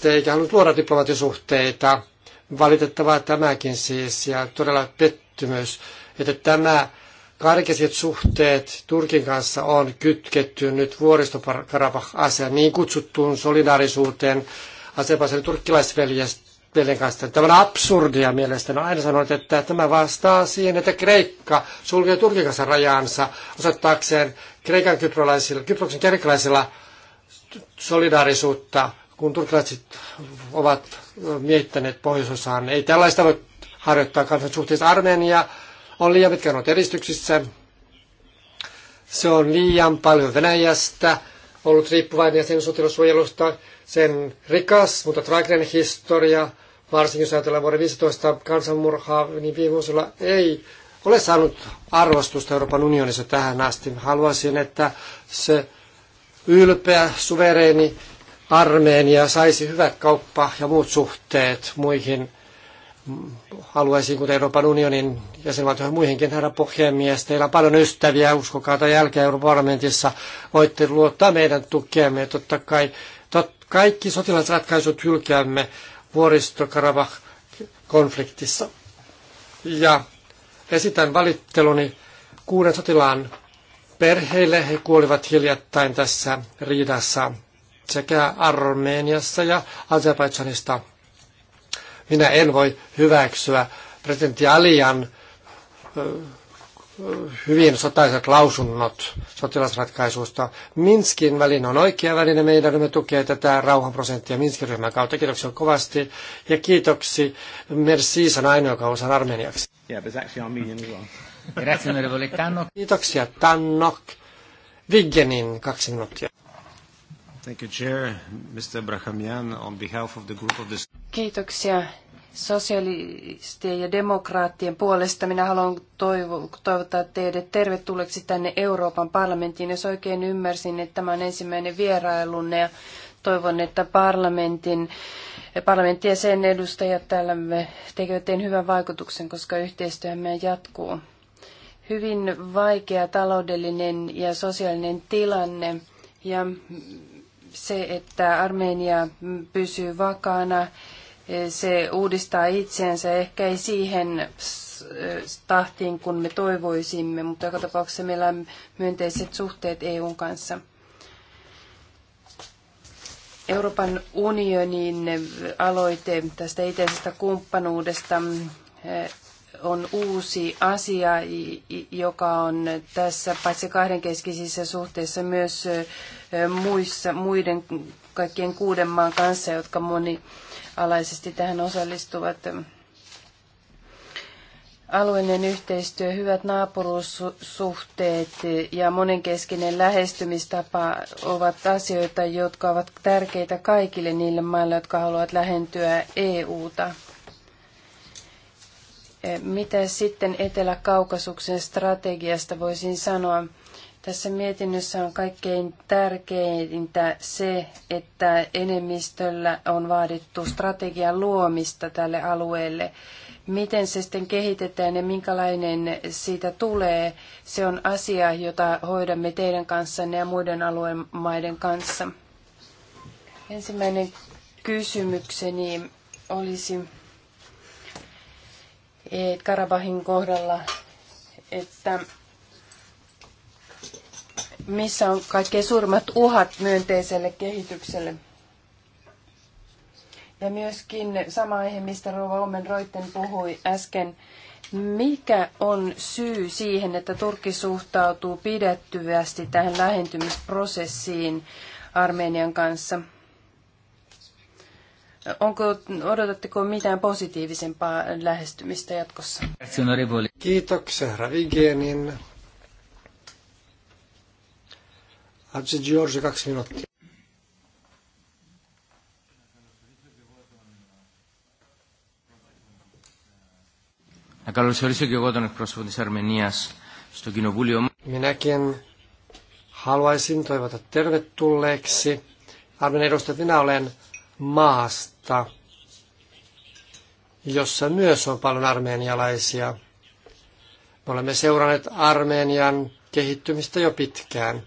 te eikä halunnut luoda diplomaattisuhteita. Valitettavaa tämäkin siis ja todella pettymys, että tämä karkeiset suhteet Turkin kanssa on kytketty nyt vuoristokarabah-asiaan niin kutsuttuun solidaarisuuteen asepaisen turkkilaisveljen kanssa. Tämä on absurdia mielestäni. Aina sanonut, että tämä vastaa siihen, että Kreikka sulkee Turkin kanssa rajansa osoittaakseen Kreikan kyprolaisilla, kyproksen kerkalaisilla solidaarisuutta kun turkilaiset ovat miettäneet pohjoisosaan. Ei tällaista voi harjoittaa kansan suhteessa. Armenia on liian pitkään ollut eristyksissä. Se on liian paljon Venäjästä ollut riippuvainen ja sen sotilasuojelusta. Sen rikas, mutta traaginen historia, varsinkin jos ajatellaan vuoden 15 kansanmurhaa, niin viime vuosilla ei ole saanut arvostusta Euroopan unionissa tähän asti. Haluaisin, että se ylpeä, suvereeni Armeenia saisi hyvät kauppa- ja muut suhteet muihin alueisiin, kuten Euroopan unionin jäsenvaltioihin muihinkin. Herra puhemies, teillä on paljon ystäviä, uskokaa tai jälkeen Euroopan parlamentissa. Voitte luottaa meidän tukeemme. Totta kai tot, kaikki sotilasratkaisut hylkäämme vuoristokarabah-konfliktissa. Ja esitän valitteluni kuuden sotilaan perheille. He kuolivat hiljattain tässä riidassa sekä Armeniassa ja Azerbaidžanista. Minä en voi hyväksyä presidentti Alian hyvin sotaiset lausunnot sotilasratkaisusta. Minskin väline on oikea väline. Meidän me tukee tätä rauhanprosenttia Minskin ryhmän kautta. Kiitoksia kovasti ja kiitoksi Merci on ainoa, joka osaa armeniaksi. Yeah, Kiitoksia, Tannok. viggenin kaksi minuuttia. Thank you, Chair. Mr. Brahamian, on behalf of the group of Kiitoksia sosialistien ja demokraattien puolesta. Minä haluan toivottaa teidät tervetulleeksi tänne Euroopan parlamenttiin. Jos oikein ymmärsin, että tämä on ensimmäinen vierailunne ja toivon, että parlamentin parlamentti ja sen edustajat täällä me tekevät teidän hyvän vaikutuksen, koska yhteistyömme jatkuu. Hyvin vaikea taloudellinen ja sosiaalinen tilanne ja se, että Armenia pysyy vakaana, se uudistaa itseensä ehkä ei siihen tahtiin, kun me toivoisimme, mutta joka tapauksessa meillä on myönteiset suhteet EUn kanssa. Euroopan unionin aloite tästä itäisestä kumppanuudesta on uusi asia, joka on tässä paitsi kahdenkeskisissä suhteissa myös muissa, muiden kaikkien kuuden maan kanssa, jotka monialaisesti tähän osallistuvat. Alueellinen yhteistyö, hyvät naapuruussuhteet ja monenkeskinen lähestymistapa ovat asioita, jotka ovat tärkeitä kaikille niille maille, jotka haluavat lähentyä e ta. Mitä sitten Etelä-Kaukasuksen strategiasta voisin sanoa? Tässä mietinnössä on kaikkein tärkeintä se, että enemmistöllä on vaadittu strategian luomista tälle alueelle. Miten se sitten kehitetään ja minkälainen siitä tulee, se on asia, jota hoidamme teidän kanssanne ja muiden alueen maiden kanssa. Ensimmäinen kysymykseni olisi Karabahin kohdalla, että missä on kaikkein suurimmat uhat myönteiselle kehitykselle. Ja myöskin sama aihe, mistä Rouva Omen Roitten puhui äsken, mikä on syy siihen, että Turkki suhtautuu pidettyvästi tähän lähentymisprosessiin Armenian kanssa? Onko, odotatteko mitään positiivisempaa lähestymistä jatkossa? Kiitoksia, herra Vigenin. Giorgio, George, kaksi minuuttia. Να καλωσορίσω και εγώ τον εκπρόσωπο της Αρμενίας στο κοινοβούλιο μου. Minäkin haluaisin toivota tervetulleeksi. Armen edustajat, minä olen maasta maata, jossa myös on paljon armeenialaisia. Me olemme seuranneet Armenian kehittymistä jo pitkään.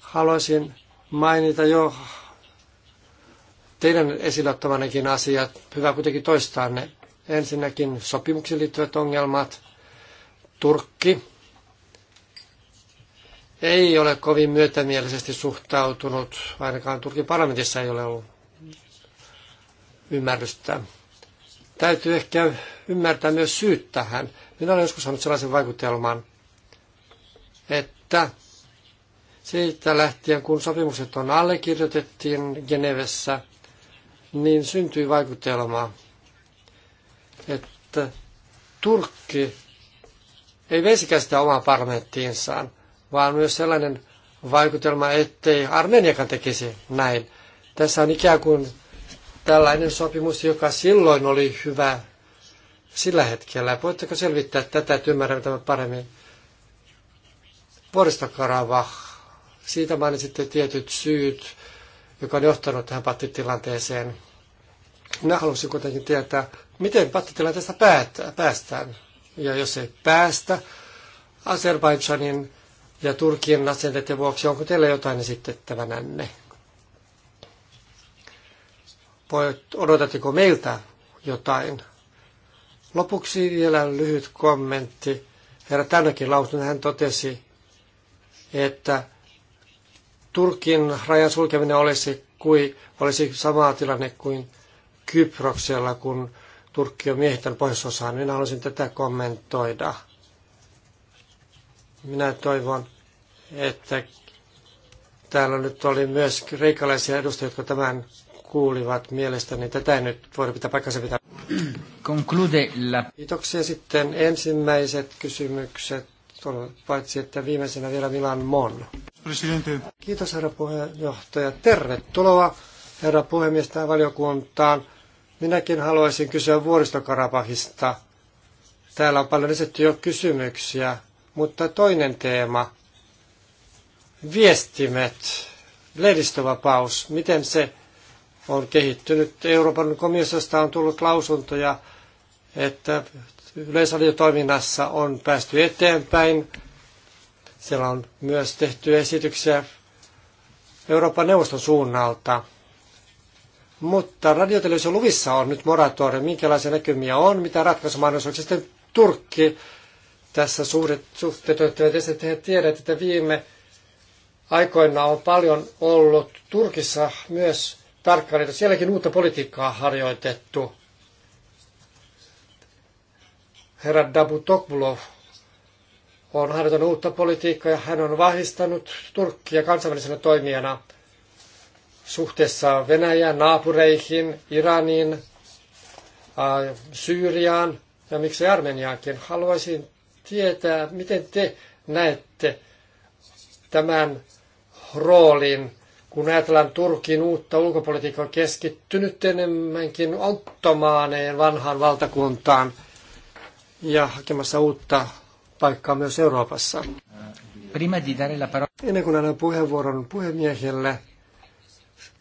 Haluaisin mainita jo teidän esillä asiat. Hyvä kuitenkin toistaa ne. Ensinnäkin sopimuksiin liittyvät ongelmat. Turkki ei ole kovin myötämielisesti suhtautunut, ainakaan Turkin parlamentissa ei ole ollut ymmärrystä. Täytyy ehkä ymmärtää myös syyt tähän. Minä olen joskus saanut sellaisen vaikutelman, että siitä lähtien, kun sopimukset on allekirjoitettiin Genevessä, niin syntyi vaikutelma, että Turkki ei veisikään sitä omaan parlamenttiinsaan, vaan myös sellainen vaikutelma, ettei Armeniakaan tekisi näin. Tässä on ikään kuin tällainen sopimus, joka silloin oli hyvä sillä hetkellä. Voitteko selvittää tätä, että ymmärrän tämän paremmin? Vuoristokaravah, siitä mainitsitte tietyt syyt, joka on johtanut tähän pattitilanteeseen. Minä halusin kuitenkin tietää, miten pattitilanteesta päästään. Ja jos ei päästä Azerbaidžanin ja Turkin asenteiden vuoksi, onko teillä jotain esitettävänänne? odotatteko meiltä jotain? Lopuksi vielä lyhyt kommentti. Herra Tänäkin lausun, hän totesi, että Turkin rajan sulkeminen olisi, kui, olisi sama tilanne kuin Kyproksella, kun Turkki on miehittänyt pohjoisosaan. Minä haluaisin tätä kommentoida. Minä toivon, että täällä nyt oli myös kreikalaisia edustajia, jotka tämän kuulivat mielestäni. Tätä ei nyt voida pitää paikkansa pitää. Conclude la... Kiitoksia sitten ensimmäiset kysymykset, paitsi että viimeisenä vielä Milan Mon. Presidente. Kiitos herra puheenjohtaja. Tervetuloa herra puhemies tähän valiokuntaan. Minäkin haluaisin kysyä vuoristokarapahista. Täällä on paljon esitetty jo kysymyksiä, mutta toinen teema, viestimet, lehdistövapaus, miten se on kehittynyt. Euroopan komissiosta on tullut lausuntoja, että yleisradiotoiminnassa on päästy eteenpäin. Siellä on myös tehty esityksiä Euroopan neuvoston suunnalta. Mutta radiotelevisio luvissa on nyt moratorio, minkälaisia näkymiä on, mitä ratkaisumahdollisuuksia. Sitten Turkki tässä suuret suhteet että he tiedät, että viime aikoina on paljon ollut Turkissa myös että Sielläkin uutta politiikkaa harjoitettu. Herra Dabu Tokbulov on harjoittanut uutta politiikkaa ja hän on vahvistanut Turkkia kansainvälisenä toimijana suhteessa Venäjään, naapureihin, Iraniin, äh, Syyriaan ja miksei Armeniaankin. Haluaisin tietää, miten te näette tämän roolin kun ajatellaan Turkin uutta ulkopolitiikkaa keskittynyt enemmänkin ottomaaneen vanhaan valtakuntaan ja hakemassa uutta paikkaa myös Euroopassa. Ennen kuin annan puheenvuoron puhemiehelle,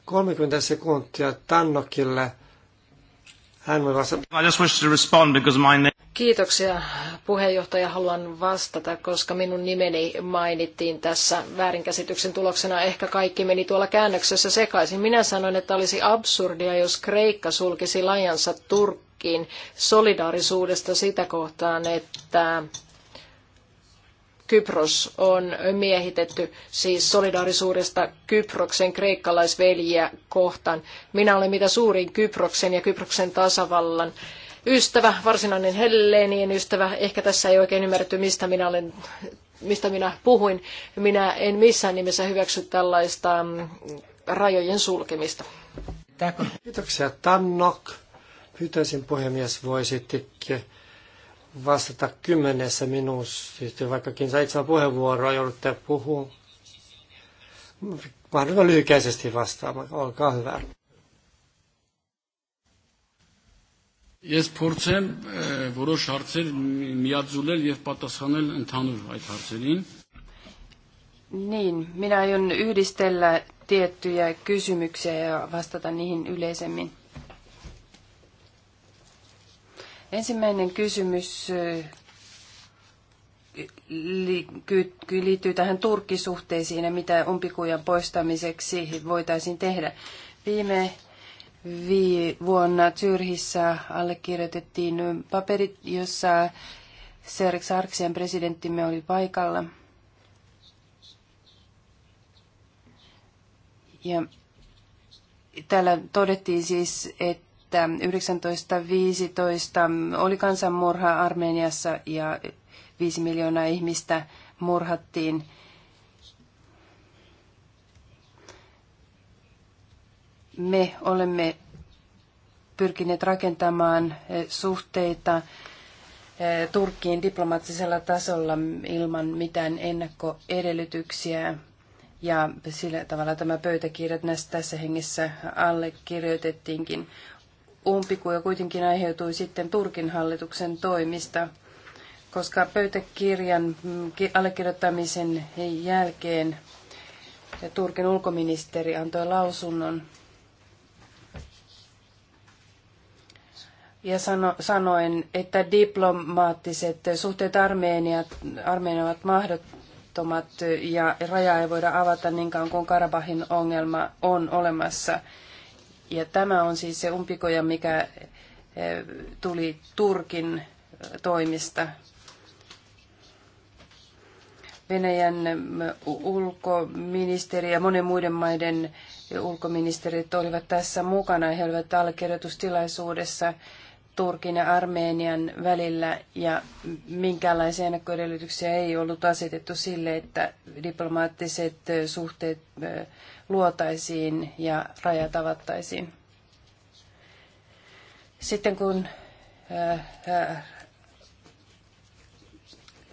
30 sekuntia Tannokille. Hän voi vastata. Kiitoksia puheenjohtaja, haluan vastata, koska minun nimeni mainittiin tässä väärinkäsityksen tuloksena. Ehkä kaikki meni tuolla käännöksessä sekaisin. Minä sanoin, että olisi absurdia, jos Kreikka sulkisi lajansa Turkkiin solidaarisuudesta sitä kohtaan, että Kypros on miehitetty, siis solidaarisuudesta Kyproksen kreikkalaisveljiä kohtaan. Minä olen mitä suurin Kyproksen ja Kyproksen tasavallan ystävä, varsinainen Helleenien ystävä. Ehkä tässä ei oikein ymmärretty, mistä minä, olen, mistä minä puhuin. Minä en missään nimessä hyväksy tällaista mm, rajojen sulkemista. Kiitoksia Tannok. Pyytäisin puhemies voisittekin vastata kymmenessä minuutissa, vaikkakin seitsemän puheenvuoroa joudutte puhumaan. Mahdollisimman lyhykäisesti vastaamaan. Olkaa hyvä. Ես փորձեմ որոշ հարցեր միաձուլել եւ պատասխանել ընդհանուր այդ հարցերին. Niin, minä aion yhdistellä tiettyjä kysymyksiä ja vastata niihin yleisemmin. Ensimmäinen kysymys liittyy tähän Turkkisuhteisiin ja mitä umpikujan poistamiseksi voitaisiin tehdä. Viime vuonna Zyrhissä allekirjoitettiin paperit, jossa Serg Sarksien presidenttimme oli paikalla. Ja täällä todettiin siis, että 1915 oli kansanmurha Armeniassa ja 5 miljoonaa ihmistä murhattiin me olemme pyrkineet rakentamaan eh, suhteita eh, Turkkiin diplomaattisella tasolla ilman mitään ennakkoedellytyksiä. Ja sillä tavalla tämä pöytäkirja tässä hengessä allekirjoitettiinkin. Umpikuja kuitenkin aiheutui sitten Turkin hallituksen toimista, koska pöytäkirjan mm, allekirjoittamisen jälkeen Turkin ulkoministeri antoi lausunnon ja sano, sanoin, että diplomaattiset suhteet Armeeniat, Armeeniat ovat mahdottomat ja raja ei voida avata niin kauan kuin Karabahin ongelma on olemassa. Ja tämä on siis se umpikoja, mikä eh, tuli Turkin eh, toimista. Venäjän eh, ulkoministeri ja monen muiden maiden ulkoministerit olivat tässä mukana. He olivat allekirjoitustilaisuudessa Turkin ja Armenian välillä ja minkäänlaisia ennakkoedellytyksiä ei ollut asetettu sille, että diplomaattiset suhteet luotaisiin ja rajat avattaisiin. Sitten kun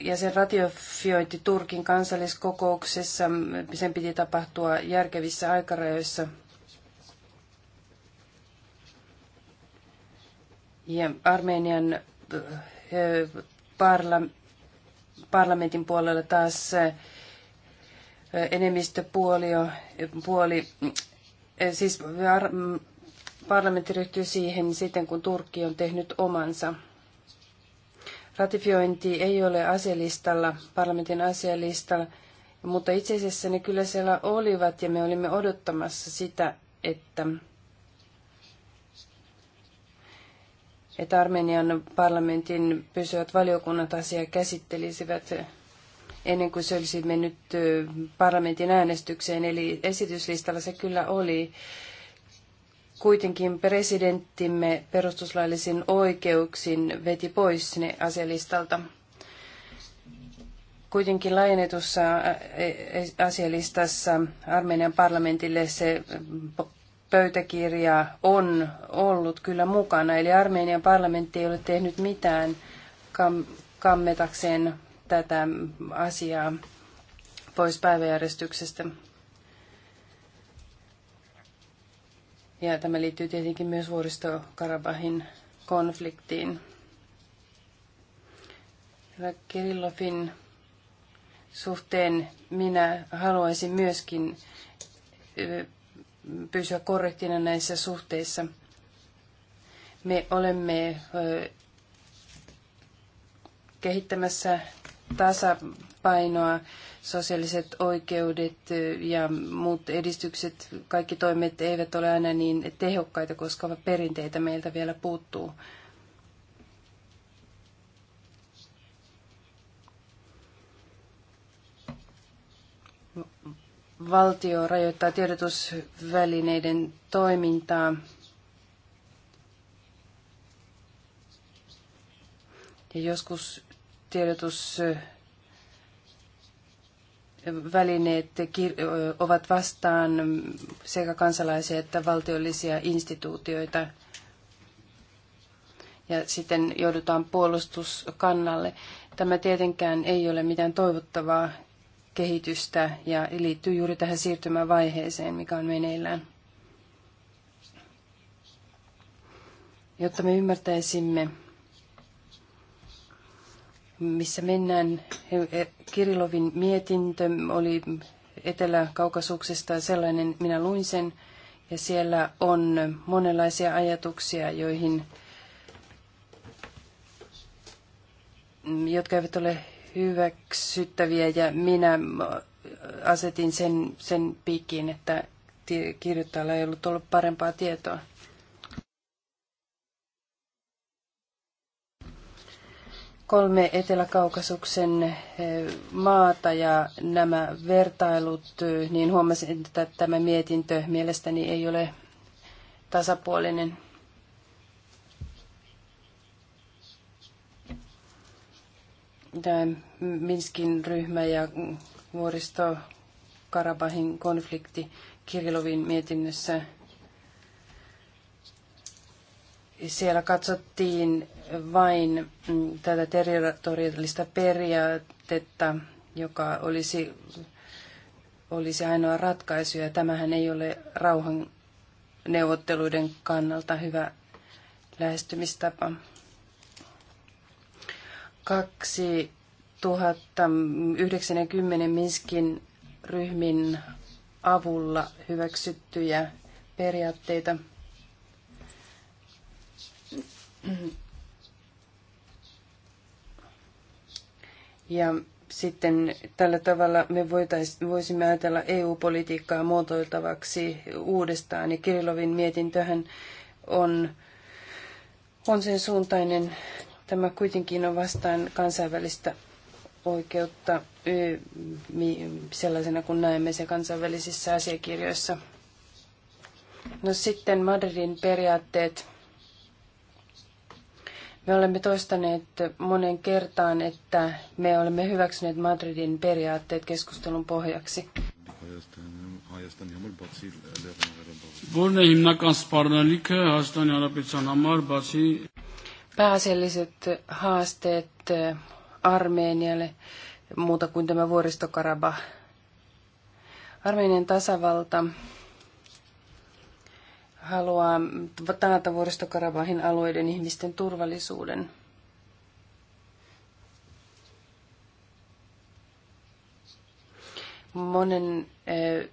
ja sen ratiofiointi Turkin kansalliskokouksessa, sen piti tapahtua järkevissä aikarajoissa – Ja Armenian eh, parla, parlamentin puolella taas eh, enemmistöpuoli, puoli, eh, siis parlamentti ryhtyy siihen sitten, kun Turkki on tehnyt omansa. Ratifiointi ei ole asialistalla, parlamentin asialistalla, mutta itse asiassa ne kyllä siellä olivat ja me olimme odottamassa sitä, että että Armenian parlamentin pysyvät valiokunnat asiaa käsittelisivät ennen kuin se olisi mennyt parlamentin äänestykseen. Eli esityslistalla se kyllä oli. Kuitenkin presidenttimme perustuslaillisin oikeuksin veti pois ne asialistalta. Kuitenkin laajennetussa asialistassa Armenian parlamentille se pöytäkirja on ollut kyllä mukana, eli Armenian parlamentti ei ole tehnyt mitään kam- kammetakseen tätä asiaa pois päiväjärjestyksestä. Ja tämä liittyy tietenkin myös vuoristo-Karabahin konfliktiin. Kirillofin suhteen minä haluaisin myöskin pysyä korrektina näissä suhteissa. Me olemme kehittämässä tasapainoa, sosiaaliset oikeudet ja muut edistykset, kaikki toimet eivät ole aina niin tehokkaita, koska perinteitä meiltä vielä puuttuu. valtio rajoittaa tiedotusvälineiden toimintaa. Ja joskus tiedotusvälineet ovat vastaan sekä kansalaisia että valtiollisia instituutioita. Ja sitten joudutaan puolustuskannalle. Tämä tietenkään ei ole mitään toivottavaa kehitystä ja liittyy juuri tähän siirtymävaiheeseen, mikä on meneillään. Jotta me ymmärtäisimme, missä mennään, Kirilovin mietintö oli Etelä-Kaukasuksesta sellainen, minä luin sen, ja siellä on monenlaisia ajatuksia, joihin, jotka eivät ole hyväksyttäviä ja minä asetin sen, sen piikkiin, että kirjoittajalla ei ollut ollut parempaa tietoa. kolme eteläkaukasuksen eh, maata ja nämä vertailut, eh, niin huomasin, että tämä mietintö mielestäni ei ole tasapuolinen. Minskin ryhmä ja vuoristo Karabahin konflikti Kirilovin mietinnössä. Siellä katsottiin vain mm, tätä territoriallista periaatetta, joka olisi, olisi ainoa ratkaisu, ja tämähän ei ole rauhan neuvotteluiden kannalta hyvä lähestymistapa. 2090 Minskin ryhmin avulla hyväksyttyjä periaatteita. Ja sitten tällä tavalla me voitais, voisimme ajatella EU-politiikkaa muotoiltavaksi uudestaan. Ja Kirilovin mietintöhän on, on sen suuntainen Tämä kuitenkin on vastaan kansainvälistä oikeutta sellaisena kuin näemme se kansainvälisissä asiakirjoissa. No sitten Madridin periaatteet. Me olemme toistaneet monen kertaan, että me olemme hyväksyneet Madridin periaatteet keskustelun pohjaksi. Որն է հիմնական սպառնալիքը Հայաստանի Հանրապետության համար, basi pääasialliset haasteet eh, Armeenialle muuta kuin tämä vuoristokaraba. Armeenian tasavalta haluaa taata vuoristokarabahin alueiden ihmisten turvallisuuden. Monen eh,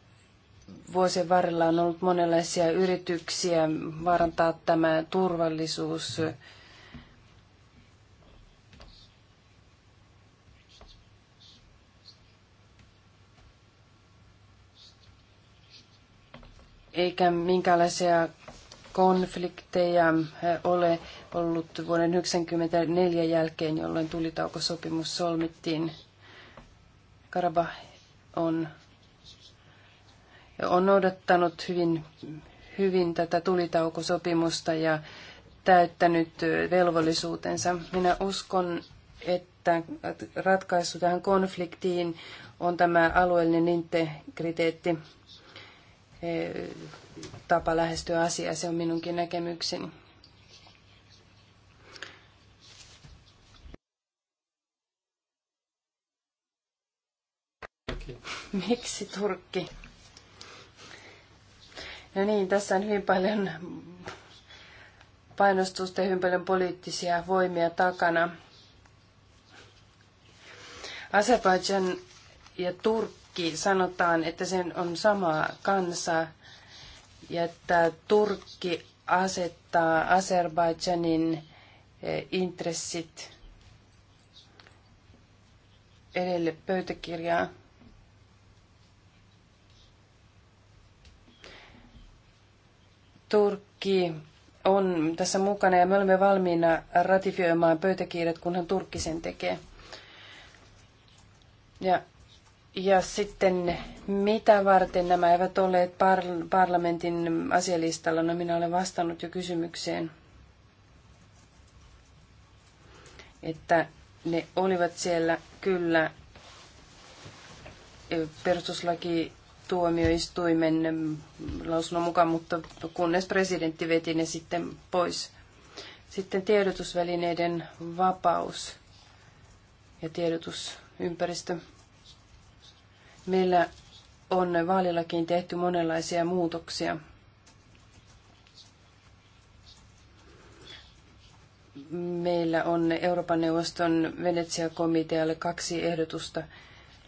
vuosien varrella on ollut monenlaisia yrityksiä vaarantaa tämä turvallisuus eikä minkäänlaisia konflikteja eh, ole ollut vuoden 1994 jälkeen, jolloin tulitaukosopimus solmittiin. Karabah on, on noudattanut hyvin, hyvin tätä tulitaukosopimusta ja täyttänyt eh, velvollisuutensa. Minä uskon, että ratkaisu tähän konfliktiin on tämä alueellinen integriteetti. E, tapa lähestyä asiaa. Se on minunkin näkemykseni. Miksi Turkki? No niin, tässä on hyvin paljon painostusta ja hyvin paljon poliittisia voimia takana. Azerbaijan ja Turkki Turkki sanotaan, että sen on sama kansa ja että Turkki asettaa Azerbaidžanin eh, intressit edelle pöytäkirjaa. Turkki on tässä mukana ja me olemme valmiina ratifioimaan pöytäkirjat, kunhan Turkki sen tekee. Ja ja sitten mitä varten nämä eivät olleet par- parlamentin asialistalla? No minä olen vastannut jo kysymykseen, että ne olivat siellä kyllä perustuslaki tuomioistuimen lausunnon mukaan, mutta kunnes presidentti veti ne sitten pois. Sitten tiedotusvälineiden vapaus ja tiedotusympäristö. Meillä on vaalillakin tehty monenlaisia muutoksia. Meillä on Euroopan neuvoston Venetsia-komitealle kaksi ehdotusta,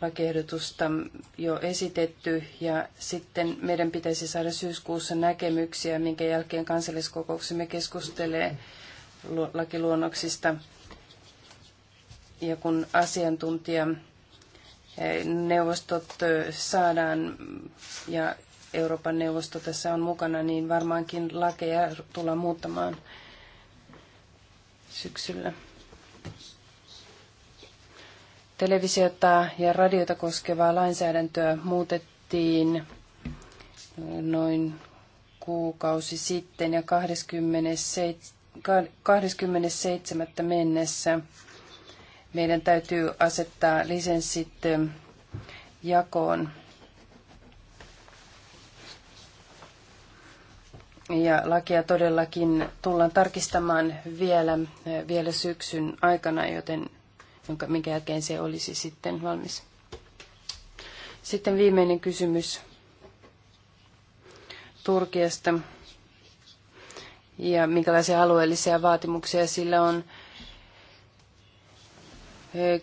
lakiehdotusta jo esitetty ja sitten meidän pitäisi saada syyskuussa näkemyksiä, minkä jälkeen kansalliskokouksemme keskustelee lakiluonnoksista. Ja kun asiantuntija neuvostot saadaan ja Euroopan neuvosto tässä on mukana, niin varmaankin lakeja tullaan muuttamaan syksyllä. Televisiota ja radiota koskevaa lainsäädäntöä muutettiin noin kuukausi sitten ja 27. 27. mennessä meidän täytyy asettaa lisenssit jakoon. Ja lakia todellakin tullaan tarkistamaan vielä, vielä syksyn aikana, joten jonka, minkä jälkeen se olisi sitten valmis. Sitten viimeinen kysymys Turkiasta ja minkälaisia alueellisia vaatimuksia sillä on.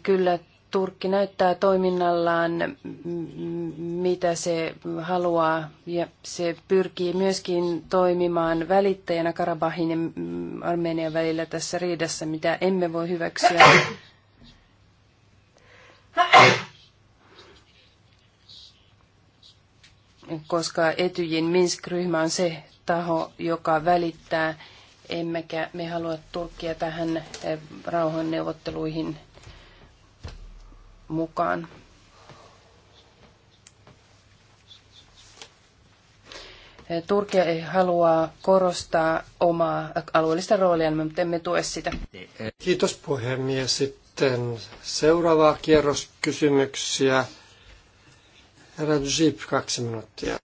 Kyllä Turkki näyttää toiminnallaan, mitä se haluaa, ja se pyrkii myöskin toimimaan välittäjänä Karabahin ja Armenian välillä tässä riidassa, mitä emme voi hyväksyä. Koska Etyjin Minsk-ryhmä on se taho, joka välittää, emmekä me halua Turkkia tähän rauhanneuvotteluihin mukaan. Turkki haluaa korostaa omaa alueellista roolia, mutta emme tue sitä. Kiitos puhemies. Sitten seuraava kierros kysymyksiä. Herra Zip, kaksi minuuttia.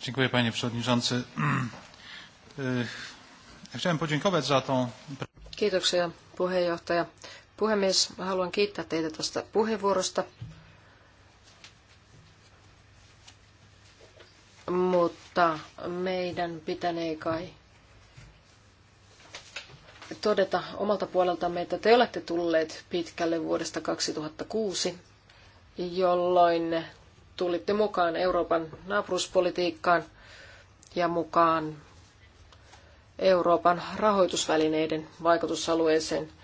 Dziękuję panie przewodniczący. Chciałem podziękować za tą... Kiitoksia puheenjohtaja. Puhemies, haluan kiittää teitä tuosta puheenvuorosta. Mutta meidän pitänee kai todeta omalta puoleltamme, että te olette tulleet pitkälle vuodesta 2006, jolloin tulitte mukaan Euroopan naapuruspolitiikkaan ja mukaan Euroopan rahoitusvälineiden vaikutusalueeseen –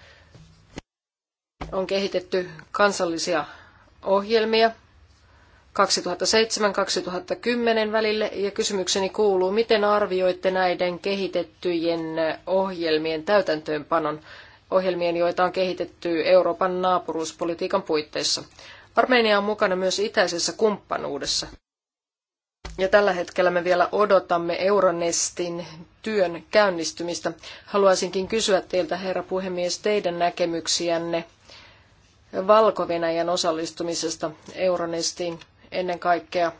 on kehitetty kansallisia ohjelmia 2007-2010 välille ja kysymykseni kuuluu, miten arvioitte näiden kehitettyjen ohjelmien täytäntöönpanon ohjelmien, joita on kehitetty Euroopan naapuruuspolitiikan puitteissa. Armenia on mukana myös itäisessä kumppanuudessa. Ja tällä hetkellä me vielä odotamme Euronestin työn käynnistymistä. Haluaisinkin kysyä teiltä, herra puhemies, teidän näkemyksiänne – valko osallistumisesta Euronestiin ennen kaikkea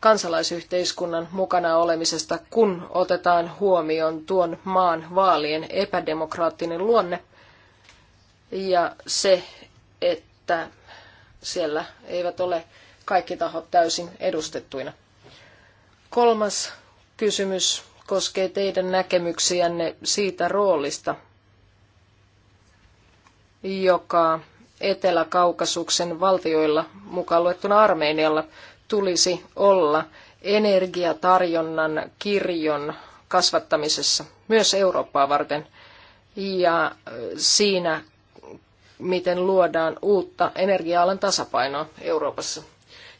kansalaisyhteiskunnan mukana olemisesta, kun otetaan huomioon tuon maan vaalien epädemokraattinen luonne ja se, että siellä eivät ole kaikki tahot täysin edustettuina. Kolmas kysymys koskee teidän näkemyksiänne siitä roolista, joka Etelä-Kaukasuksen valtioilla, mukaan luettuna Armeenialla, tulisi olla energiatarjonnan kirjon kasvattamisessa myös Eurooppaa varten ja siinä, miten luodaan uutta energia-alan tasapainoa Euroopassa.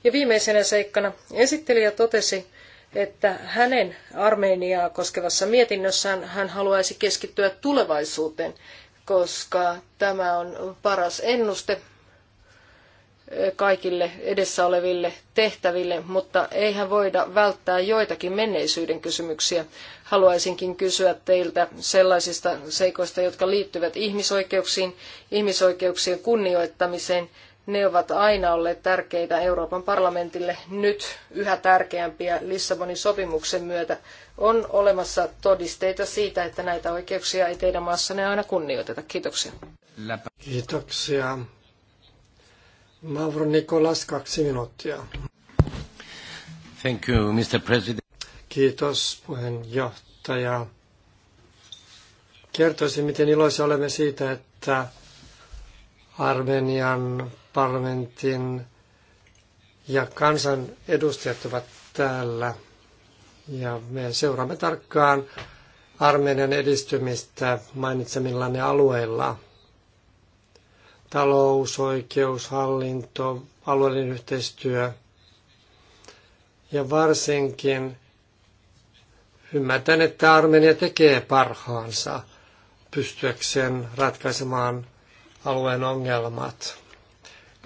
Ja viimeisenä seikkana esittelijä totesi, että hänen Armeniaa koskevassa mietinnössään hän haluaisi keskittyä tulevaisuuteen koska tämä on paras ennuste kaikille edessä oleville tehtäville, mutta eihän voida välttää joitakin menneisyyden kysymyksiä. Haluaisinkin kysyä teiltä sellaisista seikoista, jotka liittyvät ihmisoikeuksiin, ihmisoikeuksien kunnioittamiseen ne ovat aina olleet tärkeitä Euroopan parlamentille, nyt yhä tärkeämpiä Lissabonin sopimuksen myötä. On olemassa todisteita siitä, että näitä oikeuksia ei teidän maassanne aina kunnioiteta. Kiitoksia. Kiitoksia. Mavro Nikolas, kaksi minuuttia. Thank you, Mr. President. Kiitos, puheenjohtaja. Kertoisin, miten iloisia olemme siitä, että Armenian parlamentin ja kansan edustajat ovat täällä. Ja me seuraamme tarkkaan Armenian edistymistä mainitsemillanne alueilla. Talous, oikeus, hallinto, alueellinen yhteistyö ja varsinkin ymmärtän, että Armenia tekee parhaansa pystyäkseen ratkaisemaan alueen ongelmat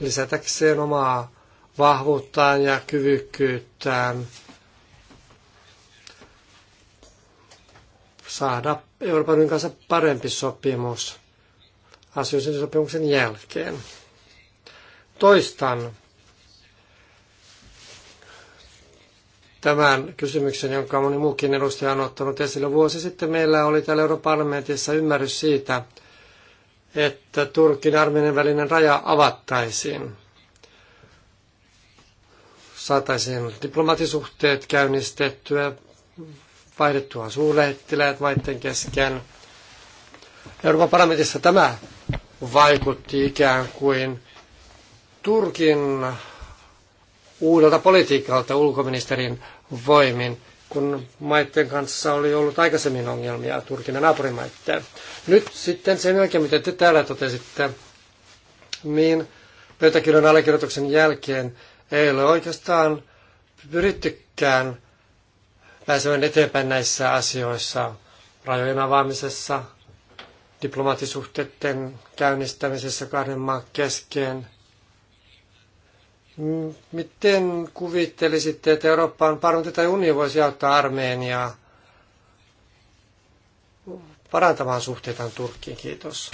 lisätäkseen omaa vahvuuttaan ja kyvykkyyttään saada Euroopan unionin kanssa parempi sopimus asioiden sopimuksen jälkeen. Toistan tämän kysymyksen, jonka moni muukin edustaja on ottanut esille. Vuosi sitten meillä oli täällä Euroopan parlamentissa ymmärrys siitä, että Turkin Armenian välinen raja avattaisiin. Saataisiin diplomatisuhteet käynnistettyä, vaihdettua suurlähettiläät maiden kesken. Euroopan parlamentissa tämä vaikutti ikään kuin Turkin uudelta politiikalta ulkoministerin voimin kun maiden kanssa oli ollut aikaisemmin ongelmia Turkin ja naapurimaiden. Nyt sitten sen jälkeen, mitä te täällä totesitte, niin pöytäkirjan allekirjoituksen jälkeen ei ole oikeastaan pyrittykään pääsemään eteenpäin näissä asioissa, rajojen avaamisessa, diplomaattisuhteiden käynnistämisessä kahden maan kesken, Miten kuvittelisitte, että Euroopan parantunut tai unio voisi auttaa Armeeniaa parantamaan suhteitaan Turkkiin? Kiitos.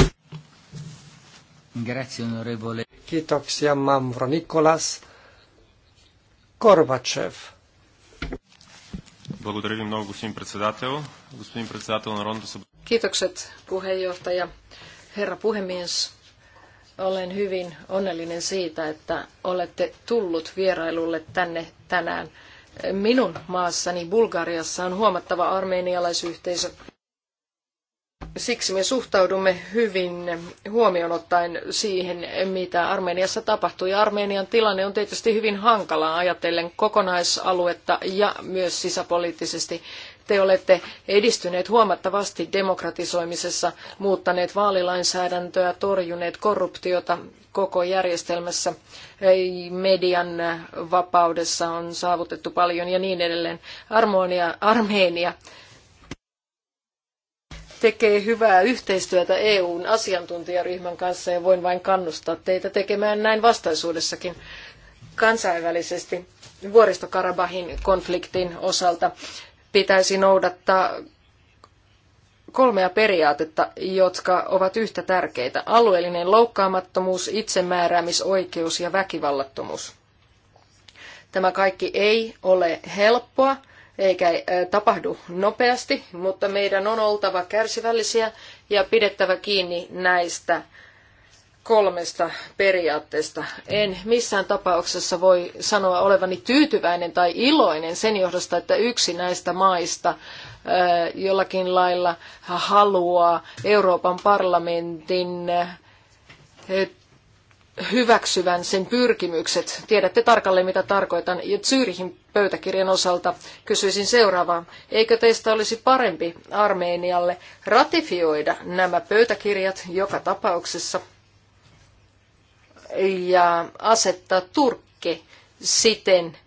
Grazie, onorevole. Kiitoksia, Mamro Nikolas. Горбачев. Kiitokset, puheenjohtaja. Herra puhemies, olen hyvin onnellinen siitä, että olette tullut vierailulle tänne tänään. Minun maassani Bulgariassa on huomattava armeenialaisyhteisö. Siksi me suhtaudumme hyvin huomioon ottaen siihen, mitä Armeniassa tapahtuu. Ja Armenian tilanne on tietysti hyvin hankala ajatellen kokonaisaluetta ja myös sisäpoliittisesti te olette edistyneet huomattavasti demokratisoimisessa, muuttaneet vaalilainsäädäntöä, torjuneet korruptiota koko järjestelmässä, median vapaudessa on saavutettu paljon ja niin edelleen. Armonia, Armeenia tekee hyvää yhteistyötä EUn asiantuntijaryhmän kanssa ja voin vain kannustaa teitä tekemään näin vastaisuudessakin kansainvälisesti Karabahin konfliktin osalta pitäisi noudattaa kolmea periaatetta, jotka ovat yhtä tärkeitä. Alueellinen loukkaamattomuus, itsemääräämisoikeus ja väkivallattomuus. Tämä kaikki ei ole helppoa eikä äh, tapahdu nopeasti, mutta meidän on oltava kärsivällisiä ja pidettävä kiinni näistä kolmesta periaatteesta. En missään tapauksessa voi sanoa olevani tyytyväinen tai iloinen sen johdosta, että yksi näistä maista jollakin lailla haluaa Euroopan parlamentin hyväksyvän sen pyrkimykset. Tiedätte tarkalleen, mitä tarkoitan. Ja Zyrihin pöytäkirjan osalta kysyisin seuraavaa. Eikö teistä olisi parempi Armeenialle ratifioida nämä pöytäkirjat joka tapauksessa – ja asettaa Turkki siten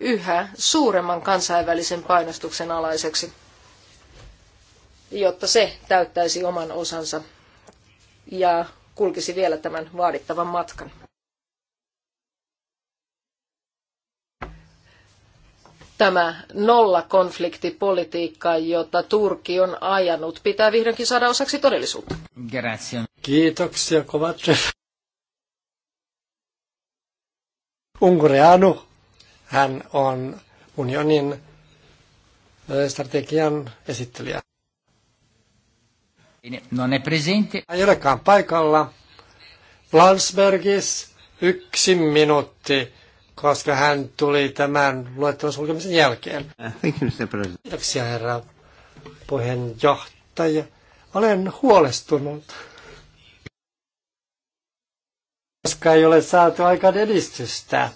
yhä suuremman kansainvälisen painostuksen alaiseksi, jotta se täyttäisi oman osansa ja kulkisi vielä tämän vaadittavan matkan. tämä nollakonfliktipolitiikka, jota Turkki on ajanut, pitää vihdoinkin saada osaksi todellisuutta. Grazie. Kiitoksia kovat. Ungureanu. Hän on unionin eh, strategian esittelijä. No ne presente. Ei olekaan paikalla. Landsbergis yksi minuutti, koska hän tuli tämän luettelon sulkemisen jälkeen. Uh, Kiitoksia herra puheenjohtaja. Olen huolestunut koska ei ole saatu aikaan edistystä.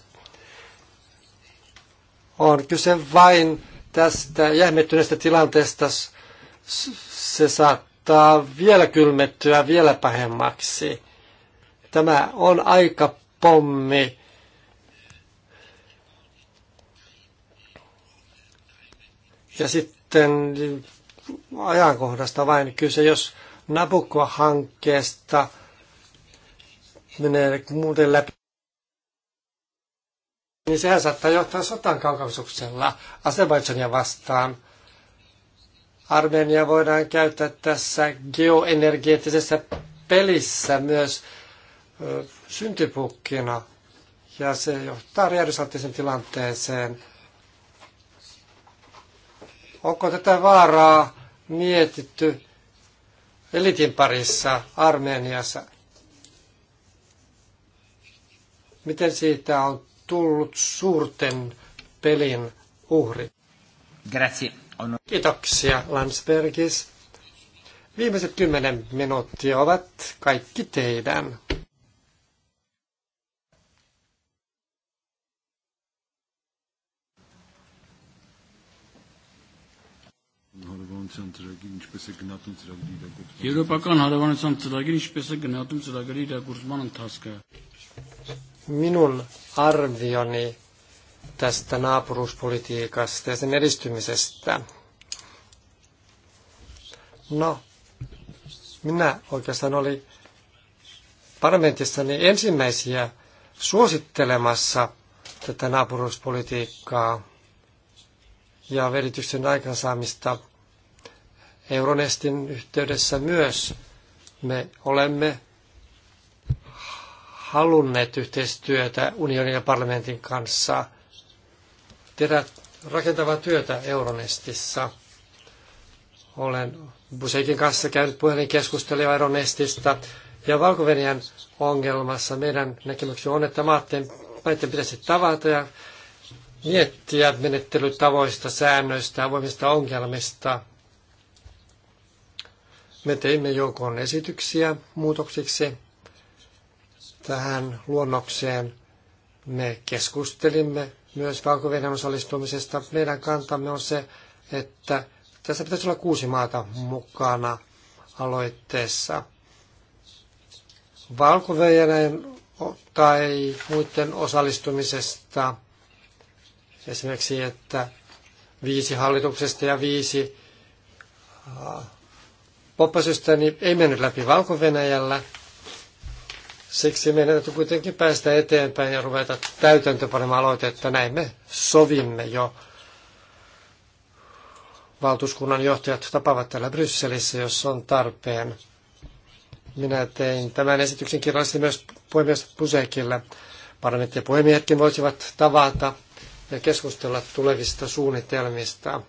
On kyse vain tästä jähmettyneestä tilanteesta. Se saattaa vielä kylmettyä vielä pahemmaksi. Tämä on aika pommi. Ja sitten ajankohdasta vain kyse, jos Nabukko-hankkeesta – menee muuten läpi, niin sehän saattaa johtaa sotaan kaukaisuksella Azerbaidsania vastaan. Armenia voidaan käyttää tässä geoenergeettisessä pelissä myös syntypukkina, ja se johtaa realisaattisen tilanteeseen. Onko tätä vaaraa mietitty elitin parissa Armeniassa? miten siitä on tullut suurten pelin uhri. Grazie. Kiitoksia, Landsbergis. Viimeiset kymmenen minuuttia ovat kaikki teidän. Euroopan հարավանության ծրագիրը ինչպես է minun arvioni tästä naapuruuspolitiikasta ja sen edistymisestä. No, minä oikeastaan olin parlamentissani ensimmäisiä suosittelemassa tätä naapuruuspolitiikkaa ja verityksen aikansaamista Euronestin yhteydessä myös. Me olemme halunneet yhteistyötä unionin ja parlamentin kanssa tehdä rakentavaa työtä Euronestissa. Olen Buseikin kanssa käynyt keskustelua Euronestista ja valko ongelmassa. Meidän näkemyksemme on, että maatteen maiden pitäisi tavata ja miettiä menettelytavoista, säännöistä, voimista ongelmista. Me teimme joukon esityksiä muutoksiksi tähän luonnokseen. Me keskustelimme myös valko osallistumisesta. Meidän kantamme on se, että tässä pitäisi olla kuusi maata mukana aloitteessa. valko tai muiden osallistumisesta, esimerkiksi, että viisi hallituksesta ja viisi poppasystä, niin ei mennyt läpi valko Siksi meidän täytyy kuitenkin päästä eteenpäin ja ruveta täytäntöpanemaan aloitetta. Näin me sovimme jo. Valtuuskunnan johtajat tapaavat täällä Brysselissä, jos on tarpeen. Minä tein tämän esityksen kirjallisesti myös puhemies Pusekille. Parlamentti ja puhemiehetkin voisivat tavata ja keskustella tulevista suunnitelmista.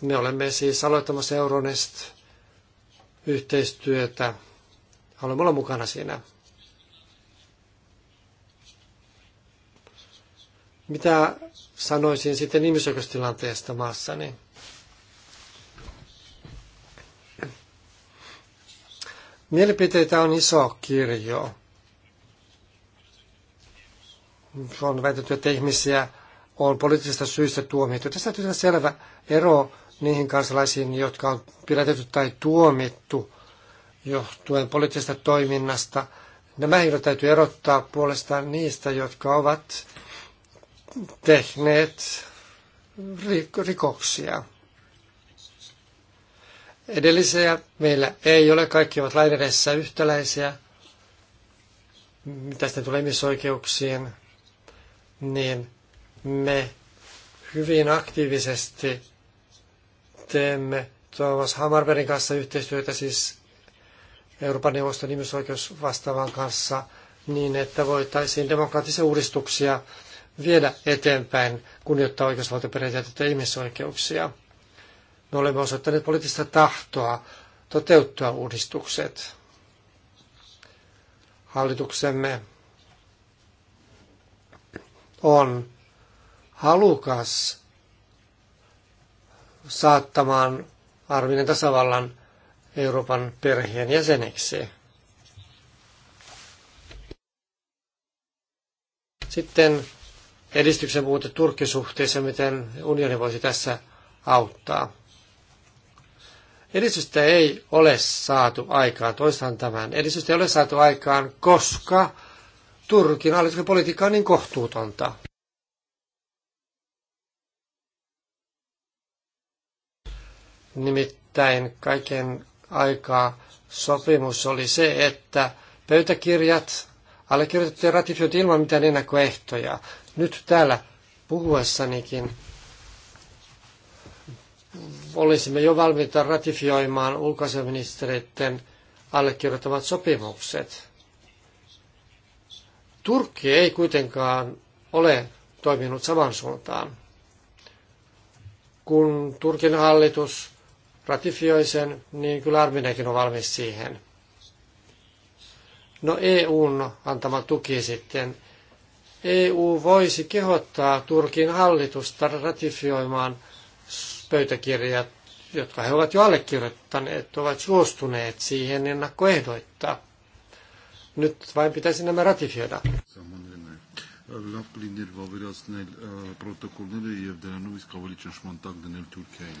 Me olemme siis aloittamassa Euronest yhteistyötä Haluamme olla mukana siinä. Mitä sanoisin sitten ihmisoikeustilanteesta maassani? Mielipiteitä on iso kirjo. On väitetty, että ihmisiä on poliittisista syistä tuomittu. Tässä täytyy selvä ero niihin kansalaisiin, jotka on pidätetty tai tuomittu johtuen poliittisesta toiminnasta. Nämä henkilöt täytyy erottaa puolestaan niistä, jotka ovat tehneet rikoksia. Edellisiä meillä ei ole, kaikki ovat lain edessä yhtäläisiä. Mitä sitten tulee ihmisoikeuksiin, niin me hyvin aktiivisesti teemme Thomas Hammarbergin kanssa yhteistyötä, siis Euroopan neuvoston ihmisoikeusvastaavan kanssa niin, että voitaisiin demokraattisia uudistuksia viedä eteenpäin kunnioittaa oikeusvaltioperiaatteita ja ihmisoikeuksia. Me olemme osoittaneet poliittista tahtoa toteuttaa uudistukset. Hallituksemme on halukas saattamaan arvinen tasavallan Euroopan perheen jäseneksi. Sitten edistyksen puute suhteessa, miten unioni voisi tässä auttaa. Edistystä ei ole saatu aikaan, toistan tämän. Edistystä ei ole saatu aikaan, koska Turkin hallituksen politiikka on niin kohtuutonta. Nimittäin kaiken aikaa sopimus oli se, että pöytäkirjat allekirjoitettiin ja ratifioitiin ilman mitään ennakkoehtoja. Nyt täällä puhuessanikin olisimme jo valmiita ratifioimaan ulkoasiaministeriöiden allekirjoittamat sopimukset. Turkki ei kuitenkaan ole toiminut saman suuntaan. Kun Turkin hallitus ratifioi sen, niin kyllä Armeniakin on valmis siihen. No EUn antama tuki sitten. EU voisi kehottaa Turkin hallitusta ratifioimaan pöytäkirjat, jotka he ovat jo allekirjoittaneet, ovat suostuneet siihen ennakkoehdoittaa. Nyt vain pitäisi nämä ratifioida. Լավ վավերացնել պրոտոկոլները եւ դրանով իսկ ավելի ճշմարտակ դնել Թուրքիային։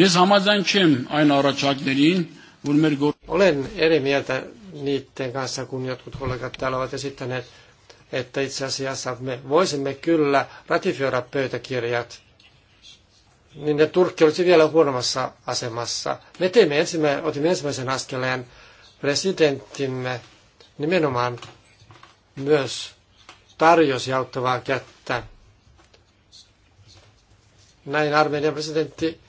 Ես համաձայն չեմ այն առաջարկներին, որ մեր Olen eri mieltä niiden kanssa, kun jotkut kollegat täällä ovat esittäneet, että itse asiassa me voisimme kyllä ratifioida pöytäkirjat, niin ne Turkki olisi vielä huonommassa asemassa. Me teimme ensimmä, otimme ensimmäisen askeleen presidenttimme nimenomaan myös tarjosi auttavaa kättä. Näin Armenian presidentti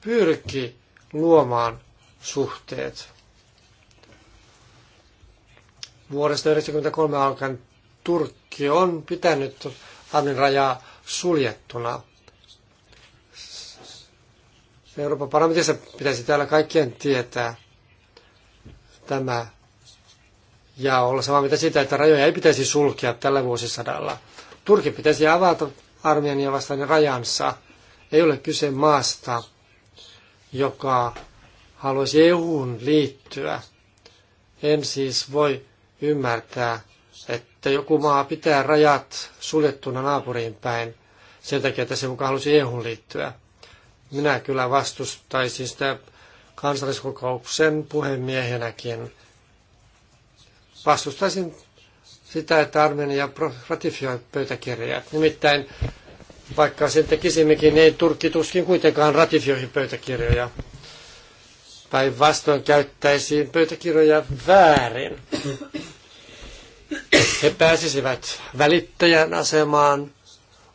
pyrki luomaan suhteet. Vuodesta 1993 alkaen Turkki on pitänyt Armin rajaa suljettuna. Euroopan parlamentissa pitäisi täällä kaikkien tietää tämä ja olla samaa mitä siitä, että rajoja ei pitäisi sulkea tällä vuosisadalla. Turkki pitäisi avata Armenia vastainen rajansa. Ei ole kyse maasta, joka haluaisi EUhun liittyä. En siis voi ymmärtää, että joku maa pitää rajat suljettuna naapuriin päin sen takia, että se mukaan halusi EUhun liittyä. Minä kyllä vastustaisin sitä kansalliskokouksen puhemiehenäkin vastustaisin sitä, että Armenia ratifioi pöytäkirjaa. Nimittäin vaikka sen tekisimmekin, ei niin Turkki tuskin kuitenkaan ratifioi pöytäkirjoja. Päinvastoin käyttäisiin pöytäkirjoja väärin. He pääsisivät välittäjän asemaan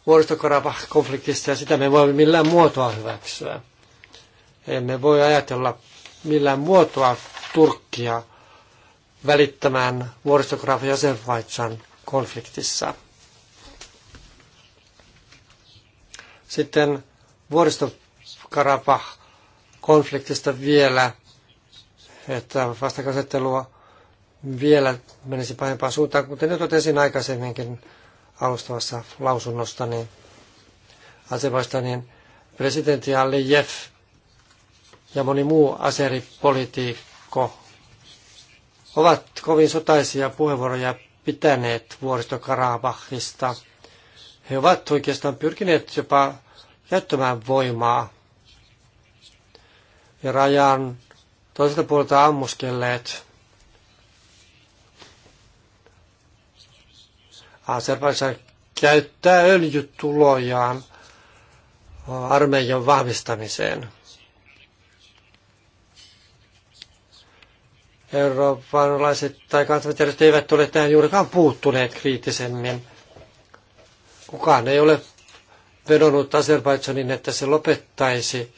vuoristokorabah-konfliktista ja sitä me voimme millään muotoa hyväksyä. Emme voi ajatella millään muotoa Turkkia välittämään vuoristografi Azerbaijan konfliktissa. Sitten vuoristokarapah konfliktista vielä, että vastakasettelua vielä menisi pahempaan suuntaan, kuten jo totesin aikaisemminkin alustavassa niin Azerbaijanin presidentti Jeff ja moni muu aseripolitiikko ovat kovin sotaisia puheenvuoroja pitäneet Karabahista. He ovat oikeastaan pyrkineet jopa käyttämään voimaa ja rajan toiselta puolelta ammuskelleet. Azerbaidžan käyttää öljytulojaan armeijan vahvistamiseen. eurooppalaiset tai kansainväliset eivät ole tähän juurikaan puuttuneet kriittisemmin. Kukaan ei ole vedonnut Azerbaidsonin, että se lopettaisi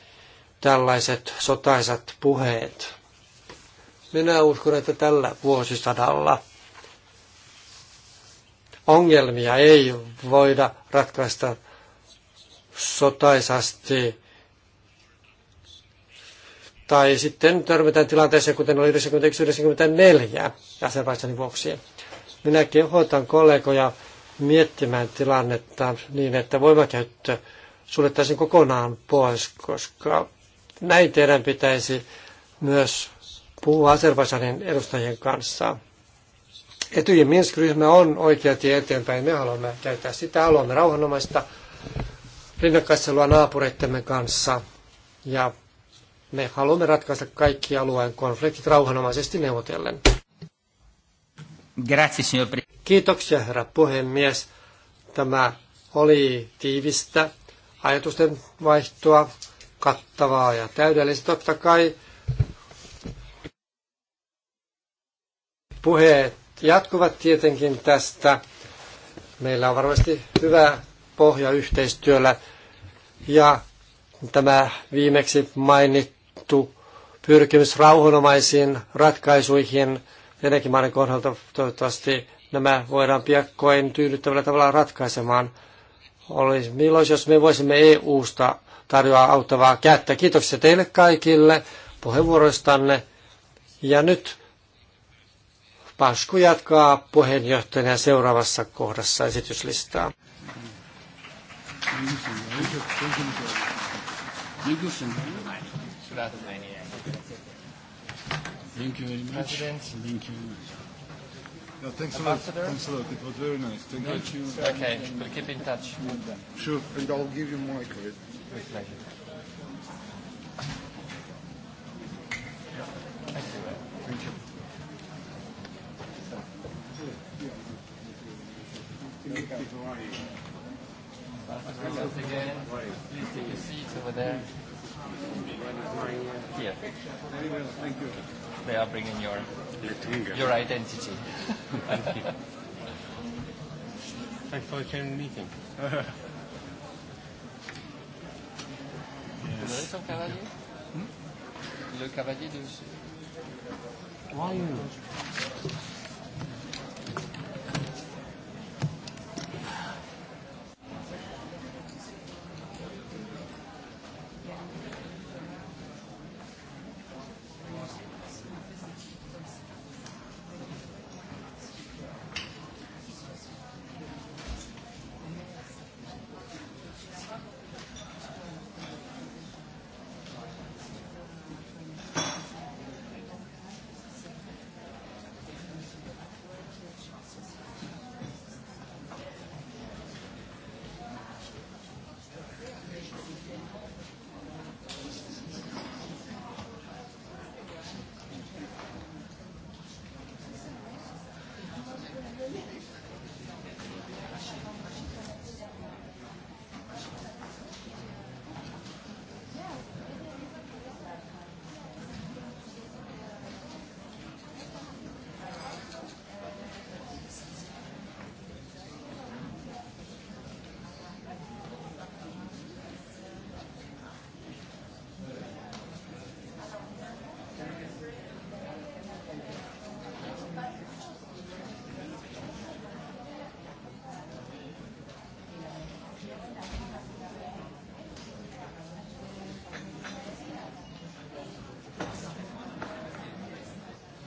tällaiset sotaisat puheet. Minä uskon, että tällä vuosisadalla ongelmia ei voida ratkaista sotaisasti tai sitten törmätään tilanteeseen, kuten oli 91-94 Azerbaidžanin vuoksi. Minä kehotan kollegoja miettimään tilannetta niin, että voimakäyttö suljettaisiin kokonaan pois, koska näin teidän pitäisi myös puhua Azerbaidžanin edustajien kanssa. Etyjen Minsk-ryhmä on oikea tie eteenpäin. Me haluamme käyttää sitä, haluamme rauhanomaista rinnakkaistelua naapureittemme kanssa ja me haluamme ratkaista kaikki alueen konfliktit rauhanomaisesti neuvotellen. Grazie, signor Kiitoksia, herra puhemies. Tämä oli tiivistä ajatusten vaihtoa, kattavaa ja täydellistä. Totta kai puheet jatkuvat tietenkin tästä. Meillä on varmasti hyvä pohja yhteistyöllä. Ja tämä viimeksi mainittu sanottu, pyrkimys rauhanomaisiin ratkaisuihin Venäjänkin maiden kohdalta toivottavasti nämä voidaan piakkoin tyydyttävällä tavalla ratkaisemaan. Olisi milloin, jos me voisimme EU-sta tarjoaa auttavaa kättä. Kiitoksia teille kaikille puheenvuoroistanne. Ja nyt Pasku jatkaa puheenjohtajana seuraavassa kohdassa esityslistaa. Thank you. Thank you very much. President. Thank you. No, thanks Ambassador. a lot. Thanks a lot. It was very nice. Thank Good. you. Okay, we'll keep in touch. Sure. And I'll give you my card. With pleasure. Thank you. Thank you. Ambassador, once again, please take your seats over there here. Very well, thank you. They are bringing your, your identity. thank you. Thanks for attending the meeting. yes. Le Cavalier? Hmm? Le Cavalier de... Why you?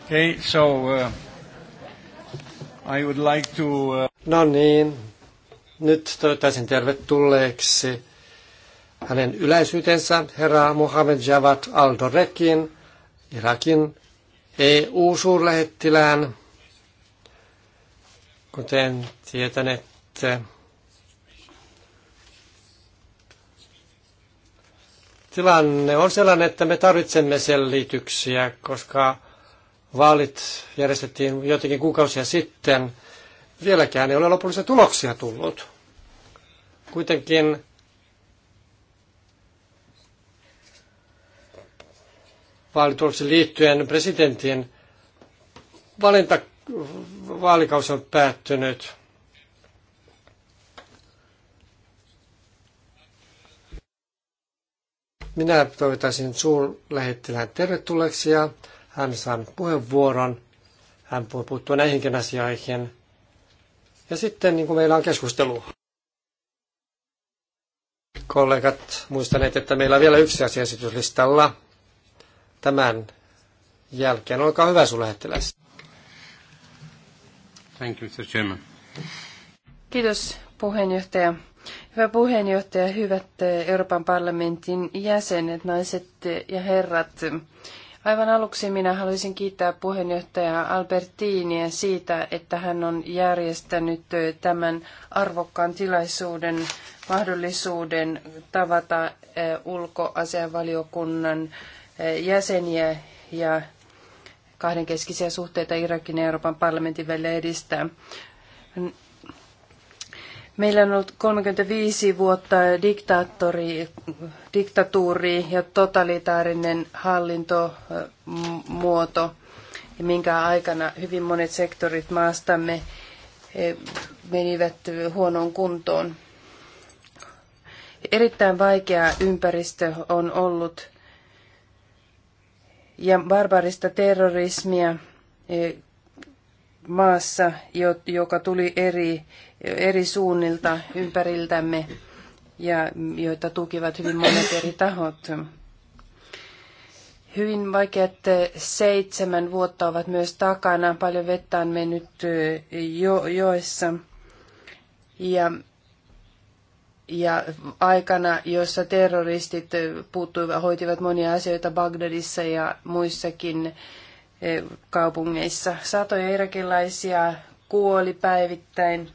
Okay, so uh, I would like to... Uh... No niin, nyt toivottaisin tervetulleeksi hänen yleisyytensä herra Mohamed Javad Aldorekin, Irakin EU-suurlähettilään. Kuten tietänette, tilanne on sellainen, että me tarvitsemme selityksiä, koska Vaalit järjestettiin joitakin kuukausia sitten. Vieläkään ei ole lopullisia tuloksia tullut. Kuitenkin vaalituloksiin liittyen presidentin valinta vaalikausi on päättynyt. Minä toivotaisin suurlähettilään tervetulleeksi ja hän saa puheenvuoron. Hän voi puuttua näihinkin asioihin. Ja sitten niin kuin meillä on keskustelu. Kollegat muistaneet, että meillä on vielä yksi asia esityslistalla tämän jälkeen. Olkaa hyvä suurlähettiläs. Thank you, Mr. Chairman. Kiitos puheenjohtaja. Hyvä puheenjohtaja, hyvät Euroopan parlamentin jäsenet, naiset ja herrat. Aivan aluksi minä haluaisin kiittää puheenjohtaja Albertiniä siitä, että hän on järjestänyt tämän arvokkaan tilaisuuden mahdollisuuden tavata ulkoasianvaliokunnan jäseniä ja kahdenkeskisiä suhteita Irakin ja Euroopan parlamentin välillä edistää. Meillä on ollut 35 vuotta diktaattori, diktatuuri ja totalitaarinen hallintomuoto, minkä aikana hyvin monet sektorit maastamme eh, menivät huonoon kuntoon. Erittäin vaikea ympäristö on ollut ja barbarista terrorismia eh, maassa, joka tuli eri, eri suunnilta ympäriltämme ja joita tukivat hyvin monet eri tahot. Hyvin vaikeat seitsemän vuotta ovat myös takana. Paljon vettä on mennyt jo, joessa. Ja, ja aikana, jossa terroristit puuttuivat, hoitivat monia asioita Bagdadissa ja muissakin E, kaupungeissa. Satoja irakilaisia kuoli päivittäin,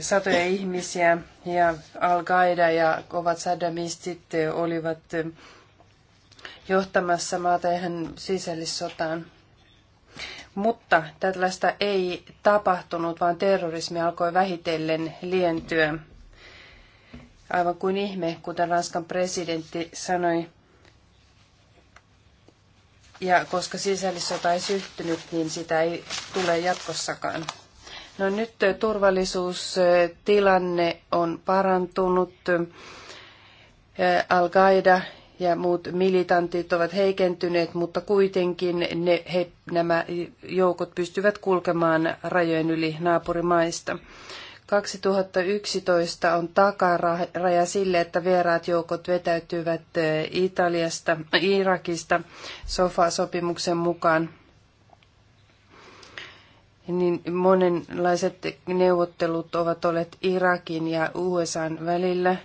satoja ihmisiä ja Al-Qaida ja kovat saddamistit olivat johtamassa maata ihan sisällissotaan. Mutta tällaista ei tapahtunut, vaan terrorismi alkoi vähitellen lientyä. Aivan kuin ihme, kuten Ranskan presidentti sanoi, ja koska sisällissota ei syttynyt, niin sitä ei tule jatkossakaan. No nyt turvallisuustilanne on parantunut. Al-Qaida ja muut militantit ovat heikentyneet, mutta kuitenkin ne, he, nämä joukot pystyvät kulkemaan rajojen yli naapurimaista. 2011 on takaraja sille, että vieraat joukot vetäytyvät Italiasta, Irakista SOFA-sopimuksen mukaan. Niin monenlaiset neuvottelut ovat olleet Irakin ja USAn välillä.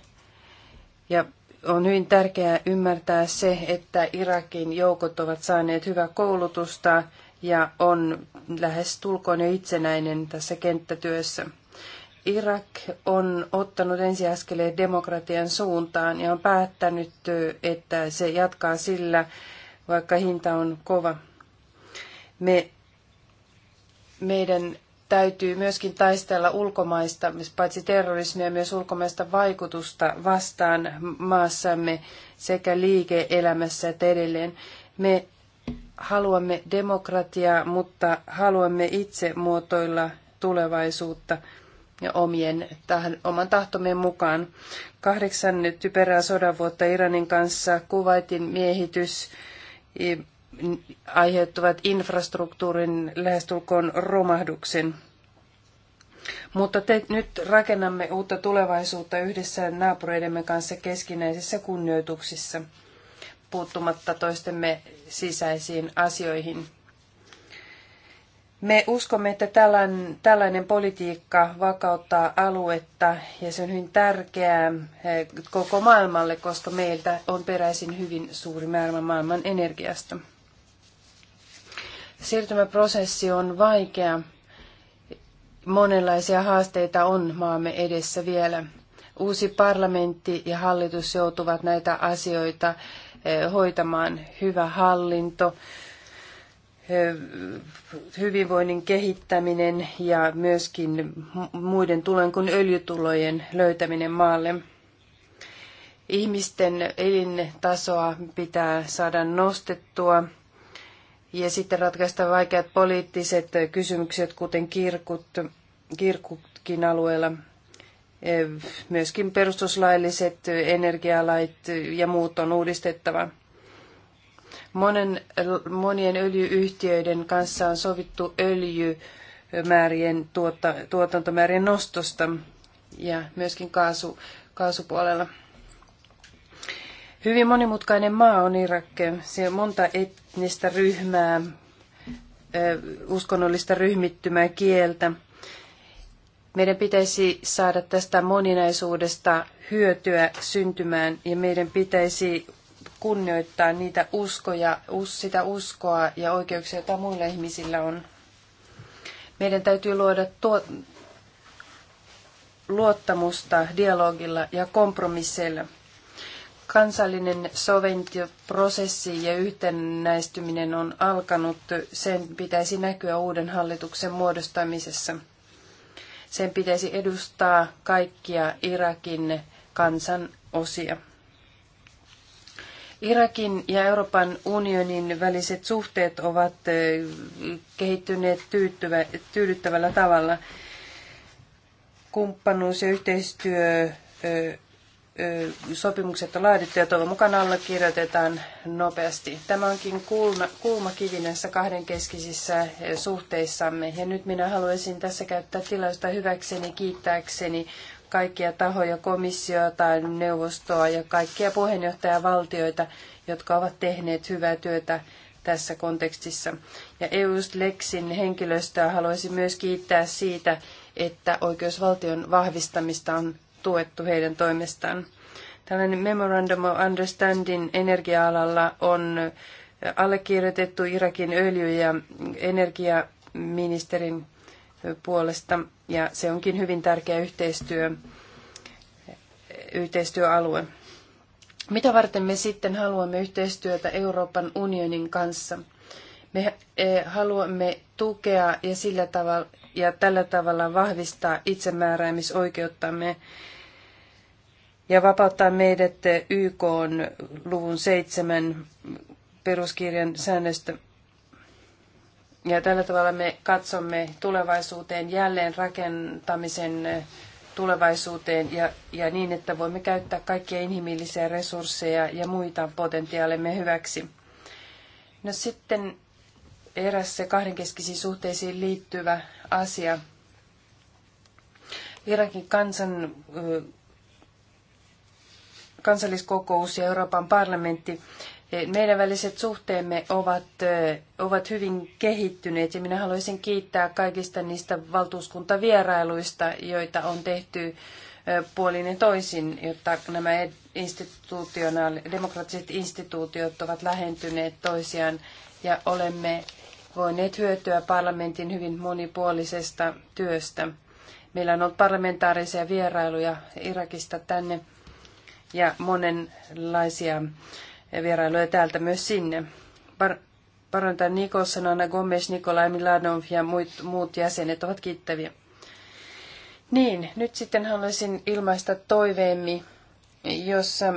Ja on hyvin tärkeää ymmärtää se, että Irakin joukot ovat saaneet hyvää koulutusta ja on lähes tulkoon jo itsenäinen tässä kenttätyössä. Irak on ottanut ensiaskeleen demokratian suuntaan ja on päättänyt, että se jatkaa sillä, vaikka hinta on kova. Me, meidän täytyy myöskin taistella ulkomaista, paitsi terrorismia, myös ulkomaista vaikutusta vastaan maassamme sekä liike-elämässä että edelleen. Me haluamme demokratiaa, mutta haluamme itse muotoilla tulevaisuutta – ja omien, tahan, oman tahtomme mukaan. Kahdeksan typerää sodan vuotta Iranin kanssa, kuvaitin miehitys, aiheuttavat infrastruktuurin lähestulkoon romahduksen. Mutta te, nyt rakennamme uutta tulevaisuutta yhdessä naapureidemme kanssa keskinäisissä kunnioituksissa, puuttumatta toistemme sisäisiin asioihin. Me uskomme, että tällainen, tällainen politiikka vakauttaa aluetta ja se on hyvin tärkeää eh, koko maailmalle, koska meiltä on peräisin hyvin suuri määrä maailman energiasta. Siirtymäprosessi on vaikea. Monenlaisia haasteita on maamme edessä vielä. Uusi parlamentti ja hallitus joutuvat näitä asioita eh, hoitamaan. Hyvä hallinto, hyvinvoinnin kehittäminen ja myöskin muiden tulojen kuin öljytulojen löytäminen maalle. Ihmisten elintasoa pitää saada nostettua ja sitten ratkaista vaikeat poliittiset kysymykset, kuten kirkut, kirkutkin alueella. Myöskin perustuslailliset energialait ja muut on uudistettava. Monen, äh, monien öljyyhtiöiden kanssa on sovittu öljymäärien tuotta, tuotantomäärien nostosta ja myöskin kaasu, kaasupuolella. Hyvin monimutkainen maa on Irak. Siellä on monta etnistä ryhmää, äh, uskonnollista ryhmittymää, kieltä. Meidän pitäisi saada tästä moninaisuudesta hyötyä syntymään ja meidän pitäisi kunnioittaa niitä uskoja, sitä uskoa ja oikeuksia, joita muilla ihmisillä on. Meidän täytyy luoda tuo, luottamusta dialogilla ja kompromisseilla. Kansallinen sovintoprosessi ja yhtenäistyminen on alkanut. Sen pitäisi näkyä uuden hallituksen muodostamisessa. Sen pitäisi edustaa kaikkia Irakin kansan osia. Irakin ja Euroopan unionin väliset suhteet ovat kehittyneet tyytyvä, tyydyttävällä tavalla. Kumppanuus- ja yhteistyösopimukset on laadittu ja toivon mukaan allekirjoitetaan nopeasti. Tämä onkin kulma, kulmakivi näissä kahdenkeskisissä suhteissamme. Ja nyt minä haluaisin tässä käyttää tilausta hyväkseni, kiittääkseni kaikkia tahoja, komissiota, neuvostoa ja kaikkia puheenjohtajavaltioita, jotka ovat tehneet hyvää työtä tässä kontekstissa. Ja EUS Lexin henkilöstöä haluaisin myös kiittää siitä, että oikeusvaltion vahvistamista on tuettu heidän toimestaan. Tällainen Memorandum of Understanding energia-alalla on allekirjoitettu Irakin öljy- ja energiaministerin puolesta ja se onkin hyvin tärkeä yhteistyö, yhteistyöalue. Mitä varten me sitten haluamme yhteistyötä Euroopan unionin kanssa? Me e, haluamme tukea ja, sillä tavalla, ja tällä tavalla vahvistaa itsemääräämisoikeuttamme ja vapauttaa meidät YK luvun seitsemän peruskirjan säännöstä ja tällä tavalla me katsomme tulevaisuuteen jälleen rakentamisen eh, tulevaisuuteen ja, ja niin, että voimme käyttää kaikkia inhimillisiä resursseja ja muita potentiaalemme hyväksi. No sitten eräs se kahdenkeskisiin suhteisiin liittyvä asia. Irakin kansan, eh, kansalliskokous ja Euroopan parlamentti meidän väliset suhteemme ovat, ovat hyvin kehittyneet ja minä haluaisin kiittää kaikista niistä valtuuskuntavierailuista, joita on tehty puolin ja toisin, jotta nämä institutionaali- demokraattiset instituutiot ovat lähentyneet toisiaan ja olemme voineet hyötyä parlamentin hyvin monipuolisesta työstä. Meillä on ollut parlamentaarisia vierailuja Irakista tänne ja monenlaisia vierailuja täältä myös sinne. Par- parantaa Nikos, Sanana Gomes, Nikolai Miladonf ja muut, muut jäsenet ovat kiittäviä. Niin, nyt sitten haluaisin ilmaista toiveemmi, jossa,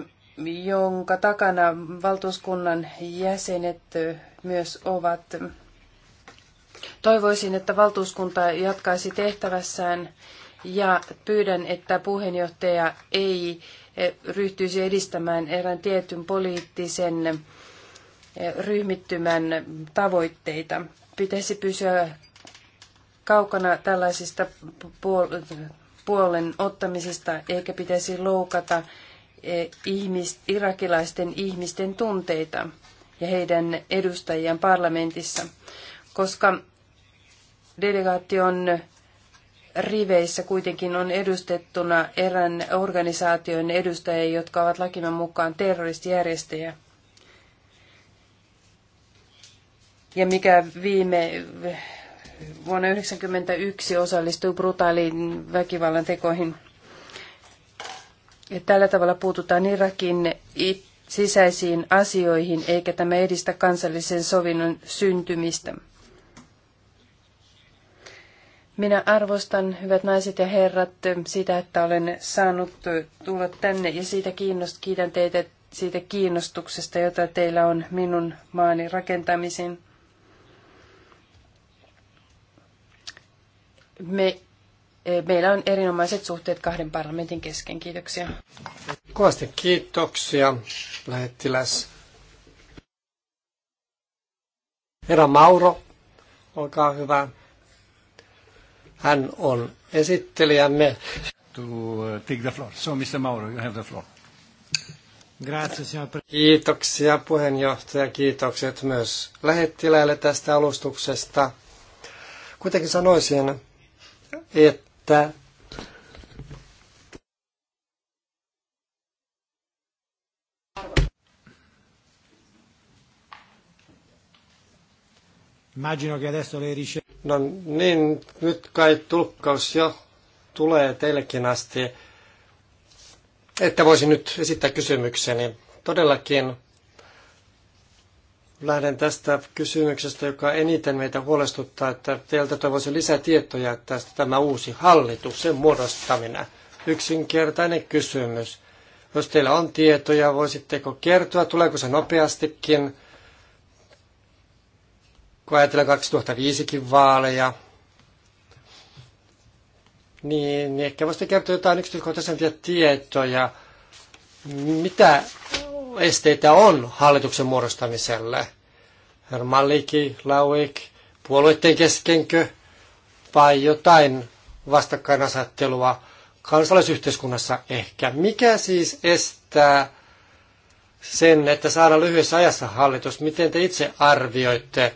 jonka takana valtuuskunnan jäsenet myös ovat. Toivoisin, että valtuuskunta jatkaisi tehtävässään ja pyydän, että puheenjohtaja ei ryhtyisi edistämään erään tietyn poliittisen eh, ryhmittymän tavoitteita. Pitäisi pysyä kaukana tällaisista puolen ottamisista, eikä pitäisi loukata eh, ihmist, irakilaisten ihmisten tunteita ja heidän edustajiaan parlamentissa, koska delegaation riveissä kuitenkin on edustettuna erään organisaation edustajia, jotka ovat lakimme mukaan terroristijärjestöjä. Ja mikä viime vuonna 1991 osallistui brutaaliin väkivallan tekoihin. Ja tällä tavalla puututaan Irakin sisäisiin asioihin, eikä tämä edistä kansallisen sovinnon syntymistä. Minä arvostan, hyvät naiset ja herrat, sitä, että olen saanut tulla tänne ja siitä kiinnost, kiitän teitä siitä kiinnostuksesta, jota teillä on minun maani rakentamisen Me, eh, meillä on erinomaiset suhteet kahden parlamentin kesken. Kiitoksia. Kovasti kiitoksia, lähettiläs. Herra Mauro, olkaa hyvä. Hän on esittelijämme. To uh, take the floor. So, Mr. Mauro, you have the floor. Kiitoksia puheenjohtaja, kiitokset myös lähettiläille tästä alustuksesta. Kuitenkin sanoisin, että Immagino che adesso le ricerche No niin, nyt kai tulkkaus jo tulee teillekin asti, että voisin nyt esittää kysymykseni. Todellakin lähden tästä kysymyksestä, joka eniten meitä huolestuttaa, että teiltä toivoisin lisätietoja tästä tämä uusi hallitus, sen muodostaminen. Yksinkertainen kysymys. Jos teillä on tietoja, voisitteko kertoa, tuleeko se nopeastikin, kun ajatellaan 2005kin vaaleja, niin niin ehkä voisitte kertoa jotain yksityiskohtaisempia tietoja, mitä esteitä on hallituksen muodostamiselle. Malliki, Lauik, puolueiden keskenkö vai jotain vastakkainasettelua kansalaisyhteiskunnassa ehkä. Mikä siis estää sen, että saada lyhyessä ajassa hallitus? Miten te itse arvioitte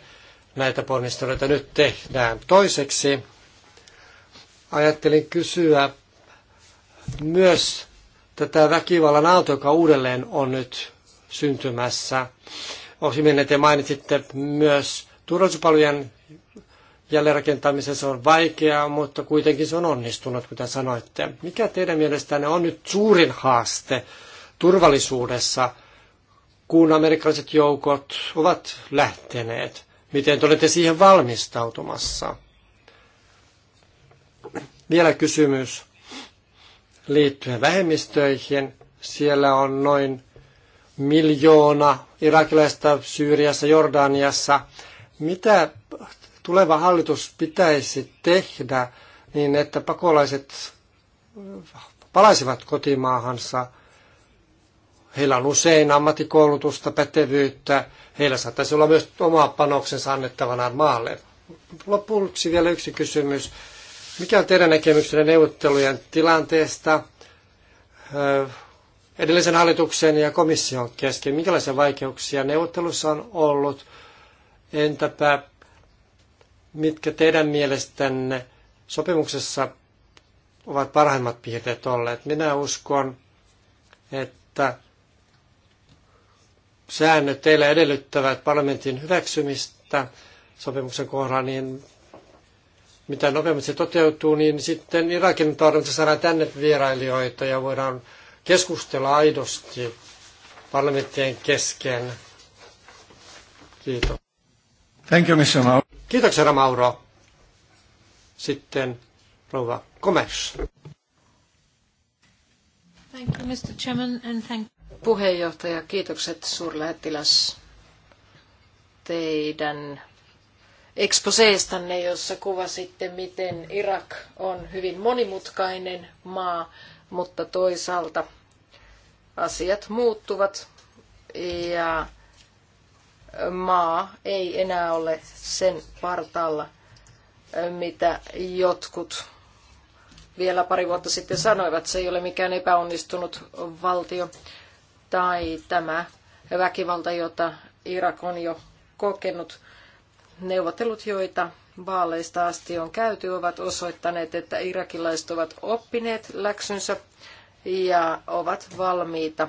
näitä ponnisteluita nyt tehdään. Toiseksi ajattelin kysyä myös tätä väkivallan aalto, joka uudelleen on nyt syntymässä. Osiminen te mainitsitte myös turvallisuuspalvelujen jälleenrakentamisen, se on vaikeaa, mutta kuitenkin se on onnistunut, kuten sanoitte. Mikä teidän mielestänne on nyt suurin haaste turvallisuudessa, kun amerikkalaiset joukot ovat lähteneet? Miten te olette siihen valmistautumassa? Vielä kysymys liittyen vähemmistöihin. Siellä on noin miljoona irakilaista Syyriassa, Jordaniassa. Mitä tuleva hallitus pitäisi tehdä niin, että pakolaiset palaisivat kotimaahansa – Heillä on usein ammattikoulutusta, pätevyyttä. Heillä saattaisi olla myös oma panoksensa annettavana maalle. Lopuksi vielä yksi kysymys. Mikä on teidän näkemyksenne neuvottelujen tilanteesta edellisen hallituksen ja komission kesken? Minkälaisia vaikeuksia neuvottelussa on ollut? Entäpä mitkä teidän mielestänne sopimuksessa ovat parhaimmat piirteet olleet? Minä uskon, että säännöt teillä edellyttävät parlamentin hyväksymistä sopimuksen kohdalla, niin mitä nopeammin se toteutuu, niin sitten Irakin torjunta saadaan tänne vierailijoita ja voidaan keskustella aidosti parlamenttien kesken. Kiitos. Thank you, Mr. Mauro. Kiitoksia, herra Mauro. Sitten rouva Komers. Thank you, Mr. Chairman, and thank puheenjohtaja, kiitokset suurlähettiläs teidän eksposeestanne, jossa kuvasitte, miten Irak on hyvin monimutkainen maa, mutta toisaalta asiat muuttuvat ja maa ei enää ole sen partaalla, mitä jotkut vielä pari vuotta sitten sanoivat. Se ei ole mikään epäonnistunut valtio tai tämä väkivalta, jota Irak on jo kokenut. Neuvottelut, joita vaaleista asti on käyty, ovat osoittaneet, että irakilaiset ovat oppineet läksynsä ja ovat valmiita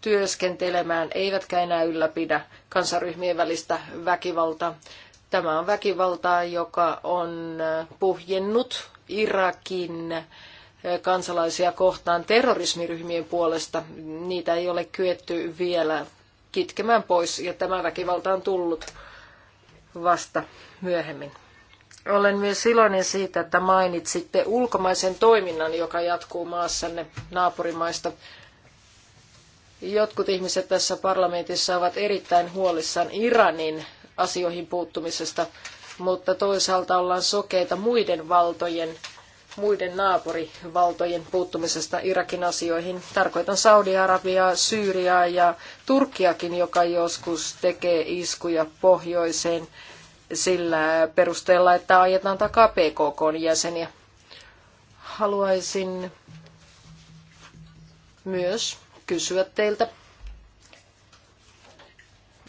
työskentelemään, eivätkä enää ylläpidä kansaryhmien välistä väkivaltaa. Tämä on väkivaltaa, joka on puhjennut Irakin kansalaisia kohtaan terrorismiryhmien puolesta. Niitä ei ole kyetty vielä kitkemään pois ja tämä väkivalta on tullut vasta myöhemmin. Olen myös iloinen siitä, että mainitsitte ulkomaisen toiminnan, joka jatkuu maassanne naapurimaista. Jotkut ihmiset tässä parlamentissa ovat erittäin huolissaan Iranin asioihin puuttumisesta, mutta toisaalta ollaan sokeita muiden valtojen muiden naapurivaltojen puuttumisesta Irakin asioihin. Tarkoitan Saudi-Arabiaa, Syyriaa ja Turkiakin, joka joskus tekee iskuja pohjoiseen sillä perusteella, että ajetaan takaa PKKn jäseniä. Haluaisin myös kysyä teiltä,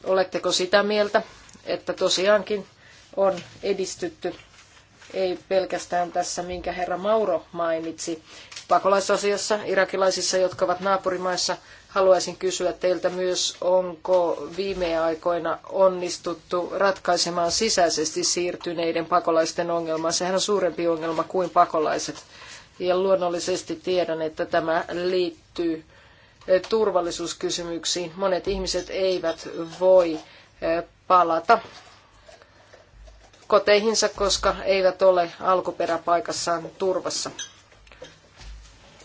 oletteko sitä mieltä, että tosiaankin on edistytty ei pelkästään tässä, minkä herra Mauro mainitsi. Pakolaisosiossa, irakilaisissa, jotka ovat naapurimaissa, haluaisin kysyä teiltä myös, onko viime aikoina onnistuttu ratkaisemaan sisäisesti siirtyneiden pakolaisten ongelmaa. Sehän on suurempi ongelma kuin pakolaiset. Ja luonnollisesti tiedän, että tämä liittyy eh, turvallisuuskysymyksiin. Monet ihmiset eivät voi eh, palata koteihinsa, koska eivät ole alkuperäpaikassaan turvassa.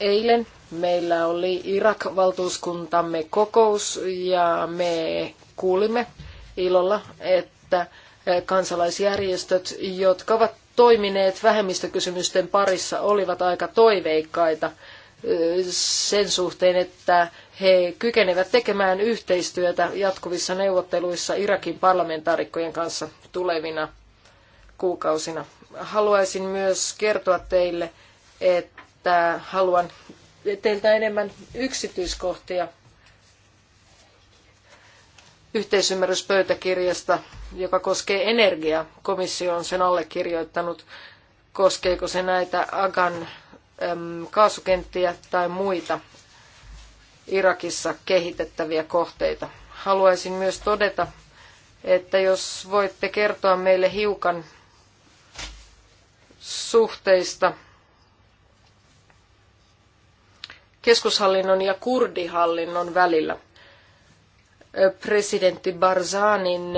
Eilen meillä oli Irak-valtuuskuntamme kokous ja me kuulimme ilolla, että kansalaisjärjestöt, jotka ovat toimineet vähemmistökysymysten parissa, olivat aika toiveikkaita sen suhteen, että he kykenevät tekemään yhteistyötä jatkuvissa neuvotteluissa Irakin parlamentaarikkojen kanssa tulevina kuukausina. Haluaisin myös kertoa teille, että haluan teiltä enemmän yksityiskohtia yhteisymmärryspöytäkirjasta, joka koskee energiaa. Komissio on sen allekirjoittanut. Koskeeko se näitä Agan kaasukenttiä tai muita Irakissa kehitettäviä kohteita? Haluaisin myös todeta, että jos voitte kertoa meille hiukan suhteista keskushallinnon ja kurdihallinnon välillä. Presidentti Barzanin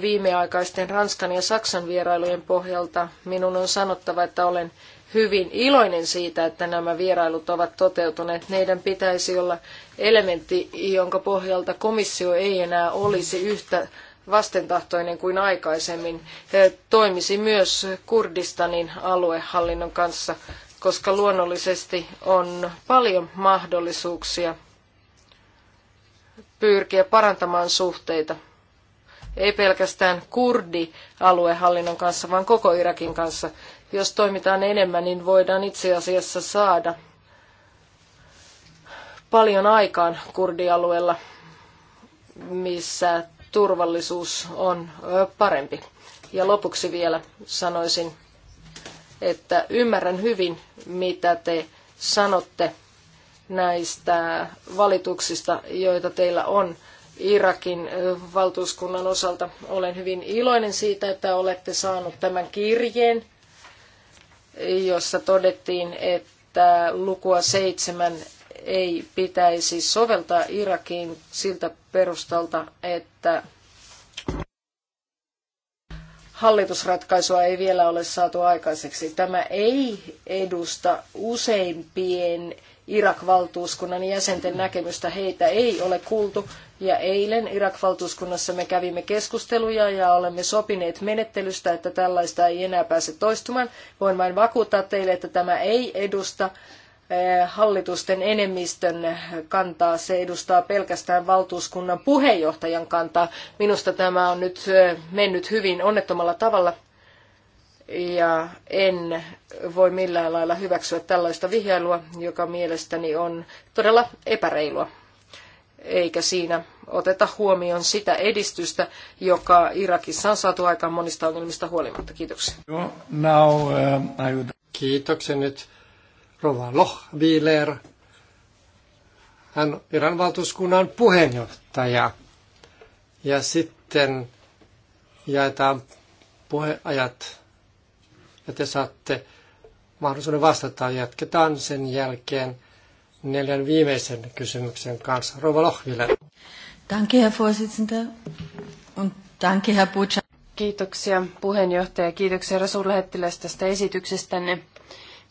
viimeaikaisten Ranskan ja Saksan vierailujen pohjalta minun on sanottava, että olen hyvin iloinen siitä, että nämä vierailut ovat toteutuneet. Meidän pitäisi olla elementti, jonka pohjalta komissio ei enää olisi yhtä vastentahtoinen kuin aikaisemmin, toimisi myös Kurdistanin aluehallinnon kanssa, koska luonnollisesti on paljon mahdollisuuksia pyrkiä parantamaan suhteita. Ei pelkästään kurdi-aluehallinnon kanssa, vaan koko Irakin kanssa. Jos toimitaan enemmän, niin voidaan itse asiassa saada paljon aikaan kurdialueella, missä turvallisuus on parempi. Ja lopuksi vielä sanoisin, että ymmärrän hyvin, mitä te sanotte näistä valituksista, joita teillä on Irakin valtuuskunnan osalta. Olen hyvin iloinen siitä, että olette saanut tämän kirjeen, jossa todettiin, että lukua seitsemän ei pitäisi soveltaa Irakiin siltä perustalta, että hallitusratkaisua ei vielä ole saatu aikaiseksi. Tämä ei edusta useimpien Irak-valtuuskunnan jäsenten näkemystä. Heitä ei ole kuultu ja eilen Irak-valtuuskunnassa me kävimme keskusteluja ja olemme sopineet menettelystä, että tällaista ei enää pääse toistumaan. Voin vain vakuuttaa teille, että tämä ei edusta Eh, hallitusten enemmistön kantaa, se edustaa pelkästään valtuuskunnan puheenjohtajan kantaa. Minusta tämä on nyt eh, mennyt hyvin onnettomalla tavalla ja en voi millään lailla hyväksyä tällaista vihjailua, joka mielestäni on todella epäreilua. Eikä siinä oteta huomioon sitä edistystä, joka Irakissa on saatu aikaan monista ongelmista huolimatta. Kiitoksia. Eh, Kiitoksia nyt. Rova Wieler, Hän on Iran valtuuskunnan puheenjohtaja. Ja sitten jaetaan puheajat ja te saatte mahdollisuuden vastata. Jatketaan sen jälkeen neljän viimeisen kysymyksen kanssa. Rova Lohville. Danke, Herr Vorsitzender. Und danke, Herr Kiitoksia puheenjohtaja. Kiitoksia Rasul tästä esityksestänne.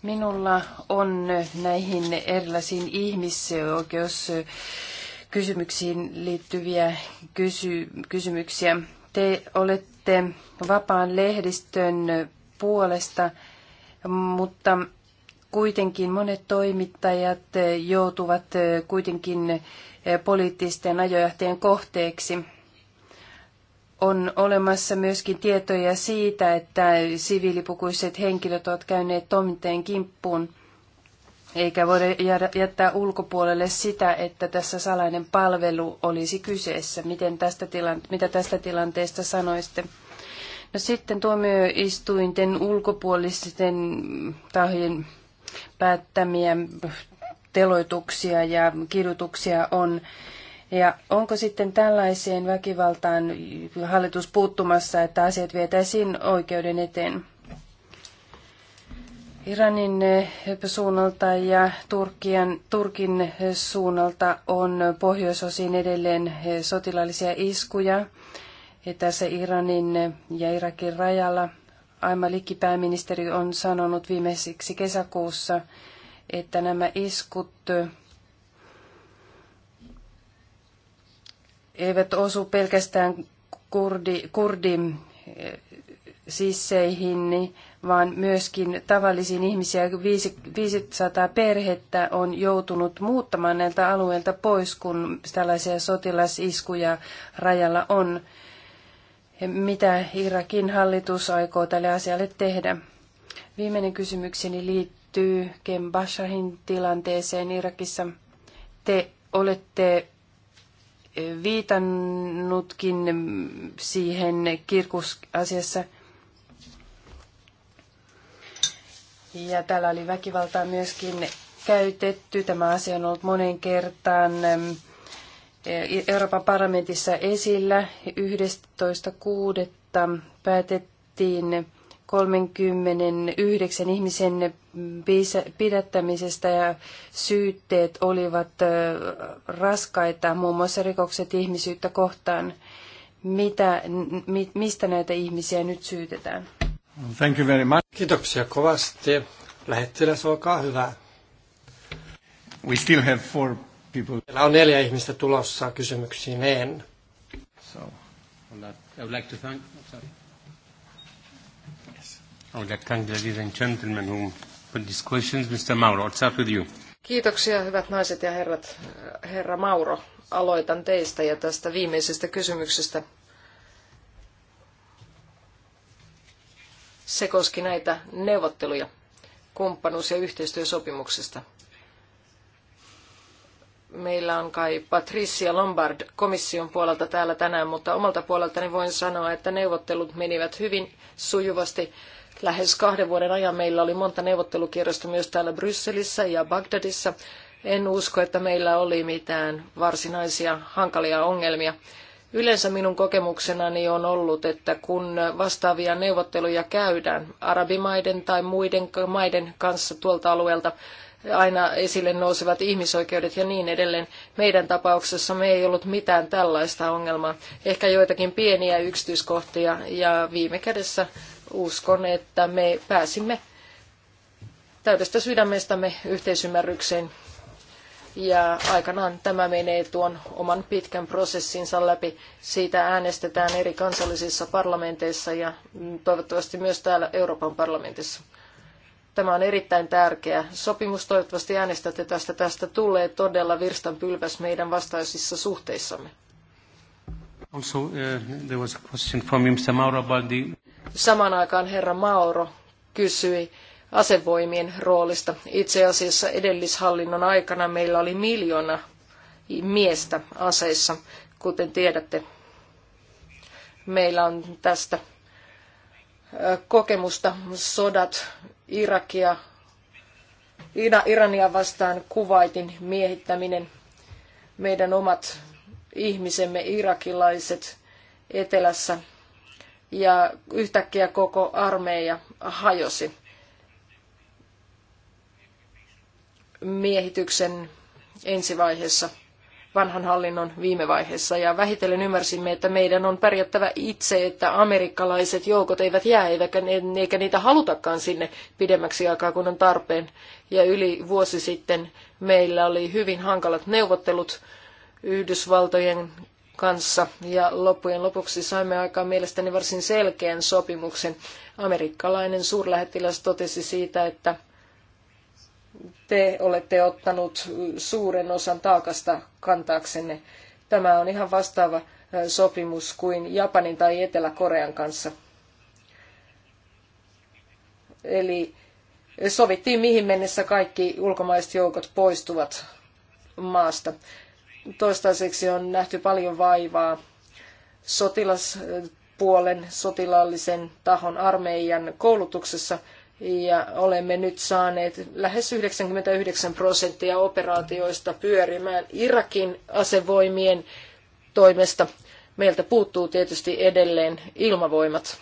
Minulla on näihin erilaisiin ihmisoikeuskysymyksiin liittyviä kysy- kysymyksiä. Te olette vapaan lehdistön puolesta, mutta kuitenkin monet toimittajat joutuvat kuitenkin poliittisten ajojahtien kohteeksi on olemassa myöskin tietoja siitä, että siviilipukuiset henkilöt ovat käyneet toimittajien kimppuun, eikä voida jättää ulkopuolelle sitä, että tässä salainen palvelu olisi kyseessä. Miten tästä tilante- mitä tästä tilanteesta sanoisitte? No sitten tuomioistuinten ulkopuolisten tahojen päättämiä teloituksia ja kidutuksia on ja onko sitten tällaiseen väkivaltaan hallitus puuttumassa, että asiat vietäisiin oikeuden eteen? Iranin eh, suunnalta ja Turkian, Turkin eh, suunnalta on pohjoisosiin edelleen eh, sotilaallisia iskuja. Ja tässä Iranin ja Irakin rajalla Likki pääministeri on sanonut viimeisiksi kesäkuussa, että nämä iskut eivät osu pelkästään kurdi, kurdi eh, sisseihin, niin, vaan myöskin tavallisiin ihmisiä. 500 perhettä on joutunut muuttamaan näiltä alueilta pois, kun tällaisia sotilasiskuja rajalla on. Eh, mitä Irakin hallitus aikoo tälle asialle tehdä? Viimeinen kysymykseni liittyy Ken Basharin tilanteeseen Irakissa. Te olette viitannutkin siihen kirkusasiassa. Ja täällä oli väkivaltaa myöskin käytetty. Tämä asia on ollut monen kertaan ähm, Euroopan parlamentissa esillä. 11.6. päätettiin 39 ihmisen pidättämisestä ja syytteet olivat raskaita, muun muassa rikokset ihmisyyttä kohtaan. Mitä, mistä näitä ihmisiä nyt syytetään? Thank you very much. Kiitoksia kovasti. Lähettiläs, olkaa hyvä. We still have four people. Meillä on neljä ihmistä tulossa kysymyksiin en. So, I would like to thank... Sorry. I would thank ladies and gentlemen who put these questions. Mr. Mauro, with you. Kiitoksia, hyvät naiset ja herrat. Herra Mauro, aloitan teistä ja tästä viimeisestä kysymyksestä. Se koski näitä neuvotteluja kumppanuus- ja yhteistyösopimuksesta. Meillä on kai Patricia Lombard komission puolelta täällä tänään, mutta omalta puoleltani voin sanoa, että neuvottelut menivät hyvin sujuvasti lähes kahden vuoden ajan meillä oli monta neuvottelukierrosta myös täällä Brysselissä ja Bagdadissa. En usko, että meillä oli mitään varsinaisia hankalia ongelmia. Yleensä minun kokemuksenani on ollut, että kun vastaavia neuvotteluja käydään arabimaiden tai muiden maiden kanssa tuolta alueelta, aina esille nousevat ihmisoikeudet ja niin edelleen. Meidän tapauksessamme ei ollut mitään tällaista ongelmaa. Ehkä joitakin pieniä yksityiskohtia ja viime kädessä uskon, että me pääsimme täydestä sydämestämme yhteisymmärrykseen. Ja aikanaan tämä menee tuon oman pitkän prosessinsa läpi. Siitä äänestetään eri kansallisissa parlamenteissa ja toivottavasti myös täällä Euroopan parlamentissa. Tämä on erittäin tärkeä sopimus. Toivottavasti äänestätte tästä. Tästä tulee todella virstanpylväs meidän vastaisissa suhteissamme. Also, uh, there was a question from Mr. Mauro Samaan aikaan herra Mauro kysyi asevoimien roolista. Itse asiassa edellishallinnon aikana meillä oli miljoona miestä aseissa, kuten tiedätte. Meillä on tästä kokemusta. Sodat, Irakia, Irania vastaan Kuwaitin miehittäminen, meidän omat ihmisemme irakilaiset etelässä ja yhtäkkiä koko armeija hajosi miehityksen ensivaiheessa vanhan hallinnon viime vaiheessa ja vähitellen ymmärsimme, että meidän on pärjättävä itse, että amerikkalaiset joukot eivät jää eiväkä, eikä niitä halutakaan sinne pidemmäksi aikaa kuin on tarpeen. Ja yli vuosi sitten meillä oli hyvin hankalat neuvottelut Yhdysvaltojen kanssa ja loppujen lopuksi saimme aikaan mielestäni varsin selkeän sopimuksen. Amerikkalainen suurlähettiläs totesi siitä, että te olette ottanut suuren osan taakasta kantaaksenne. Tämä on ihan vastaava sopimus kuin Japanin tai Etelä-Korean kanssa. Eli sovittiin, mihin mennessä kaikki ulkomaiset joukot poistuvat maasta. Toistaiseksi on nähty paljon vaivaa sotilaspuolen, sotilaallisen tahon armeijan koulutuksessa – ja olemme nyt saaneet lähes 99 prosenttia operaatioista pyörimään Irakin asevoimien toimesta. Meiltä puuttuu tietysti edelleen ilmavoimat,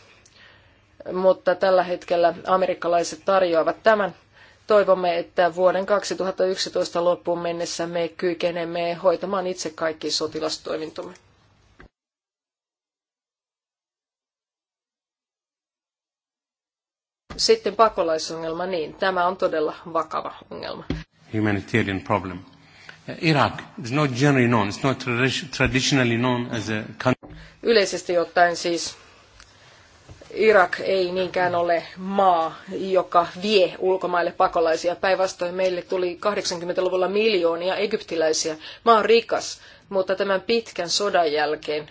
mutta tällä hetkellä amerikkalaiset tarjoavat tämän. Toivomme, että vuoden 2011 loppuun mennessä me kykenemme hoitamaan itse kaikki sotilastoimintomme. Sitten pakolaisongelma, niin tämä on todella vakava ongelma. Humanitarian problem. Iraq is not generally known, it's not traditionally known as a country. Yleisesti ottaen siis Irak ei niinkään ole maa, joka vie ulkomaille pakolaisia. Päinvastoin meille tuli 80-luvulla miljoonia egyptiläisiä. Maa on rikas, mutta tämän pitkän sodan jälkeen,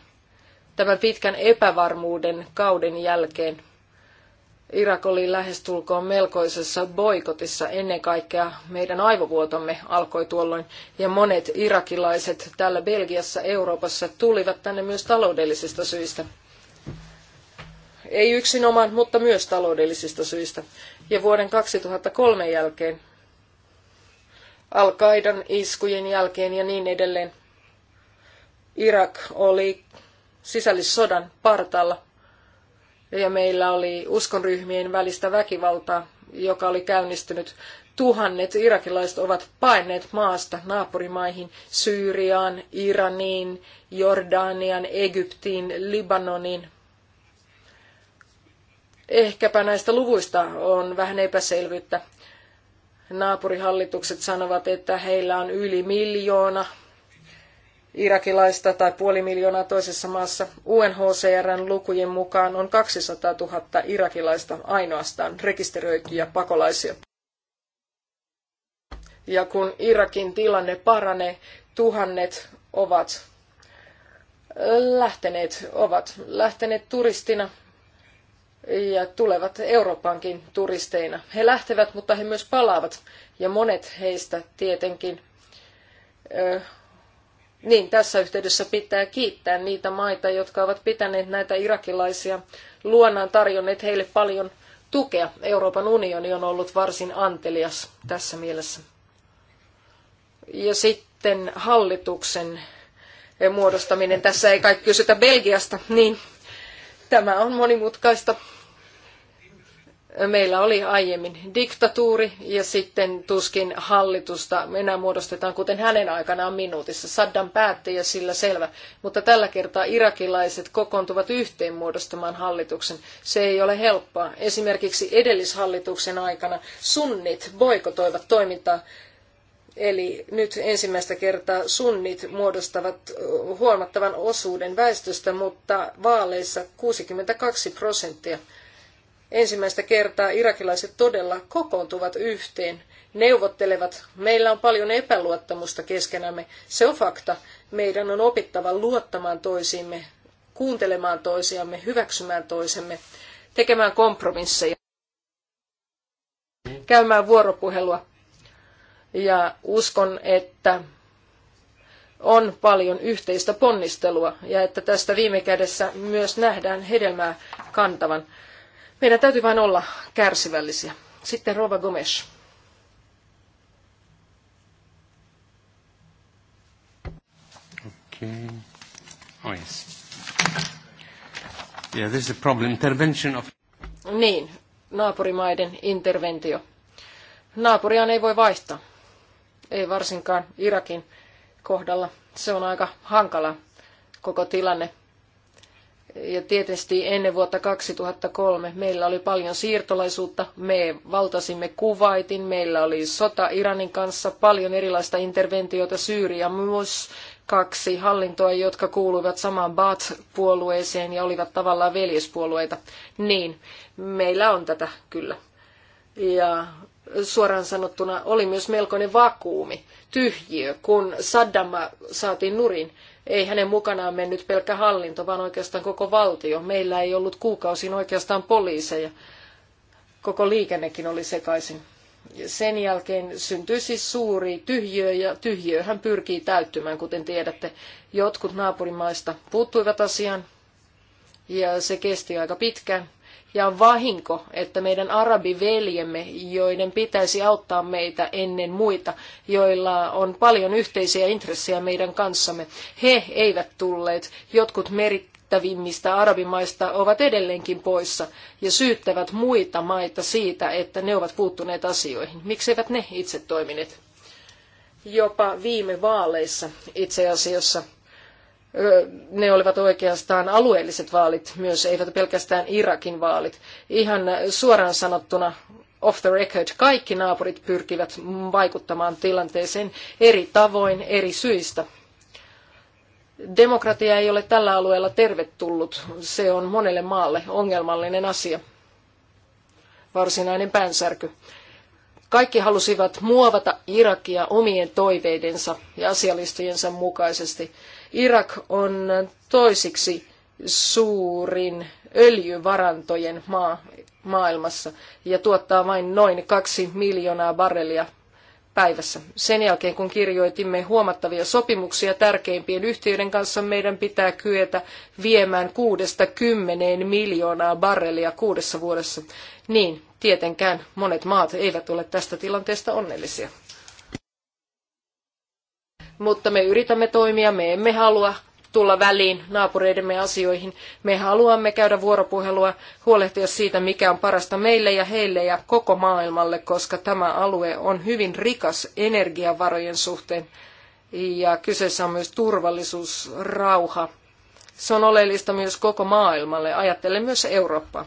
tämän pitkän epävarmuuden kauden jälkeen – Irak oli lähestulkoon melkoisessa boikotissa ennen kaikkea meidän aivovuotomme alkoi tuolloin ja monet irakilaiset täällä Belgiassa, Euroopassa tulivat tänne myös taloudellisista syistä. Ei yksinomaan, mutta myös taloudellisista syistä. Ja vuoden 2003 jälkeen, Al-Qaidan iskujen jälkeen ja niin edelleen, Irak oli sisällissodan partaalla ja meillä oli uskonryhmien välistä väkivaltaa, joka oli käynnistynyt. Tuhannet irakilaiset ovat paineet maasta naapurimaihin, Syyriaan, Iraniin, Jordanian, Egyptiin, Libanoniin. Ehkäpä näistä luvuista on vähän epäselvyyttä. Naapurihallitukset sanovat, että heillä on yli miljoona irakilaista tai puoli miljoonaa toisessa maassa. UNHCRn lukujen mukaan on 200 000 irakilaista ainoastaan rekisteröityjä pakolaisia. Ja kun Irakin tilanne paranee, tuhannet ovat lähteneet, ovat lähteneet turistina ja tulevat Eurooppaankin turisteina. He lähtevät, mutta he myös palaavat ja monet heistä tietenkin ö, niin, tässä yhteydessä pitää kiittää niitä maita, jotka ovat pitäneet näitä irakilaisia luonaan tarjonneet heille paljon tukea. Euroopan unioni on ollut varsin antelias tässä mielessä. Ja sitten hallituksen muodostaminen. Tässä ei kai kysytä Belgiasta, niin tämä on monimutkaista meillä oli aiemmin diktatuuri ja sitten tuskin hallitusta enää muodostetaan, kuten hänen aikanaan minuutissa. Saddam päätti ja sillä selvä. Mutta tällä kertaa irakilaiset kokoontuvat yhteen muodostamaan hallituksen. Se ei ole helppoa. Esimerkiksi edellishallituksen aikana sunnit boikotoivat toimintaa. Eli nyt ensimmäistä kertaa sunnit muodostavat huomattavan osuuden väestöstä, mutta vaaleissa 62 prosenttia ensimmäistä kertaa irakilaiset todella kokoontuvat yhteen, neuvottelevat. Meillä on paljon epäluottamusta keskenämme. Se on fakta. Meidän on opittava luottamaan toisiimme, kuuntelemaan toisiamme, hyväksymään toisemme, tekemään kompromisseja, käymään vuoropuhelua. Ja uskon, että on paljon yhteistä ponnistelua ja että tästä viime kädessä myös nähdään hedelmää kantavan. Meidän täytyy vain olla kärsivällisiä. Sitten Rova Gomes. Okay. Oh yes. Yeah, this is the problem. Intervention of... Niin, naapurimaiden interventio. Naapuriaan ei voi vaihtaa. Ei varsinkaan Irakin kohdalla. Se on aika hankala koko tilanne. Ja tietysti ennen vuotta 2003 meillä oli paljon siirtolaisuutta. Me valtasimme Kuwaitin, meillä oli sota Iranin kanssa, paljon erilaista interventiota Syyria myös kaksi hallintoa, jotka kuuluivat samaan Baath-puolueeseen ja olivat tavallaan veljespuolueita. Niin, meillä on tätä kyllä. Ja suoraan sanottuna oli myös melkoinen vakuumi, tyhjiö, kun Saddam saatiin nurin ei hänen mukanaan mennyt pelkkä hallinto, vaan oikeastaan koko valtio. Meillä ei ollut kuukausin oikeastaan poliiseja. Koko liikennekin oli sekaisin. Sen jälkeen syntyi siis suuri tyhjiö, ja tyhjiö hän pyrkii täyttymään, kuten tiedätte. Jotkut naapurimaista puuttuivat asiaan, ja se kesti aika pitkään. Ja on vahinko, että meidän arabiveljemme, joiden pitäisi auttaa meitä ennen muita, joilla on paljon yhteisiä intressejä meidän kanssamme, he eivät tulleet. Jotkut merkittävimmistä arabimaista ovat edelleenkin poissa ja syyttävät muita maita siitä, että ne ovat puuttuneet asioihin. Mikseivät ne itse toimineet? Jopa viime vaaleissa itse asiassa ne olivat oikeastaan alueelliset vaalit myös, eivät pelkästään Irakin vaalit. Ihan suoraan sanottuna off the record, kaikki naapurit pyrkivät vaikuttamaan tilanteeseen eri tavoin, eri syistä. Demokratia ei ole tällä alueella tervetullut. Se on monelle maalle ongelmallinen asia. Varsinainen päänsärky. Kaikki halusivat muovata Irakia omien toiveidensa ja asialistojensa mukaisesti. Irak on toisiksi suurin öljyvarantojen maa maailmassa ja tuottaa vain noin kaksi miljoonaa barrelia päivässä. Sen jälkeen kun kirjoitimme huomattavia sopimuksia tärkeimpien yhtiöiden kanssa, meidän pitää kyetä viemään kuudesta kymmeneen miljoonaa barrelia kuudessa vuodessa. Niin, tietenkään monet maat eivät ole tästä tilanteesta onnellisia mutta me yritämme toimia, me emme halua tulla väliin naapureidemme asioihin. Me haluamme käydä vuoropuhelua, huolehtia siitä, mikä on parasta meille ja heille ja koko maailmalle, koska tämä alue on hyvin rikas energiavarojen suhteen. Ja kyseessä on myös turvallisuus, rauha. Se on oleellista myös koko maailmalle. Ajattelen myös Eurooppaa.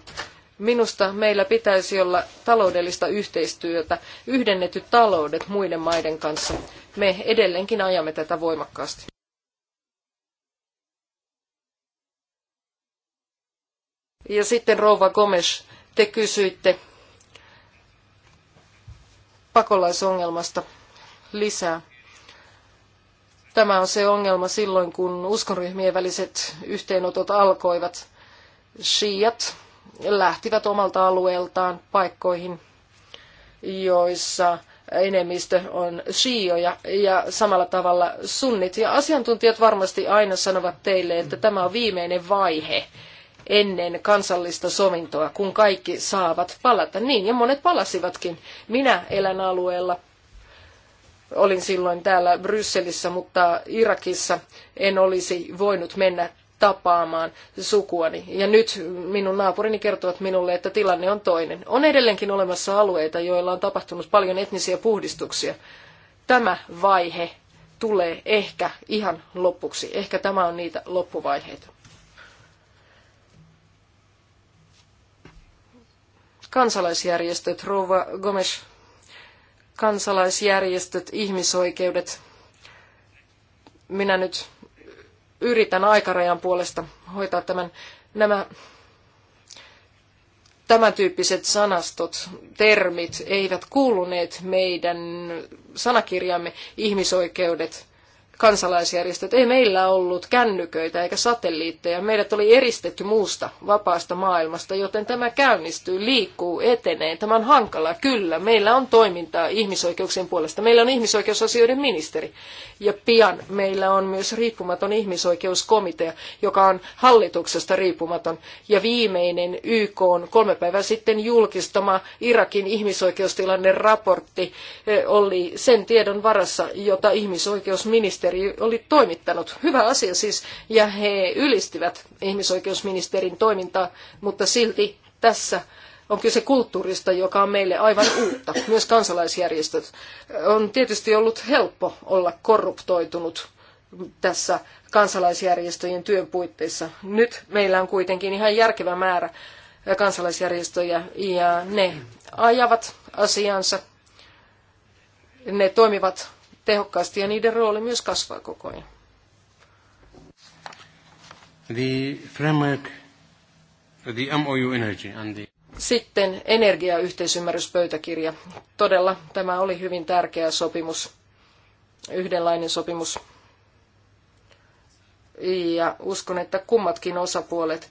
Minusta meillä pitäisi olla taloudellista yhteistyötä, yhdennetyt taloudet muiden maiden kanssa. Me edelleenkin ajamme tätä voimakkaasti. Ja sitten Rouva Gomes, te kysyitte pakolaisongelmasta lisää. Tämä on se ongelma silloin, kun uskonryhmien väliset yhteenotot alkoivat. Shiat, lähtivät omalta alueeltaan paikkoihin, joissa enemmistö on shioja ja samalla tavalla sunnit. Ja asiantuntijat varmasti aina sanovat teille, että tämä on viimeinen vaihe ennen kansallista sovintoa, kun kaikki saavat palata. Niin, ja monet palasivatkin. Minä elän alueella. Olin silloin täällä Brysselissä, mutta Irakissa en olisi voinut mennä tapaamaan sukuani. Ja nyt minun naapurini kertovat minulle, että tilanne on toinen. On edelleenkin olemassa alueita, joilla on tapahtunut paljon etnisiä puhdistuksia. Tämä vaihe tulee ehkä ihan lopuksi. Ehkä tämä on niitä loppuvaiheita. Kansalaisjärjestöt, Rova Gomes, kansalaisjärjestöt, ihmisoikeudet. Minä nyt yritän aikarajan puolesta hoitaa tämän, nämä tämän tyyppiset sanastot, termit eivät kuuluneet meidän sanakirjamme ihmisoikeudet, kansalaisjärjestöt. Ei meillä ollut kännyköitä eikä satelliitteja. Meidät oli eristetty muusta vapaasta maailmasta, joten tämä käynnistyy, liikkuu, etenee. Tämä on hankalaa, kyllä. Meillä on toimintaa ihmisoikeuksien puolesta. Meillä on ihmisoikeusasioiden ministeri. Ja pian meillä on myös riippumaton ihmisoikeuskomitea, joka on hallituksesta riippumaton. Ja viimeinen YK on kolme päivää sitten julkistama Irakin ihmisoikeustilanne raportti eh, oli sen tiedon varassa, jota ihmisoikeusministeri ministeri oli toimittanut. Hyvä asia siis, ja he ylistivät ihmisoikeusministerin toimintaa, mutta silti tässä on kyse kulttuurista, joka on meille aivan uutta, myös kansalaisjärjestöt. On tietysti ollut helppo olla korruptoitunut tässä kansalaisjärjestöjen työn puitteissa. Nyt meillä on kuitenkin ihan järkevä määrä kansalaisjärjestöjä ja ne ajavat asiansa, ne toimivat tehokkaasti ja niiden rooli myös kasvaa koko ajan. The framework, the MOU energy and the... Sitten energiayhteisymmärryspöytäkirja. Todella tämä oli hyvin tärkeä sopimus, yhdenlainen sopimus. Ja uskon, että kummatkin osapuolet,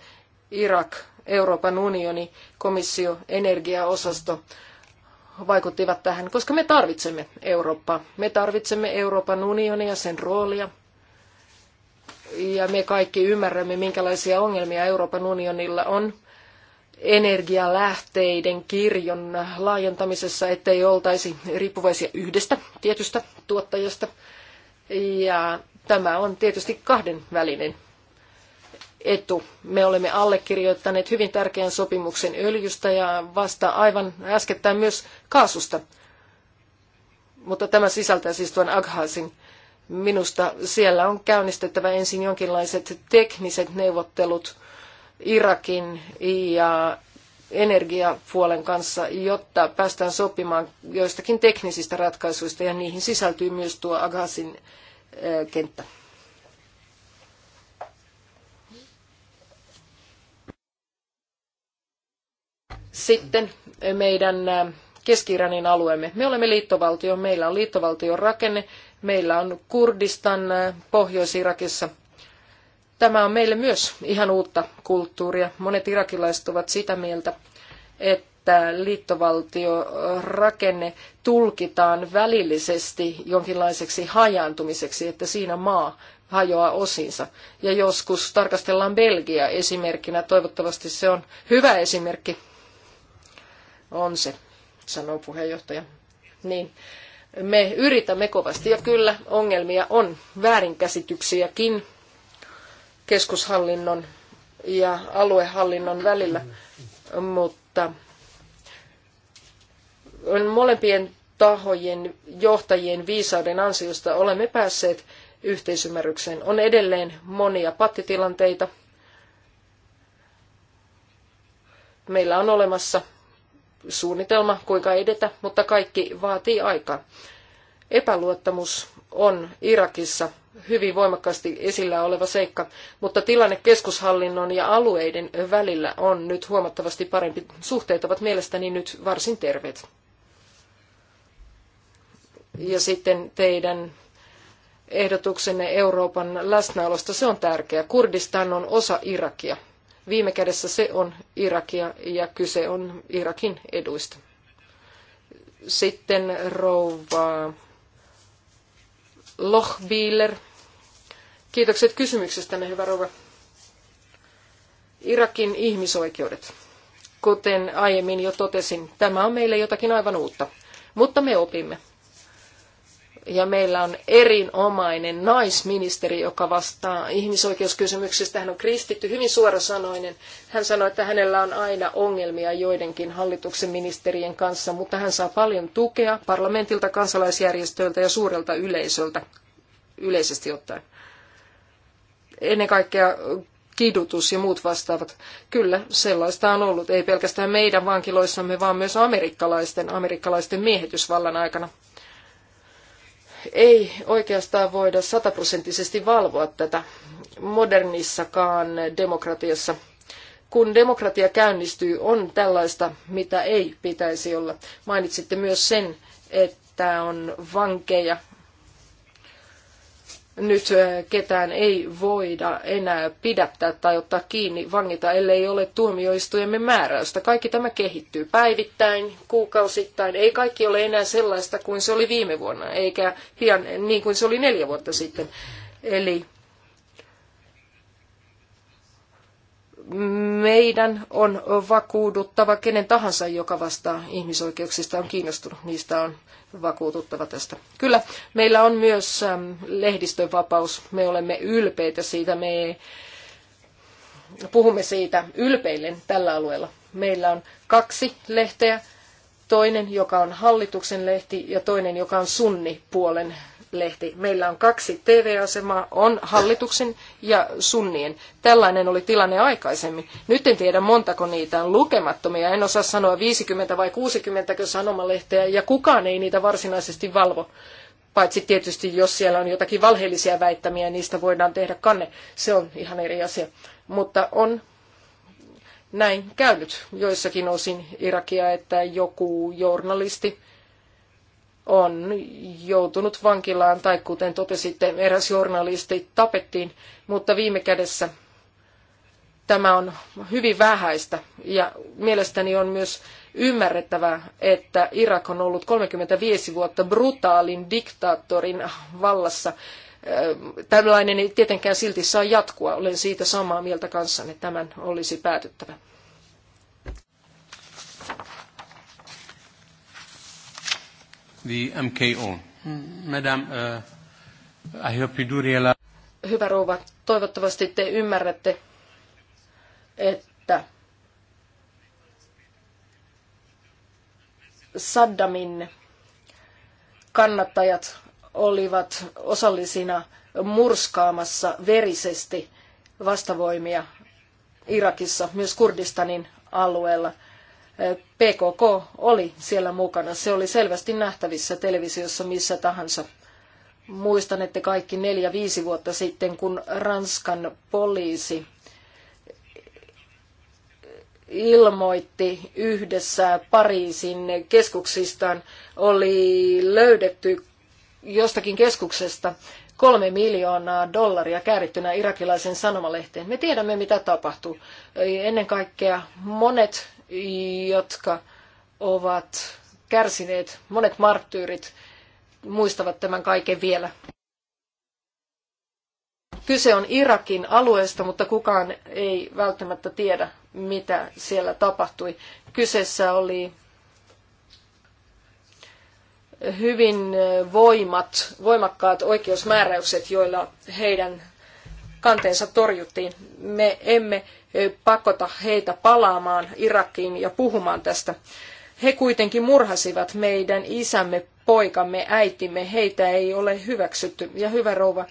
Irak, Euroopan unioni, komissio, energiaosasto, vaikuttivat tähän, koska me tarvitsemme Eurooppaa. Me tarvitsemme Euroopan unionia, sen roolia. Ja me kaikki ymmärrämme, minkälaisia ongelmia Euroopan unionilla on energialähteiden kirjon laajentamisessa, ettei oltaisi riippuvaisia yhdestä tietystä tuottajasta. Ja tämä on tietysti kahden välinen etu. Me olemme allekirjoittaneet hyvin tärkeän sopimuksen öljystä ja vasta aivan äskettäin myös kaasusta. Mutta tämä sisältää siis tuon Aghasin. Minusta siellä on käynnistettävä ensin jonkinlaiset tekniset neuvottelut Irakin ja energiapuolen kanssa, jotta päästään sopimaan joistakin teknisistä ratkaisuista ja niihin sisältyy myös tuo Aghasin eh, kenttä. Sitten meidän keski alueemme. Me olemme liittovaltio, meillä on liittovaltion rakenne, meillä on Kurdistan Pohjois-Irakissa. Tämä on meille myös ihan uutta kulttuuria. Monet irakilaiset ovat sitä mieltä, että liittovaltiorakenne tulkitaan välillisesti jonkinlaiseksi hajaantumiseksi, että siinä maa hajoaa osinsa. Ja joskus tarkastellaan Belgia esimerkkinä, toivottavasti se on hyvä esimerkki on se, sanoo puheenjohtaja. Niin. Me yritämme kovasti ja kyllä ongelmia on, väärinkäsityksiäkin keskushallinnon ja aluehallinnon välillä, mutta molempien tahojen johtajien viisauden ansiosta olemme päässeet yhteisymmärrykseen. On edelleen monia pattitilanteita. Meillä on olemassa suunnitelma, kuinka edetä, mutta kaikki vaatii aikaa. Epäluottamus on Irakissa hyvin voimakkaasti esillä oleva seikka, mutta tilanne keskushallinnon ja alueiden välillä on nyt huomattavasti parempi. Suhteet ovat mielestäni nyt varsin terveet. Ja sitten teidän ehdotuksenne Euroopan läsnäolosta, se on tärkeä. Kurdistan on osa Irakia Viime kädessä se on Irakia ja kyse on Irakin eduista. Sitten rouva Lochbieler. Kiitokset kysymyksestänne, hyvä rouva. Irakin ihmisoikeudet. Kuten aiemmin jo totesin, tämä on meille jotakin aivan uutta, mutta me opimme ja meillä on erinomainen naisministeri, joka vastaa ihmisoikeuskysymyksistä. Hän on kristitty, hyvin suorasanoinen. Hän sanoi, että hänellä on aina ongelmia joidenkin hallituksen ministerien kanssa, mutta hän saa paljon tukea parlamentilta, kansalaisjärjestöiltä ja suurelta yleisöltä yleisesti ottaen. Ennen kaikkea kidutus ja muut vastaavat. Kyllä, sellaista on ollut, ei pelkästään meidän vankiloissamme, vaan myös amerikkalaisten, amerikkalaisten miehitysvallan aikana ei oikeastaan voida sataprosenttisesti valvoa tätä modernissakaan demokratiassa. Kun demokratia käynnistyy, on tällaista, mitä ei pitäisi olla. Mainitsitte myös sen, että on vankeja, nyt eh, ketään ei voida enää pidättää tai ottaa kiinni, vangita, ellei ole tuomioistuimen määräystä. Kaikki tämä kehittyy päivittäin, kuukausittain. Ei kaikki ole enää sellaista kuin se oli viime vuonna, eikä pian niin kuin se oli neljä vuotta sitten. Eli meidän on vakuuduttava kenen tahansa, joka vastaa ihmisoikeuksista on kiinnostunut. Niistä on vakuututtava tästä. Kyllä, meillä on myös ähm, lehdistön Me olemme ylpeitä siitä. Me puhumme siitä ylpeillen tällä alueella. Meillä on kaksi lehteä. Toinen, joka on hallituksen lehti ja toinen, joka on sunnipuolen lehti. Meillä on kaksi TV-asemaa, on hallituksen ja sunnien. Tällainen oli tilanne aikaisemmin. Nyt en tiedä montako niitä on lukemattomia. En osaa sanoa 50 vai 60 sanomalehteä ja kukaan ei niitä varsinaisesti valvo. Paitsi tietysti, jos siellä on jotakin valheellisia väittämiä, niistä voidaan tehdä kanne. Se on ihan eri asia. Mutta on näin käynyt joissakin osin Irakia, että joku journalisti on joutunut vankilaan tai kuten totesitte, eräs journalisti tapettiin, mutta viime kädessä tämä on hyvin vähäistä ja mielestäni on myös ymmärrettävä, että Irak on ollut 35 vuotta brutaalin diktaattorin vallassa. Tällainen ei tietenkään silti saa jatkua. Olen siitä samaa mieltä kanssanne. Tämän olisi päätyttävä. the MKO. Madam, uh, I hope you do realize... Hyvä rouva, toivottavasti te ymmärrätte, että Saddamin kannattajat olivat osallisina murskaamassa verisesti vastavoimia Irakissa, myös Kurdistanin alueella – PKK oli siellä mukana. Se oli selvästi nähtävissä televisiossa missä tahansa. Muistan, että kaikki neljä-viisi vuotta sitten, kun Ranskan poliisi ilmoitti yhdessä Pariisin keskuksistaan, oli löydetty jostakin keskuksesta kolme miljoonaa dollaria käärittynä irakilaisen sanomalehteen. Me tiedämme, mitä tapahtuu. Ennen kaikkea monet jotka ovat kärsineet, monet marttyyrit muistavat tämän kaiken vielä. Kyse on Irakin alueesta, mutta kukaan ei välttämättä tiedä, mitä siellä tapahtui. Kyseessä oli hyvin voimat, voimakkaat oikeusmääräykset, joilla heidän kanteensa torjuttiin. Me emme pakota heitä palaamaan Irakiin ja puhumaan tästä. He kuitenkin murhasivat meidän isämme, poikamme, äitimme. Heitä ei ole hyväksytty. Ja hyvä rouva,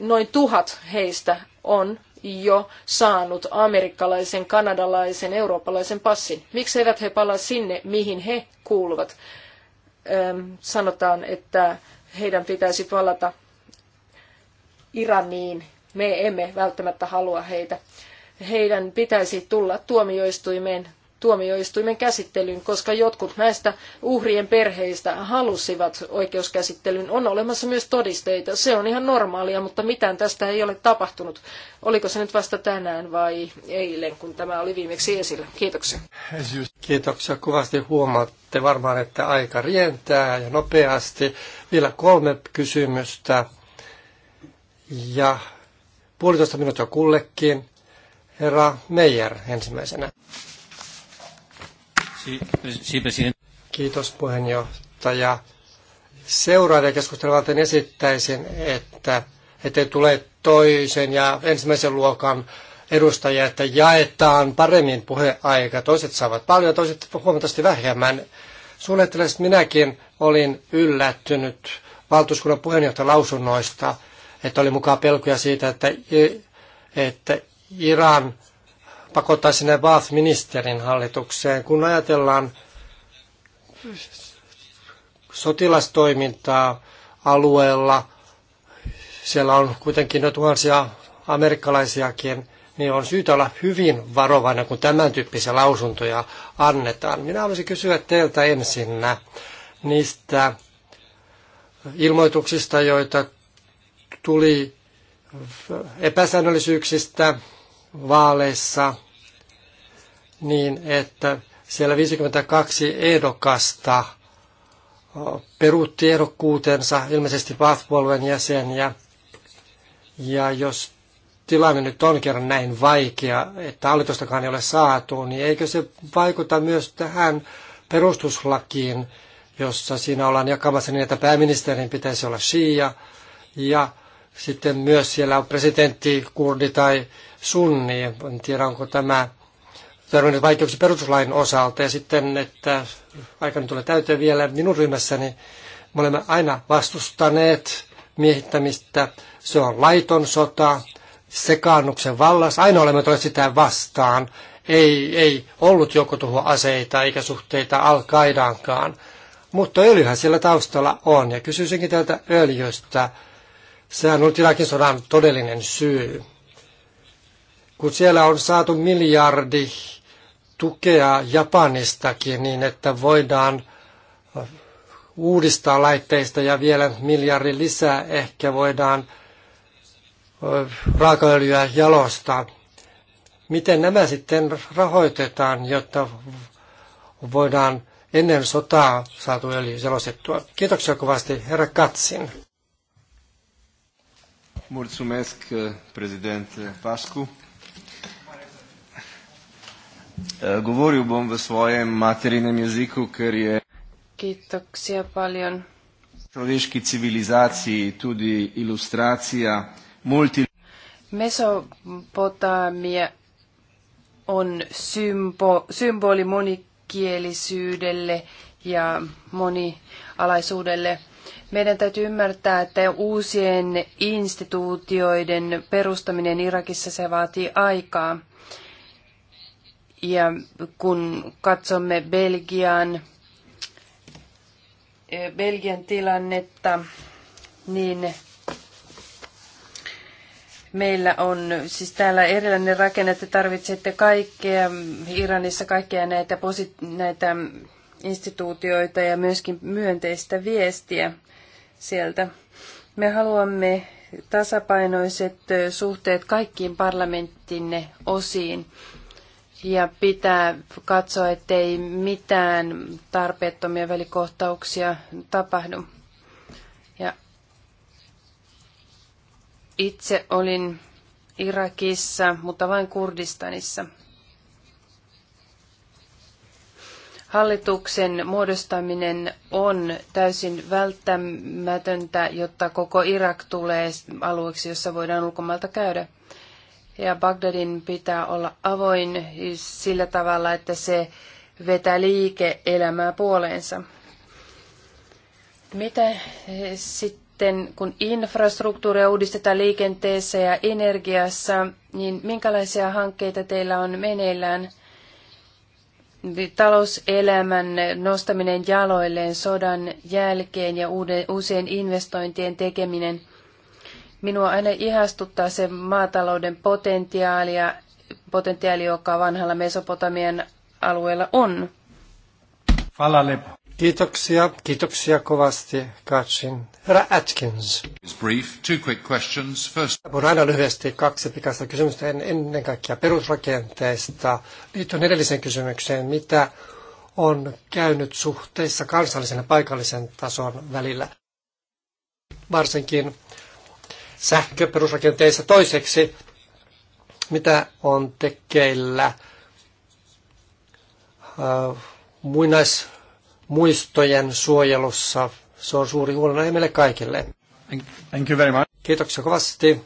noin tuhat heistä on jo saanut amerikkalaisen, kanadalaisen, eurooppalaisen passin. Miksi eivät he palaa sinne, mihin he kuuluvat? sanotaan, että heidän pitäisi palata Iraniin me emme välttämättä halua heitä. Heidän pitäisi tulla tuomioistuimeen tuomioistuimen käsittelyyn, koska jotkut näistä uhrien perheistä halusivat oikeuskäsittelyn. On olemassa myös todisteita. Se on ihan normaalia, mutta mitään tästä ei ole tapahtunut. Oliko se nyt vasta tänään vai eilen, kun tämä oli viimeksi esillä? Kiitoksia. Kiitoksia kovasti. Huomaatte varmaan, että aika rientää ja nopeasti. Vielä kolme kysymystä. Ja puolitoista minuuttia kullekin. Herra Meijer ensimmäisenä. Kiitos puheenjohtaja. Seuraavia keskustelua esittäisin, että ettei tule toisen ja ensimmäisen luokan edustajia, että jaetaan paremmin puheaika. Toiset saavat paljon, toiset huomattavasti vähemmän. Suunnittelen, minäkin olin yllättynyt valtuuskunnan puheenjohtajan lausunnoista – että oli mukaan pelkoja siitä, että, että Iran pakottaisi sinne Baath-ministerin hallitukseen. Kun ajatellaan sotilastoimintaa alueella, siellä on kuitenkin jo tuhansia amerikkalaisiakin, niin on syytä olla hyvin varovainen, kun tämän tyyppisiä lausuntoja annetaan. Minä haluaisin kysyä teiltä ensinnä niistä ilmoituksista, joita tuli epäsäännöllisyyksistä vaaleissa niin, että siellä 52 ehdokasta peruutti ehdokkuutensa, ilmeisesti bath jäseniä. Ja jos tilanne nyt on kerran näin vaikea, että hallitustakaan ei ole saatu, niin eikö se vaikuta myös tähän perustuslakiin, jossa siinä ollaan jakamassa niin, että pääministerin pitäisi olla shia ja sitten myös siellä on presidentti, kurdi tai sunni. En tiedä, onko tämä törmännyt vaikeuksia perustuslain osalta. Ja sitten, että nyt tulee täyteen vielä minun ryhmässäni, me olemme aina vastustaneet miehittämistä. Se on laiton sota, sekaannuksen vallas. Aina olemme tulleet sitä vastaan. Ei, ei ollut aseita eikä suhteita al Mutta öljyhän siellä taustalla on. Ja kysyisinkin tältä öljystä. Sehän on Irakin sodan todellinen syy. Kun siellä on saatu miljardi tukea Japanistakin niin, että voidaan uudistaa laitteista ja vielä miljardi lisää ehkä voidaan raakaöljyä jalostaa. Miten nämä sitten rahoitetaan, jotta voidaan ennen sotaa saatu öljy jalostettua? Kiitoksia kovasti, herra Katsin. Mulțumesc, uh, președinte Pascu. Uh, Govoril bom v svojem materinem jeziku, ker je Kiitoksia paljon. Človeški civilizaciji tudi ilustracija multi... Mesopotamia on symbo, symboli monikielisyydelle ja monialaisuudelle. Meidän täytyy ymmärtää, että uusien instituutioiden perustaminen Irakissa se vaatii aikaa. Ja kun katsomme Belgian, eh, Belgian tilannetta, niin meillä on siis täällä erilainen rakenne, että tarvitsette kaikkea Iranissa, kaikkea näitä, posi- näitä instituutioita ja myöskin myönteistä viestiä sieltä. Me haluamme tasapainoiset suhteet kaikkiin parlamenttinne osiin ja pitää katsoa, ettei mitään tarpeettomia välikohtauksia tapahdu. Ja itse olin Irakissa, mutta vain Kurdistanissa. Hallituksen muodostaminen on täysin välttämätöntä, jotta koko Irak tulee alueeksi, jossa voidaan ulkomailta käydä. Ja Bagdadin pitää olla avoin sillä tavalla, että se vetää liike-elämää puoleensa. Mitä sitten, kun infrastruktuuria uudistetaan liikenteessä ja energiassa, niin minkälaisia hankkeita teillä on meneillään – talouselämän nostaminen jaloilleen sodan jälkeen ja uusien investointien tekeminen. Minua aina ihastuttaa se maatalouden potentiaali, potentiaali joka vanhalla Mesopotamian alueella on. lepo. Kiitoksia, kiitoksia kovasti, Katsin. Herra Atkins. Brief, two quick questions. First... Voin aina lyhyesti kaksi pikaista kysymystä ennen kaikkea perusrakenteista. Liittyen edelliseen kysymykseen, mitä on käynyt suhteissa kansallisen ja paikallisen tason välillä? Varsinkin sähköperusrakenteissa toiseksi, mitä on tekeillä äh, muinais muistojen suojelussa. Se on suuri huolenaihe meille kaikille. Thank you very much. Kiitoksia kovasti.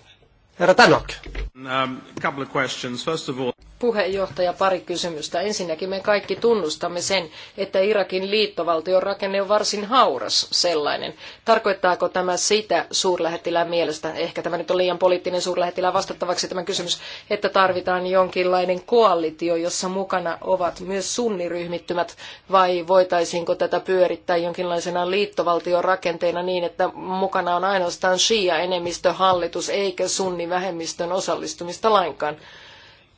Herra Tanok. Um, couple of questions. First of all puheenjohtaja, pari kysymystä. Ensinnäkin me kaikki tunnustamme sen, että Irakin liittovaltion rakenne on varsin hauras sellainen. Tarkoittaako tämä sitä suurlähettilään mielestä, ehkä tämä nyt on liian poliittinen suurlähettilään vastattavaksi tämä kysymys, että tarvitaan jonkinlainen koalitio, jossa mukana ovat myös sunniryhmittymät, vai voitaisiinko tätä pyörittää jonkinlaisena liittovaltion rakenteena niin, että mukana on ainoastaan shia-enemmistöhallitus eikä sunnivähemmistön osallistumista lainkaan?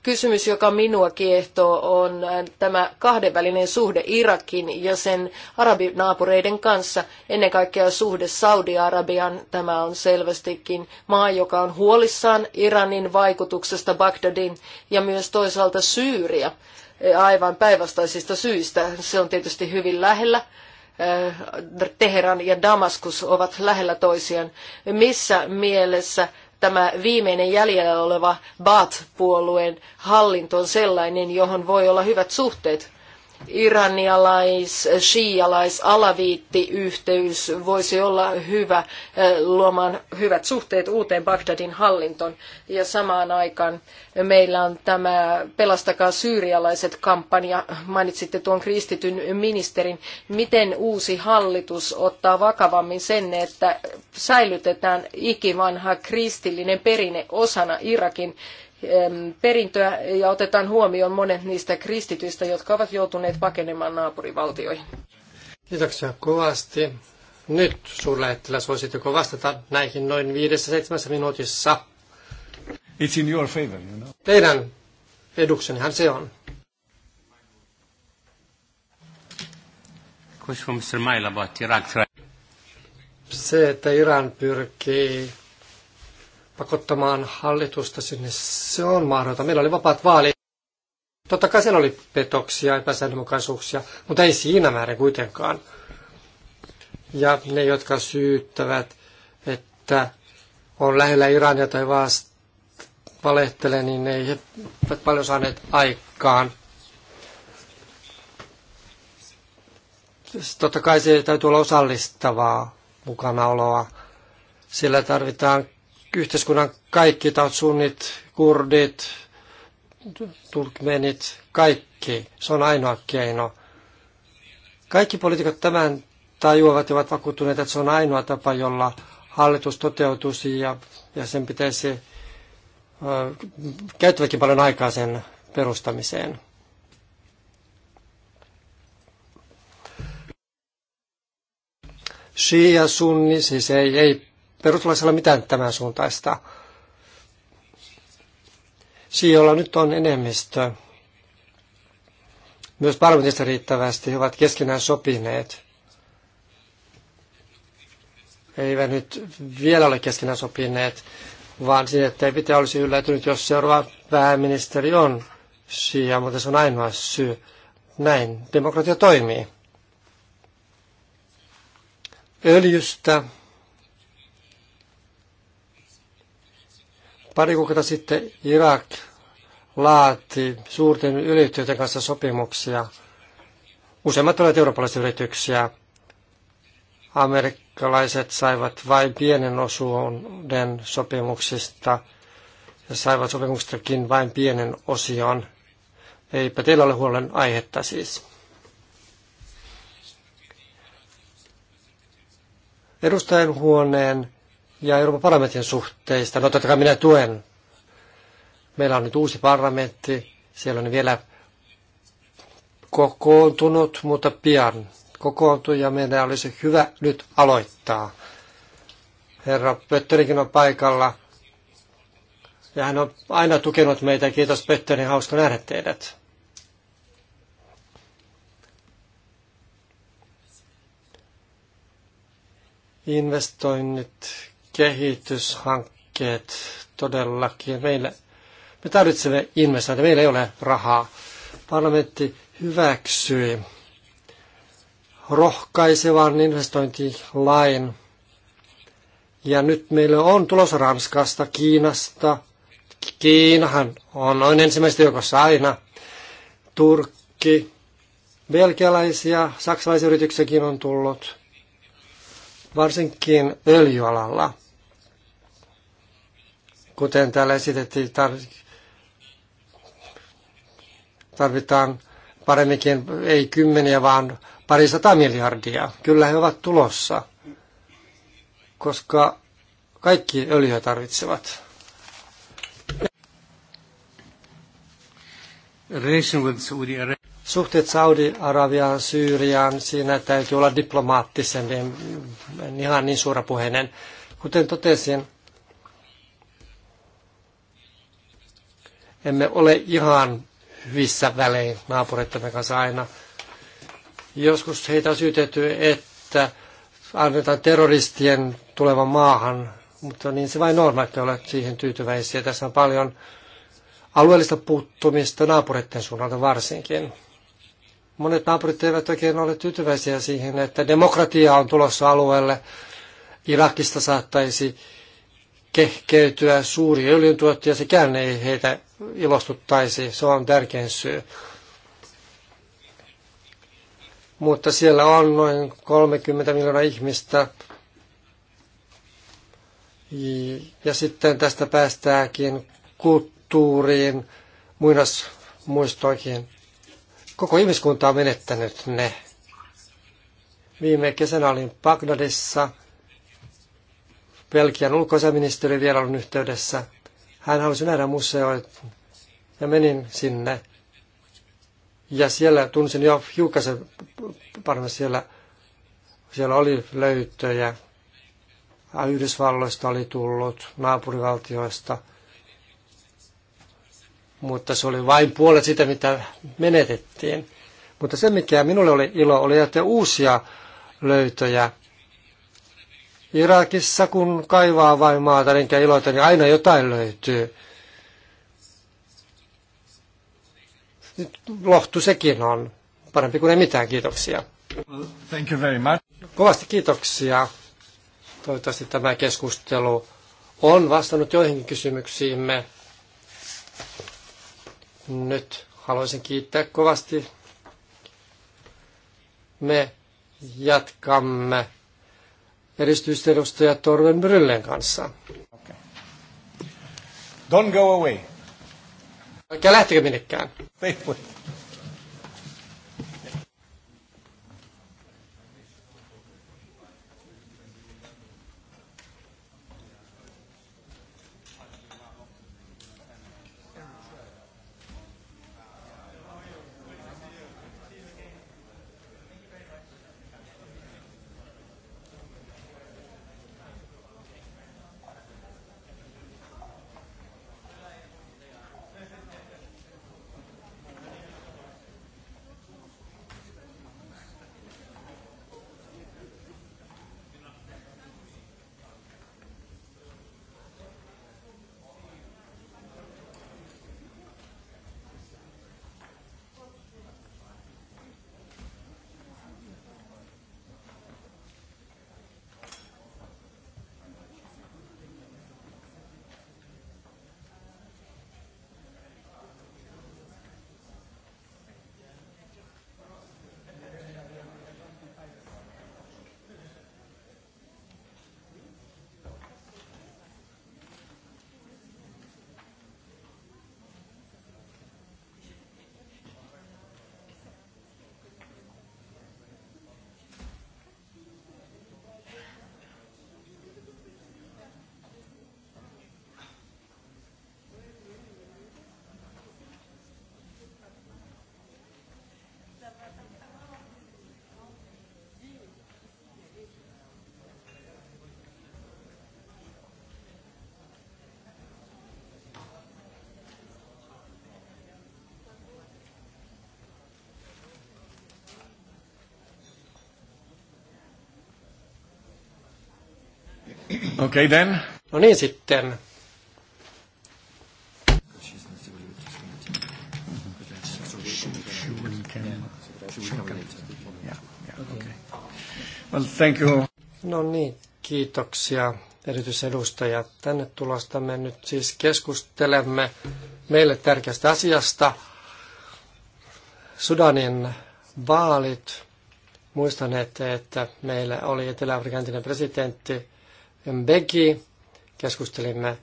Kysymys, joka minua kiehtoo, on äh, tämä kahdenvälinen suhde Irakin ja sen arabinaapureiden kanssa. Ennen kaikkea suhde Saudi-Arabian. Tämä on selvästikin maa, joka on huolissaan Iranin vaikutuksesta Bagdadin ja myös toisaalta Syyria äh, aivan päinvastaisista syistä. Se on tietysti hyvin lähellä. Äh, Teheran ja Damaskus ovat lähellä toisiaan. Missä mielessä tämä viimeinen jäljellä oleva Baath-puolueen hallinto on sellainen, johon voi olla hyvät suhteet iranialais, shiialais, alaviittiyhteys voisi olla hyvä eh, luomaan hyvät suhteet uuteen Bagdadin hallintoon. Ja samaan aikaan meillä on tämä Pelastakaa syyrialaiset kampanja. Mainitsitte tuon kristityn ministerin. Miten uusi hallitus ottaa vakavammin sen, että säilytetään ikivanha kristillinen perinne osana Irakin perintöä ja otetaan huomioon monet niistä kristityistä, jotka ovat joutuneet pakenemaan naapurivaltioihin. Kiitoksia kovasti. Nyt suurlähettiläs voisitteko vastata näihin noin viidessä seitsemässä minuutissa? It's in your favor, you know. Teidän eduksenihan se on. Se, että Iran pyrkii pakottamaan hallitusta sinne. Se on mahdotonta. Meillä oli vapaat vaalit. Totta kai siellä oli petoksia, epäsäännönmukaisuuksia, mutta ei siinä määrin kuitenkaan. Ja ne, jotka syyttävät, että on lähellä Irania tai vasta valehtele, niin ne eivät paljon saaneet aikaan. Siis totta kai se täytyy olla osallistavaa mukanaoloa. Sillä tarvitaan yhteiskunnan kaikki tatsunit, kurdit, turkmenit, kaikki. Se on ainoa keino. Kaikki poliitikot tämän tajuavat ja ovat vakuuttuneet, että se on ainoa tapa, jolla hallitus toteutuisi ja, ja sen pitäisi käyttäväkin paljon aikaa sen perustamiseen. Shia, sunni, siis ei, ei perustuslaisella mitään tämän suuntaista. Siiolla nyt on enemmistö. Myös parlamentista riittävästi he ovat keskenään sopineet. He eivät nyt vielä ole keskenään sopineet, vaan siinä, että ei pitää olisi yllätynyt, jos seuraava pääministeri on Siia, mutta se on ainoa syy. Näin demokratia toimii. Öljystä Pari kuukautta sitten Irak laati suurten yritysten kanssa sopimuksia. Useimmat olivat eurooppalaisia yrityksiä. Amerikkalaiset saivat vain pienen osuuden sopimuksista ja saivat sopimuksistakin vain pienen osion. Eipä teillä ole huolen aihetta siis. Edustajan huoneen ja Euroopan parlamentin suhteista. No totta kai minä tuen. Meillä on nyt uusi parlamentti, siellä on vielä kokoontunut, mutta pian kokoontui ja meidän olisi hyvä nyt aloittaa. Herra Pötterikin on paikalla ja hän on aina tukenut meitä. Kiitos Pötterin, hauska nähdä teidät. Investoinnit kehityshankkeet todellakin. Meillä, me tarvitsemme investointeja, meillä ei ole rahaa. Parlamentti hyväksyi rohkaisevan investointilain. Ja nyt meillä on tulossa Ranskasta, Kiinasta. Kiinahan on noin ensimmäistä joukossa aina. Turkki, belgialaisia, saksalaisia yrityksiäkin on tullut – varsinkin öljyalalla. Kuten täällä esitettiin, tarvitaan paremminkin ei kymmeniä, vaan parisata miljardia. Kyllä he ovat tulossa, koska kaikki öljyä tarvitsevat. Relation with Saudi Arabia. Suhteet Saudi-Arabiaan, Syyriaan, siinä täytyy olla diplomaattisempi, en ihan niin suurapuheinen. Kuten totesin, emme ole ihan hyvissä välein naapurittamme kanssa aina. Joskus heitä on syytetty, että annetaan terroristien tulevan maahan, mutta niin se vain on, että ole siihen tyytyväisiä. Tässä on paljon alueellista puuttumista naapureiden suunnalta varsinkin. Monet naapurit eivät oikein ole tyytyväisiä siihen, että demokratia on tulossa alueelle. Irakista saattaisi kehkeytyä suuri öljyntuottaja, sekään ei heitä ilostuttaisi, se on tärkein syy. Mutta siellä on noin 30 miljoonaa ihmistä. Ja sitten tästä päästäänkin kulttuuriin, muinaismuistoihin. Koko ihmiskunta on menettänyt ne. Viime kesänä olin Bagdadissa Belgian ulkoisäministeri vierailun yhteydessä. Hän halusi nähdä museoita ja menin sinne. Ja siellä tunsin jo hiukkasen paremmin siellä. Siellä oli löytöjä. Yhdysvalloista oli tullut, naapurivaltioista – mutta se oli vain puolet sitä, mitä menetettiin. Mutta se, mikä minulle oli ilo, oli, että uusia löytöjä. Irakissa, kun kaivaa vain maata, enkä iloita, niin aina jotain löytyy. Nyt lohtu sekin on. Parempi kuin ei mitään, kiitoksia. Thank you very much. Kovasti kiitoksia. Toivottavasti tämä keskustelu on vastannut joihinkin kysymyksiimme. Nyt haluaisin kiittää kovasti. Me jatkamme edistysedustaja Torven Bryllen kanssa. Okay. Don't go away. Älkää lähtekö minnekään. Faithful. Okei, okay, then. No niin sitten. Well, thank you. No niin, kiitoksia erityisedustaja tänne tulosta. Me nyt siis keskustelemme meille tärkeästä asiasta. Sudanin vaalit. Muistan, että, meillä oli Etelä-Afrikan presidentti Mbeki. Keskustelimme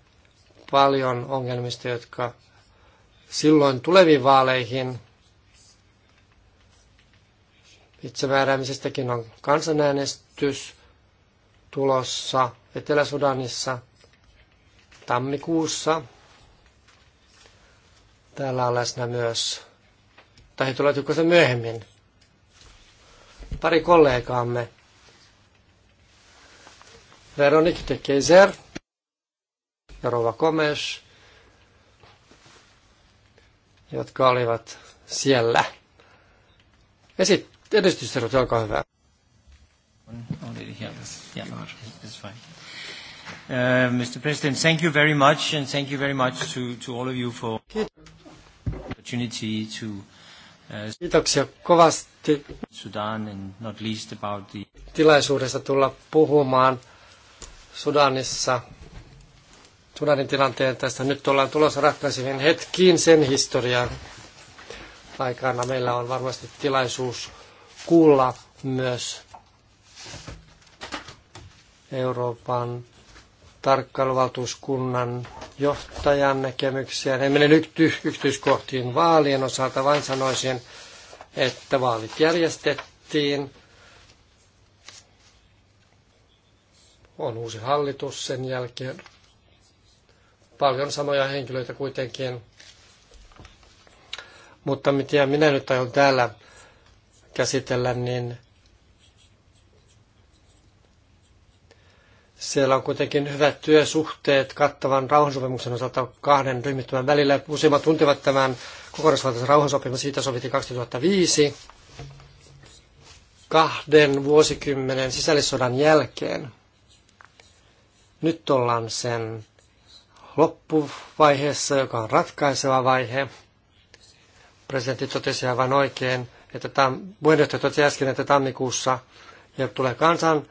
paljon ongelmista, jotka silloin tuleviin vaaleihin itsemääräämisestäkin on kansanäänestys tulossa Etelä-Sudanissa tammikuussa. Täällä on läsnä myös, tai he se myöhemmin, pari kollegaamme Veronik de Keiser Rova Komes, jotka olivat siellä. Ja sitten edistysservot, olkaa hyvä. Uh, Mr. President, thank you very much, and thank you very much to, to all of you for opportunity to uh, Kiitoksia kovasti Sudan and not least about the tilaisuudesta tulla puhumaan Sudanissa, Sudanin tilanteen tästä. Nyt ollaan tulossa ratkaisevien hetkiin sen historian aikana. Meillä on varmasti tilaisuus kuulla myös Euroopan tarkkailuvaltuuskunnan johtajan näkemyksiä. En mene nyt yksityiskohtiin vaalien osalta, vain sanoisin, että vaalit järjestettiin On uusi hallitus sen jälkeen. Paljon samoja henkilöitä kuitenkin. Mutta mitä minä nyt aion täällä käsitellä, niin siellä on kuitenkin hyvät työsuhteet kattavan rauhansopimuksen osalta kahden ryhmittymän välillä. Useimmat tuntevat tämän kokonaisvaltaisen rauhansopimus, siitä sovittiin 2005 kahden vuosikymmenen sisällissodan jälkeen. Nyt ollaan sen loppuvaiheessa, joka on ratkaiseva vaihe. Presidentti totesi aivan oikein, että tam, puheenjohtaja totesi äsken, että tammikuussa ja tulee kansan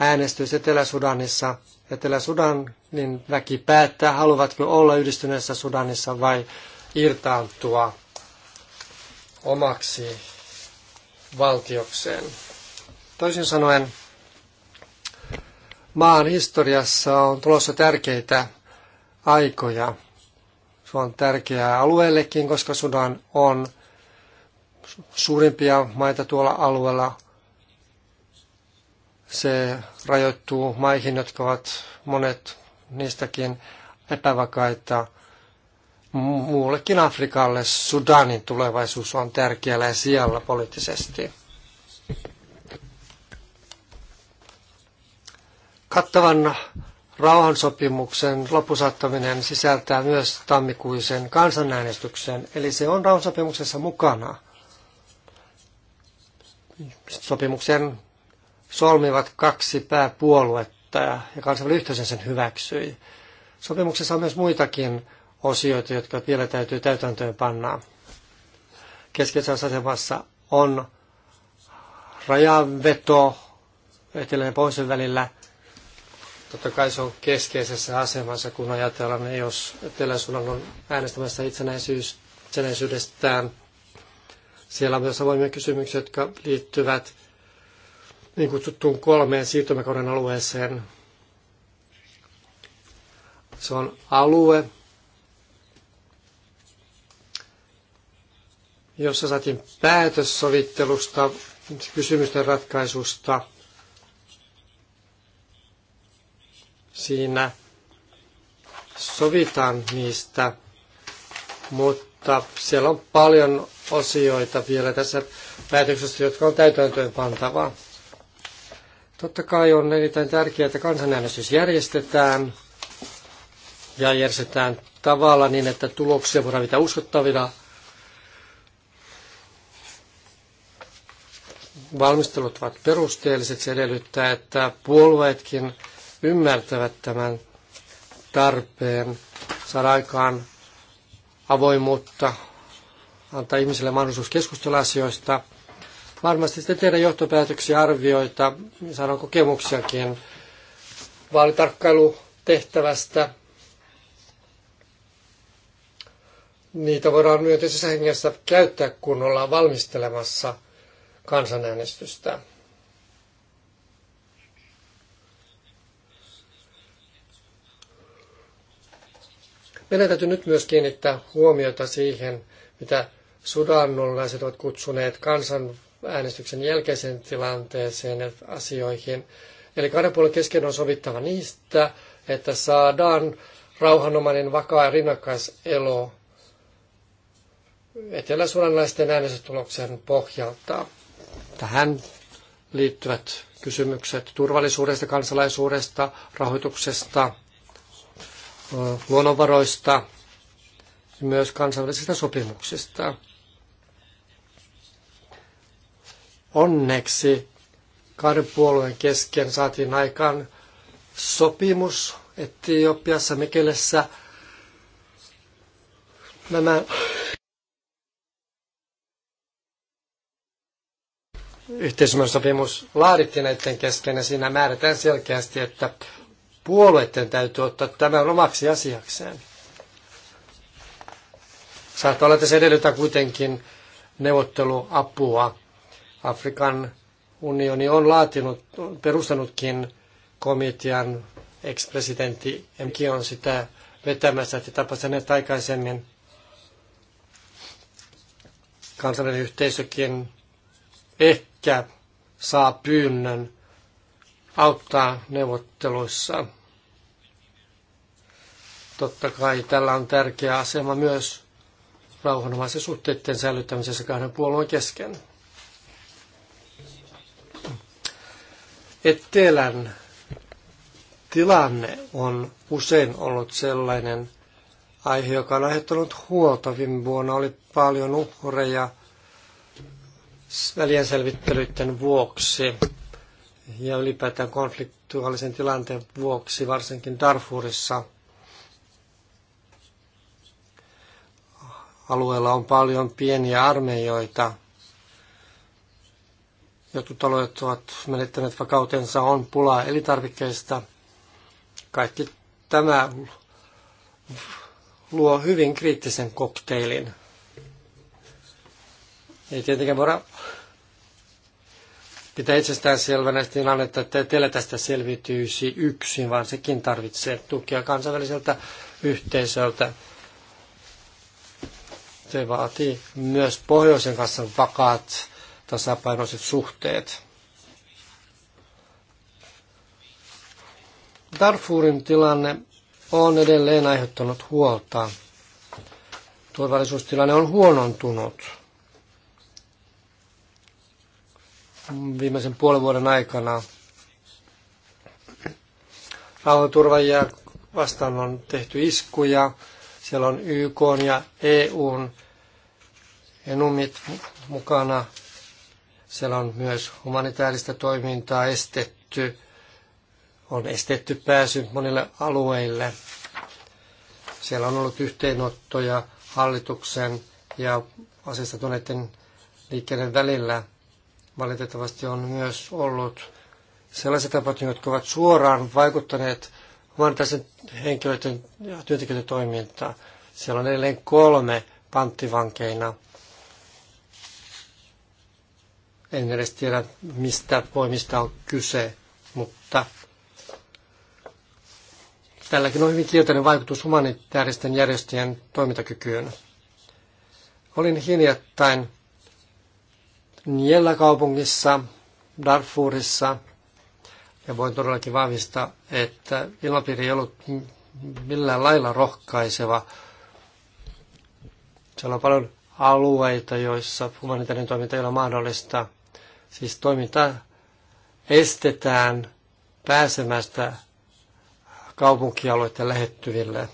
äänestys Etelä-Sudanissa. Etelä-Sudanin niin väki päättää, haluavatko olla yhdistyneessä Sudanissa vai irtaantua omaksi valtiokseen. Toisin sanoen, maan historiassa on tulossa tärkeitä aikoja. Se on tärkeää alueellekin, koska Sudan on suurimpia maita tuolla alueella. Se rajoittuu maihin, jotka ovat monet niistäkin epävakaita. Muullekin Afrikalle Sudanin tulevaisuus on tärkeällä siellä poliittisesti. Kattavan rauhansopimuksen lopusattaminen sisältää myös tammikuisen kansanäänestyksen, eli se on rauhansopimuksessa mukana. Sopimuksen solmivat kaksi pääpuoluetta ja kansainvälinen yhteisö sen hyväksyi. Sopimuksessa on myös muitakin osioita, jotka vielä täytyy täytäntöön panna. Keskeisessä asemassa on rajanveto etelän ja pohjoisen välillä – Totta kai se on keskeisessä asemassa, kun ajatellaan, että jos Etelä-Sudan on äänestämässä itsenäisyys, itsenäisyydestään. Siellä on myös avoimia kysymyksiä, jotka liittyvät niin kutsuttuun kolmeen siirtymäkauden alueeseen. Se on alue, jossa saatiin päätös sovittelusta, kysymysten ratkaisusta – Siinä sovitaan niistä, mutta siellä on paljon osioita vielä tässä päätöksessä, jotka on täytäntöön pantavaa. Totta kai on erittäin tärkeää, että kansanäänestys järjestetään ja järjestetään tavalla niin, että tuloksia voidaan pitää uskottavina. Valmistelut ovat perusteelliset, se edellyttää, että puolueetkin ymmärtävät tämän tarpeen saada aikaan avoimuutta, antaa ihmisille mahdollisuus keskustella asioista. Varmasti sitten tehdä johtopäätöksiä, arvioita, saada kokemuksiakin vaalitarkkailutehtävästä. Niitä voidaan myöntäisessä hengessä käyttää, kun ollaan valmistelemassa kansanäänestystä. Meidän täytyy nyt myös kiinnittää huomiota siihen, mitä sudannolaiset ovat kutsuneet kansanäänestyksen jälkeisen tilanteeseen ja asioihin. Eli kahden puolen kesken on sovittava niistä, että saadaan rauhanomainen, vakaa ja rinnakkaiselo eteläsuranlaisten äänestystuloksen pohjalta. Tähän liittyvät kysymykset turvallisuudesta, kansalaisuudesta, rahoituksesta – luonnonvaroista, myös kansainvälisistä sopimuksista. Onneksi kahden puolueen kesken saatiin aikaan sopimus Etiopiassa Mikelessä. Nämä yhteisymmärrysopimus laadittiin näiden kesken ja siinä määrätään selkeästi, että puolueiden täytyy ottaa tämän omaksi asiakseen. Saattaa olla, että se edellyttää kuitenkin neuvotteluapua. Afrikan unioni on laatinut, perustanutkin komitean ex-presidentti Mki on sitä vetämässä, että tapasin aikaisemmin. Kansainvälinen yhteisökin ehkä saa pyynnön auttaa neuvotteluissa. Totta kai tällä on tärkeä asema myös rauhanomaisen suhteiden säilyttämisessä kahden puolueen kesken. Etelän tilanne on usein ollut sellainen aihe, joka on aiheuttanut huolta. Viime vuonna oli paljon uhreja välienselvittelyiden vuoksi ja ylipäätään konfliktuaalisen tilanteen vuoksi, varsinkin Darfurissa. Alueella on paljon pieniä armeijoita. Jotkut alueet ovat menettäneet vakautensa, on pulaa elintarvikkeista. Kaikki tämä luo hyvin kriittisen kokteilin. Ei tietenkään voida pitää itsestään selvänä tilannetta, että etelä tästä selviytyisi yksin, vaan sekin tarvitsee tukea kansainväliseltä yhteisöltä. Se vaatii myös pohjoisen kanssa vakaat tasapainoiset suhteet. Darfurin tilanne on edelleen aiheuttanut huolta. Turvallisuustilanne on huonontunut viimeisen puolen vuoden aikana. Rauhanturvajia vastaan on tehty iskuja. Siellä on YK ja EUn enumit mukana. Siellä on myös humanitaarista toimintaa estetty. On estetty pääsy monille alueille. Siellä on ollut yhteenottoja hallituksen ja asiasta liikkeiden välillä – Valitettavasti on myös ollut sellaisia tapahtumia, jotka ovat suoraan vaikuttaneet humanitaarisen henkilöiden ja työntekijöiden toimintaan. Siellä on edelleen kolme panttivankeina. En edes tiedä, mistä voimista on kyse, mutta tälläkin on hyvin kielteinen vaikutus humanitaaristen järjestöjen toimintakykyyn. Olin hiljattain Niellä kaupungissa, Darfurissa. Ja voin todellakin vahvistaa, että ilmapiiri ei ollut millään lailla rohkaiseva. Siellä on paljon alueita, joissa humanitaarinen toiminta ei ole mahdollista. Siis toiminta estetään pääsemästä kaupunkialueiden lähettyville,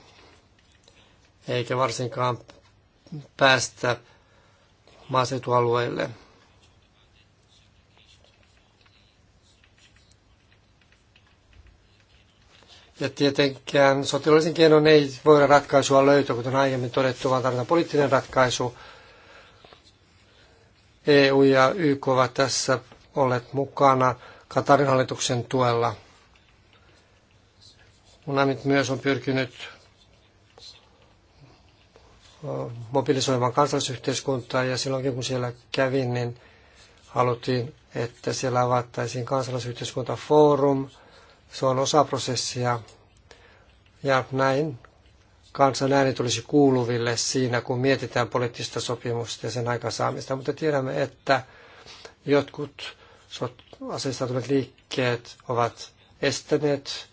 eikä varsinkaan päästä maaseutualueille. Ja tietenkään sotilaallisen keinon ei voida ratkaisua löytää, kuten aiemmin todettu, vaan tarvitaan poliittinen ratkaisu. EU ja YK ovat tässä olleet mukana Katarin hallituksen tuella. UNAMIT myös on pyrkinyt mobilisoimaan kansalaisyhteiskuntaa ja silloinkin kun siellä kävin, niin haluttiin, että siellä avattaisiin kansalaisyhteiskuntafoorum – se on osa prosessia ja näin kansan ääni tulisi kuuluville siinä, kun mietitään poliittista sopimusta ja sen aikaansaamista. Mutta tiedämme, että jotkut aseistautuneet liikkeet ovat estäneet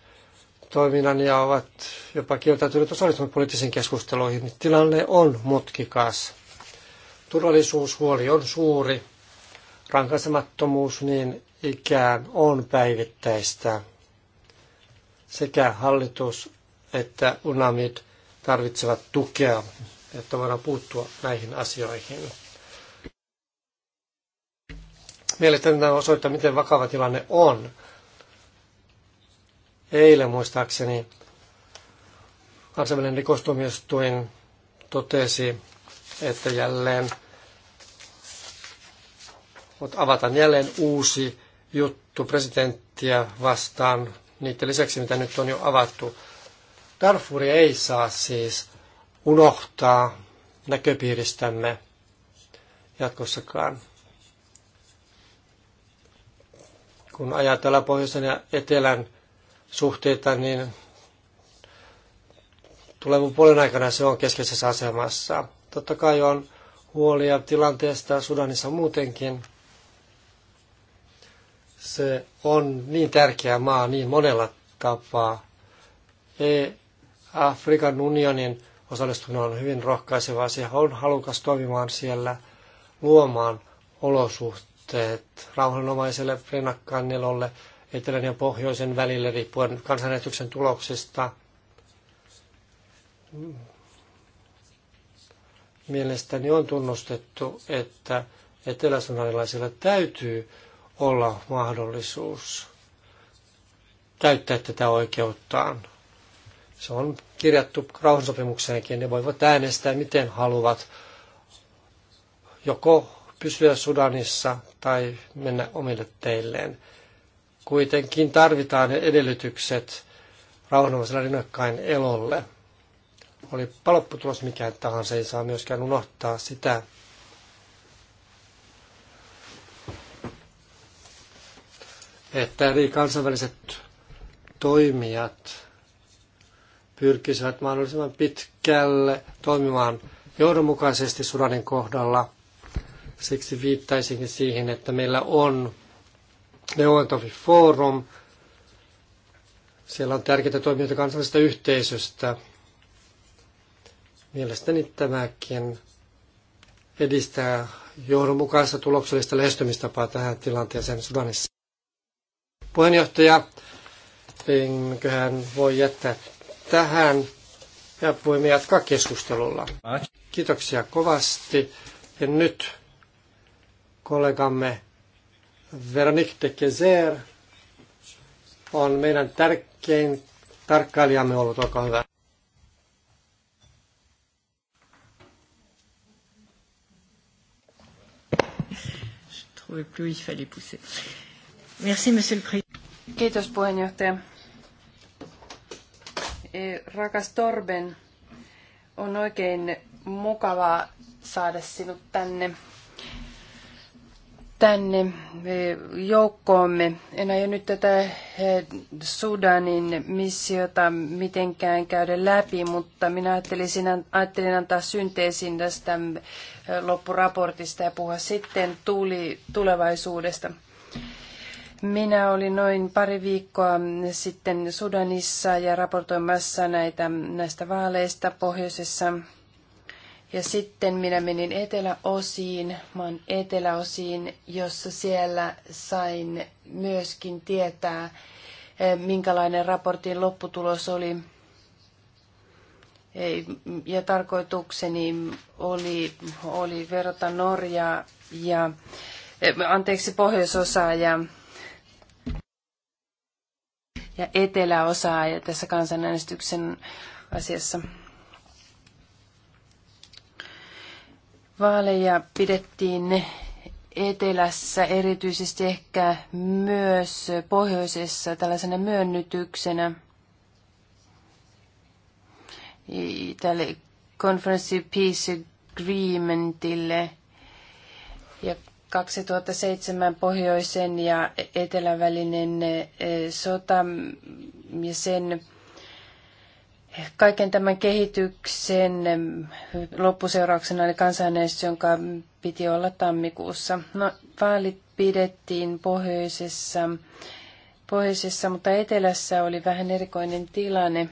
toiminnan ja ovat jopa kieltäytyneet osallistumaan poliittisiin keskusteluihin. Tilanne on mutkikas. Turvallisuushuoli on suuri. Rankaisemattomuus niin ikään on päivittäistä. Sekä hallitus että UNAMID tarvitsevat tukea, että voidaan puuttua näihin asioihin. Mielestäni tämä osoittaa, miten vakava tilanne on. Eilen muistaakseni kansainvälinen rikostuomioistuin totesi, että jälleen avataan jälleen uusi juttu presidenttiä vastaan niiden lisäksi, mitä nyt on jo avattu. Darfuri ei saa siis unohtaa näköpiiristämme jatkossakaan. Kun ajatellaan pohjoisen ja etelän suhteita, niin tulevan puolen aikana se on keskeisessä asemassa. Totta kai on huolia tilanteesta Sudanissa muutenkin. Se on niin tärkeä maa niin monella tapaa. E Afrikan unionin osallistuminen on hyvin rohkaisevaa. Se on halukas toimimaan siellä luomaan olosuhteet rauhanomaiselle rinnakkainelolle etelän ja pohjoisen välille riippuen kansanäytöksen tuloksista. Mielestäni on tunnustettu, että eteläsunanilaisilla täytyy olla mahdollisuus käyttää tätä oikeuttaan. Se on kirjattu rauhansopimukseenkin. Ne voivat äänestää miten haluavat, joko pysyä Sudanissa tai mennä omille teilleen. Kuitenkin tarvitaan ne edellytykset rauhanomaisella rinnakkain elolle. Oli palopputulos mikään tahansa, ei saa myöskään unohtaa sitä, että eri kansainväliset toimijat pyrkisivät mahdollisimman pitkälle toimimaan johdonmukaisesti Sudanin kohdalla. Siksi viittaisinkin siihen, että meillä on neuvontavi forum. Siellä on tärkeitä toimijoita kansallisesta yhteisöstä. Mielestäni tämäkin edistää johdonmukaista tuloksellista lähestymistapaa tähän tilanteeseen Sudanissa puheenjohtaja. Enköhän voi jättää tähän ja voimme jatkaa keskustelulla. Kiitoksia kovasti. Ja nyt kollegamme Veronique de Kezer on meidän tärkein tarkkailijamme ollut. Olkaa hyvä. trouvais plus, il fallait pousser. Merci, Monsieur le Président. Kiitos puheenjohtaja. E, rakas Torben, on oikein mukavaa saada sinut tänne, tänne e, joukkoomme. En aio nyt tätä e, Sudanin missiota mitenkään käydä läpi, mutta minä ajattelin, ajattelin antaa synteesin tästä loppuraportista ja puhua sitten tuli, tulevaisuudesta. Minä olin noin pari viikkoa sitten Sudanissa ja raportoimassa näitä, näistä vaaleista pohjoisessa. Ja sitten minä menin eteläosiin, maan eteläosiin, jossa siellä sain myöskin tietää, eh, minkälainen raportin lopputulos oli. Ja tarkoitukseni oli, oli verrata Norjaa ja, eh, anteeksi, pohjoisosaa ja ja eteläosaa tässä kansanäänestyksen asiassa. Vaaleja pidettiin etelässä, erityisesti ehkä myös pohjoisessa tällaisena myönnytyksenä tälle Conference Peace Agreementille. Ja 2007 pohjoisen ja etelän välinen eh, sota ja sen kaiken tämän kehityksen loppuseurauksena oli kansanäänestys, jonka piti olla tammikuussa. No, vaalit pidettiin pohjoisessa, pohjoisessa, mutta etelässä oli vähän erikoinen tilanne.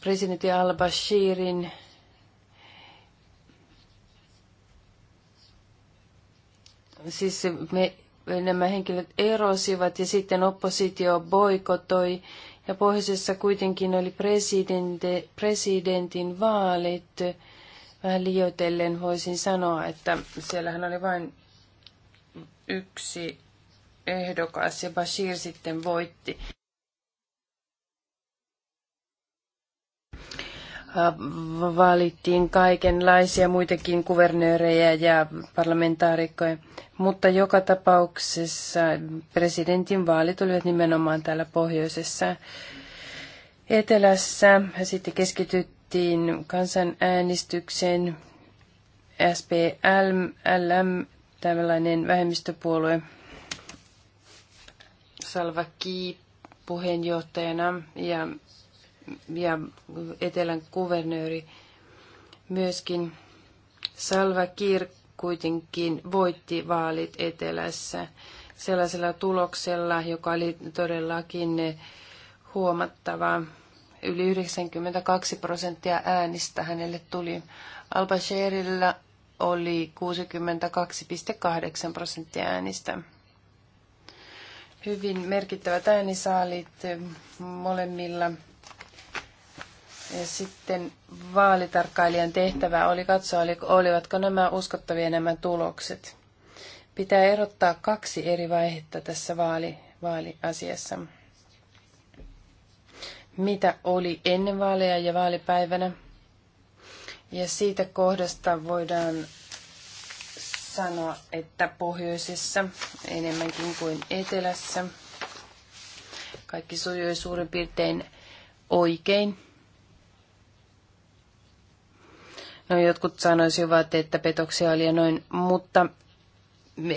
presidentti al-Bashirin siis me, nämä henkilöt erosivat ja sitten oppositio boikotoi ja pohjoisessa kuitenkin oli presidentin vaalit. Vähän liioitellen voisin sanoa, että siellähän oli vain yksi ehdokas ja Bashir sitten voitti. Äh, valittiin kaikenlaisia muitakin kuvernöörejä ja parlamentaarikkoja. Mutta joka tapauksessa presidentin vaalit olivat nimenomaan täällä pohjoisessa etelässä. Sitten keskityttiin kansanäänestykseen. SPLM, tällainen vähemmistöpuolue, Salva Kiip puheenjohtajana ja ja etelän kuvernööri myöskin. Salva Kiir kuitenkin voitti vaalit etelässä sellaisella tuloksella, joka oli todellakin huomattava. Yli 92 prosenttia äänistä hänelle tuli. Alba bashirilla oli 62,8 prosenttia äänistä. Hyvin merkittävät äänisaalit molemmilla sitten vaalitarkkailijan tehtävä oli katsoa, olivatko nämä uskottavia nämä tulokset. Pitää erottaa kaksi eri vaihetta tässä vaali, vaaliasiassa. Mitä oli ennen vaaleja ja vaalipäivänä? Ja siitä kohdasta voidaan sanoa, että pohjoisessa enemmänkin kuin etelässä kaikki sujui suurin piirtein oikein No jotkut sanoisivat, että petoksia oli ja noin, mutta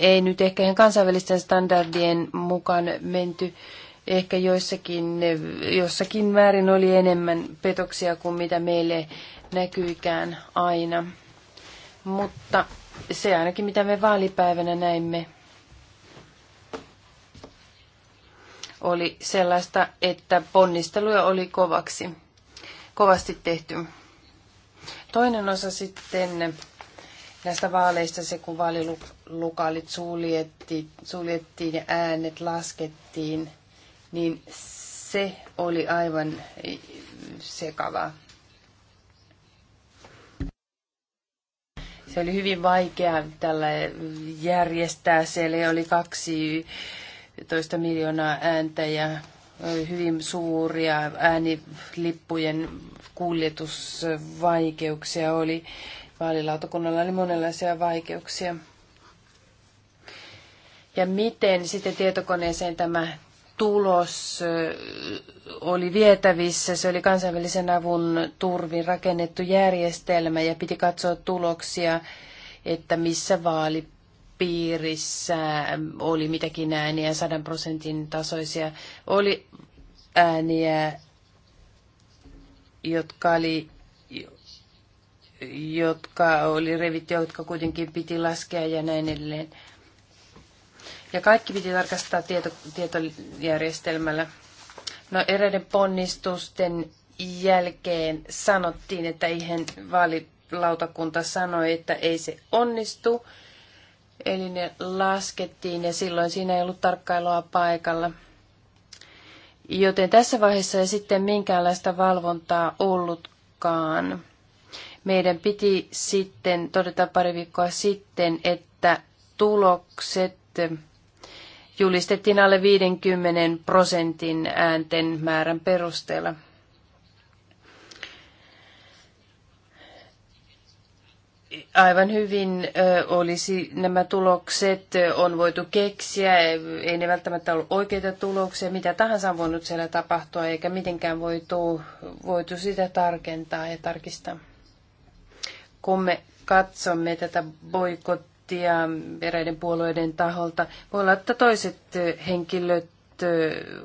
ei nyt ehkä ihan kansainvälisten standardien mukaan menty. Ehkä joissakin, jossakin määrin oli enemmän petoksia kuin mitä meille näkyykään aina. Mutta se ainakin mitä me vaalipäivänä näimme oli sellaista, että ponnisteluja oli kovaksi, kovasti tehty. Toinen osa sitten näistä vaaleista, se kun vaalilukalit suljettiin, suljettiin ja äänet laskettiin, niin se oli aivan sekavaa. se oli hyvin vaikea tällä järjestää. Siellä oli 12 miljoonaa ääntä ja hyvin suuria äänilippujen kuljetusvaikeuksia oli. Vaalilautakunnalla oli monenlaisia vaikeuksia. Ja miten sitten tietokoneeseen tämä tulos oli vietävissä. Se oli kansainvälisen avun turvin rakennettu järjestelmä ja piti katsoa tuloksia, että missä vaalit piirissä oli mitäkin ääniä, sadan prosentin tasoisia, oli ääniä, jotka oli jotka oli revitty, jotka kuitenkin piti laskea ja näin edelleen. Ja kaikki piti tarkastaa tieto, tietojärjestelmällä. No eräiden ponnistusten jälkeen sanottiin, että ihan vaalilautakunta sanoi, että ei se onnistu Eli ne laskettiin ja silloin siinä ei ollut tarkkailua paikalla. Joten tässä vaiheessa ei sitten minkäänlaista valvontaa ollutkaan. Meidän piti sitten todeta pari viikkoa sitten, että tulokset julistettiin alle 50 prosentin äänten määrän perusteella. aivan hyvin olisi nämä tulokset on voitu keksiä, ei ne välttämättä ollut oikeita tuloksia, mitä tahansa on voinut siellä tapahtua, eikä mitenkään voitu, voitu sitä tarkentaa ja tarkistaa. Kun me katsomme tätä boikottia eräiden puolueiden taholta, voi olla, että toiset henkilöt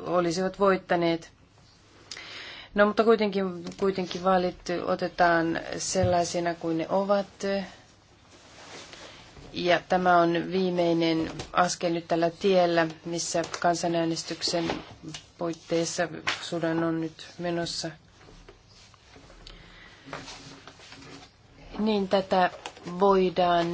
olisivat voittaneet – No mutta kuitenkin, kuitenkin vaalit otetaan sellaisina kuin ne ovat. Ja tämä on viimeinen askel nyt tällä tiellä, missä kansanäänestyksen puitteissa Sudan on nyt menossa. Niin tätä voidaan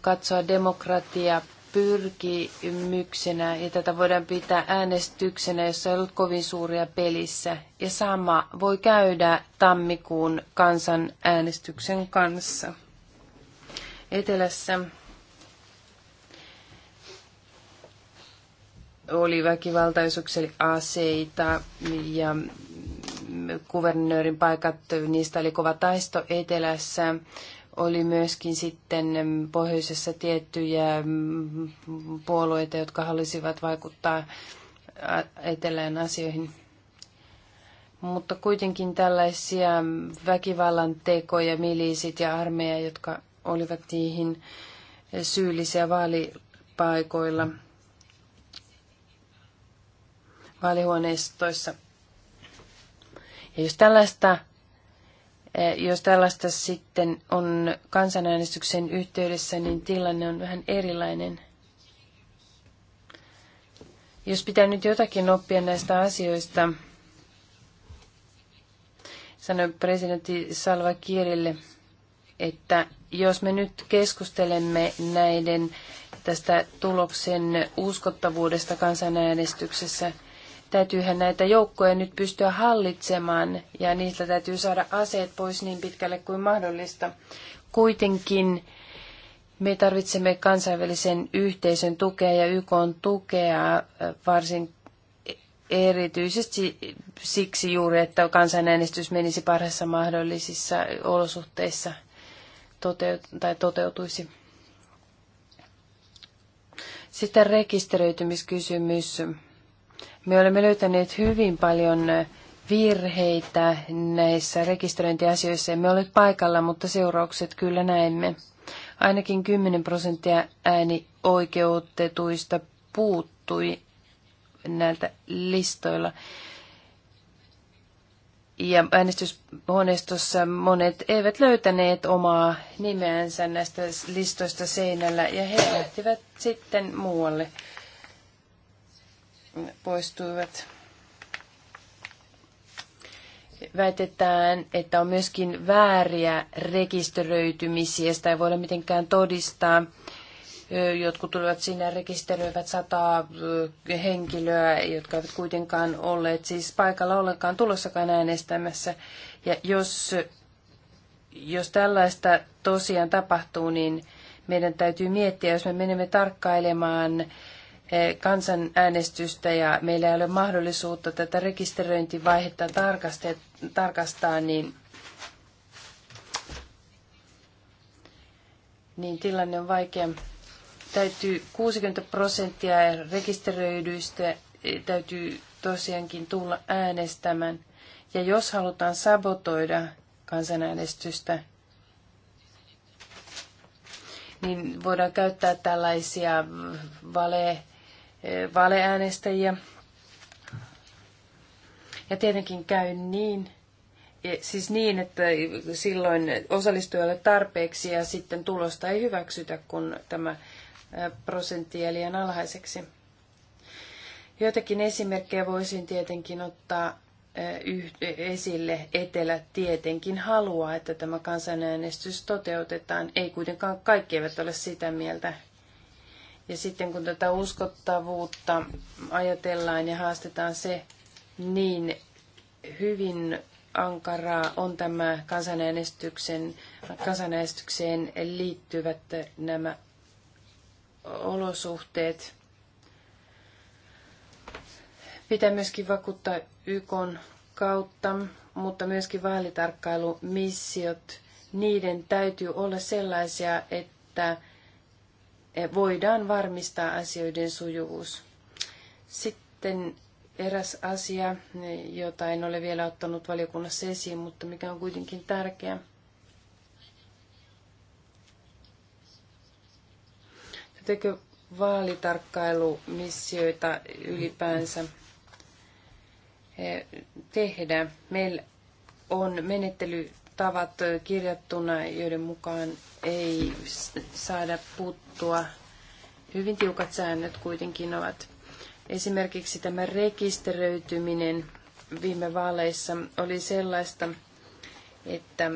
katsoa demokratia pyrkimyksenä, ja tätä voidaan pitää äänestyksenä, jossa ei ollut kovin suuria pelissä. Ja sama voi käydä tammikuun kansanäänestyksen kanssa. Etelässä oli väkivaltaisuuksia, eli aseita ja kuvernöörin paikat, niistä oli kova taisto etelässä. Oli myöskin sitten pohjoisessa tiettyjä puolueita, jotka halusivat vaikuttaa etelään asioihin. Mutta kuitenkin tällaisia väkivallan tekoja, miliisit ja armeija, jotka olivat niihin syyllisiä vaalipaikoilla, vaalihuoneistoissa. Ja jos tällaista Eh, jos tällaista sitten on kansanäänestyksen yhteydessä, niin tilanne on vähän erilainen. Jos pitää nyt jotakin oppia näistä asioista, sanoi presidentti Salva Kirille, että jos me nyt keskustelemme näiden tästä tuloksen uskottavuudesta kansanäänestyksessä – täytyyhän näitä joukkoja nyt pystyä hallitsemaan ja niistä täytyy saada aseet pois niin pitkälle kuin mahdollista. Kuitenkin me tarvitsemme kansainvälisen yhteisön tukea ja YK on tukea varsin erityisesti siksi juuri, että kansanäänestys menisi parhaissa mahdollisissa olosuhteissa toteut- tai toteutuisi. Sitten rekisteröitymiskysymys. Me olemme löytäneet hyvin paljon virheitä näissä rekisteröintiasioissa. Emme ole paikalla, mutta seuraukset kyllä näemme. Ainakin 10 prosenttia äänioikeutetuista puuttui näiltä listoilla. Ja äänestyshuoneistossa monet eivät löytäneet omaa nimeänsä näistä listoista seinällä ja he lähtivät sitten muualle poistuivat. Väitetään, että on myöskin vääriä rekisteröitymisiä. Sitä ei voida mitenkään todistaa. Jotkut tulivat sinne rekisteröivät sataa henkilöä, jotka eivät kuitenkaan olleet siis paikalla ollenkaan tulossakaan äänestämässä. Ja jos, jos tällaista tosiaan tapahtuu, niin meidän täytyy miettiä, jos me menemme tarkkailemaan kansanäänestystä ja meillä ei ole mahdollisuutta tätä rekisteröintivaihetta tarkastaa, niin, niin tilanne on vaikea. Täytyy 60 prosenttia rekisteröidyistä eh, täytyy tosiaankin tulla äänestämään. Ja jos halutaan sabotoida kansanäänestystä, niin voidaan käyttää tällaisia vale Eh, valeäänestäjiä. Ja tietenkin käy niin, eh, siis niin, että silloin osallistujalle tarpeeksi ja sitten tulosta ei hyväksytä, kun tämä eh, prosentti jää liian alhaiseksi. Joitakin esimerkkejä voisin tietenkin ottaa esille. Etelä tietenkin haluaa, että tämä kansanäänestys toteutetaan. Ei kuitenkaan kaikki eivät ole sitä mieltä. Ja sitten kun tätä uskottavuutta ajatellaan ja haastetaan se, niin hyvin ankaraa on tämä kansanäänestyksen, kansanäänestykseen liittyvät nämä olosuhteet. Pitää myöskin vakuuttaa YK kautta, mutta myöskin vaalitarkkailumissiot, niiden täytyy olla sellaisia, että Eh, voidaan varmistaa asioiden sujuvuus. Sitten eräs asia, eh, jota en ole vielä ottanut valiokunnassa esiin, mutta mikä on kuitenkin tärkeä. Tätäkö vaalitarkkailumissioita ylipäänsä eh, tehdä? Meillä on menettely tavat kirjattuna, joiden mukaan ei saada puuttua. Hyvin tiukat säännöt kuitenkin ovat. Esimerkiksi tämä rekisteröityminen viime vaaleissa oli sellaista, että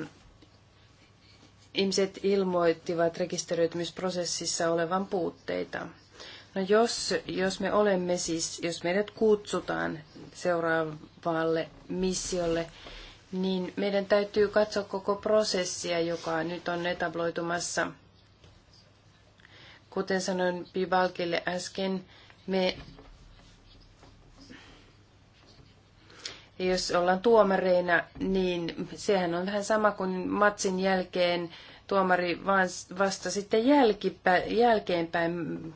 ihmiset ilmoittivat rekisteröitymisprosessissa olevan puutteita. No jos, jos me olemme siis, jos meidät kutsutaan seuraavalle missiolle, niin meidän täytyy katsoa koko prosessia, joka nyt on etabloitumassa. Kuten sanoin Pivalkille äsken, me jos ollaan tuomareina, niin sehän on vähän sama kuin matsin jälkeen tuomari vasta sitten jälkipä, jälkeenpäin mm,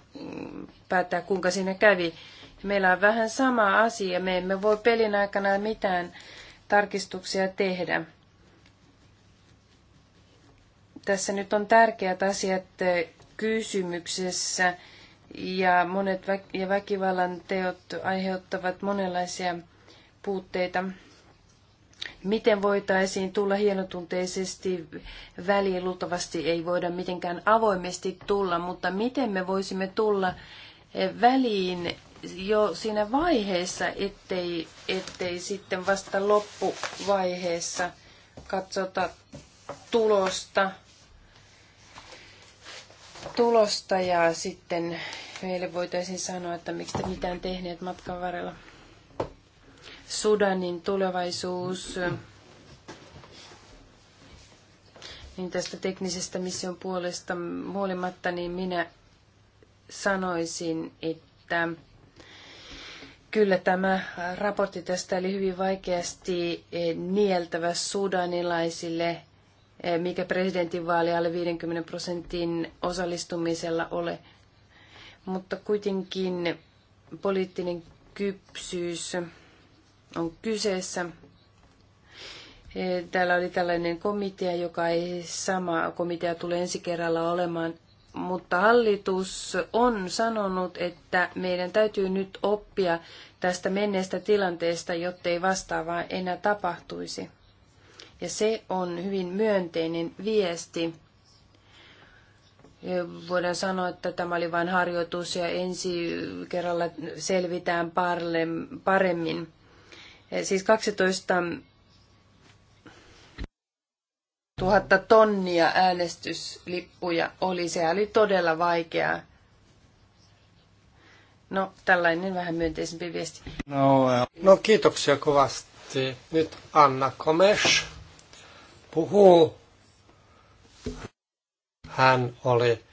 päättää, kuinka siinä kävi. Meillä on vähän sama asia. Me emme voi pelin aikana mitään tarkistuksia tehdä. Tässä nyt on tärkeät asiat kysymyksessä ja monet vä- ja väkivallan teot aiheuttavat monenlaisia puutteita. Miten voitaisiin tulla hienotunteisesti väliin? Luultavasti ei voida mitenkään avoimesti tulla, mutta miten me voisimme tulla väliin jo siinä vaiheessa, ettei, ettei sitten vasta loppuvaiheessa katsota tulosta, tulosta ja sitten meille voitaisiin sanoa, että miksi te mitään tehneet matkan varrella. Sudanin tulevaisuus, niin tästä teknisestä mission puolesta huolimatta, niin minä sanoisin, että Kyllä tämä raportti tästä oli hyvin vaikeasti eh, nieltävä sudanilaisille, eh, mikä presidentinvaali alle 50 prosentin osallistumisella ole. Mutta kuitenkin poliittinen kypsyys on kyseessä. Eh, täällä oli tällainen komitea, joka ei sama komitea tule ensi kerralla olemaan, mutta hallitus on sanonut, että meidän täytyy nyt oppia tästä menneestä tilanteesta, jottei vastaavaa enää tapahtuisi. Ja se on hyvin myönteinen viesti. Voidaan sanoa, että tämä oli vain harjoitus ja ensi kerralla selvitään paremmin. Siis 12 000 tonnia äänestyslippuja oli. Se oli todella vaikeaa No, tällainen vähän myönteisempi viesti. No, eh. no kiitoksia kovasti. Nyt Anna Komes puhuu. Hän oli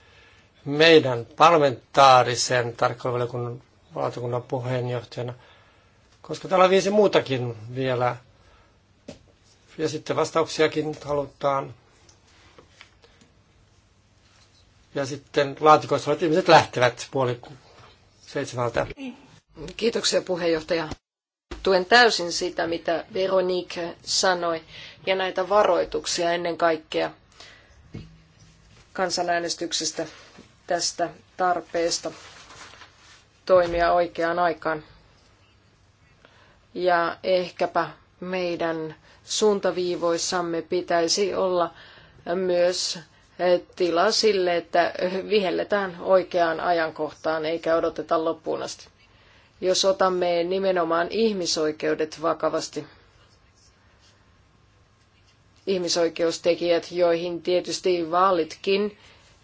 meidän parlamentaarisen tarkkailuvaliokunnan valtakunnan puheenjohtajana, koska täällä on viisi muutakin vielä. Ja sitten vastauksiakin halutaan. Ja sitten laatikoissa olet ihmiset lähtevät puoli seitsemältä. Kiitoksia puheenjohtaja. Tuen täysin sitä, mitä Veronique sanoi, ja näitä varoituksia ennen kaikkea kansanäänestyksestä tästä tarpeesta toimia oikeaan aikaan. Ja ehkäpä meidän suuntaviivoissamme pitäisi olla myös tila sille, että vihelletään oikeaan ajankohtaan eikä odoteta loppuun asti. Jos otamme nimenomaan ihmisoikeudet vakavasti, ihmisoikeustekijät, joihin tietysti vaalitkin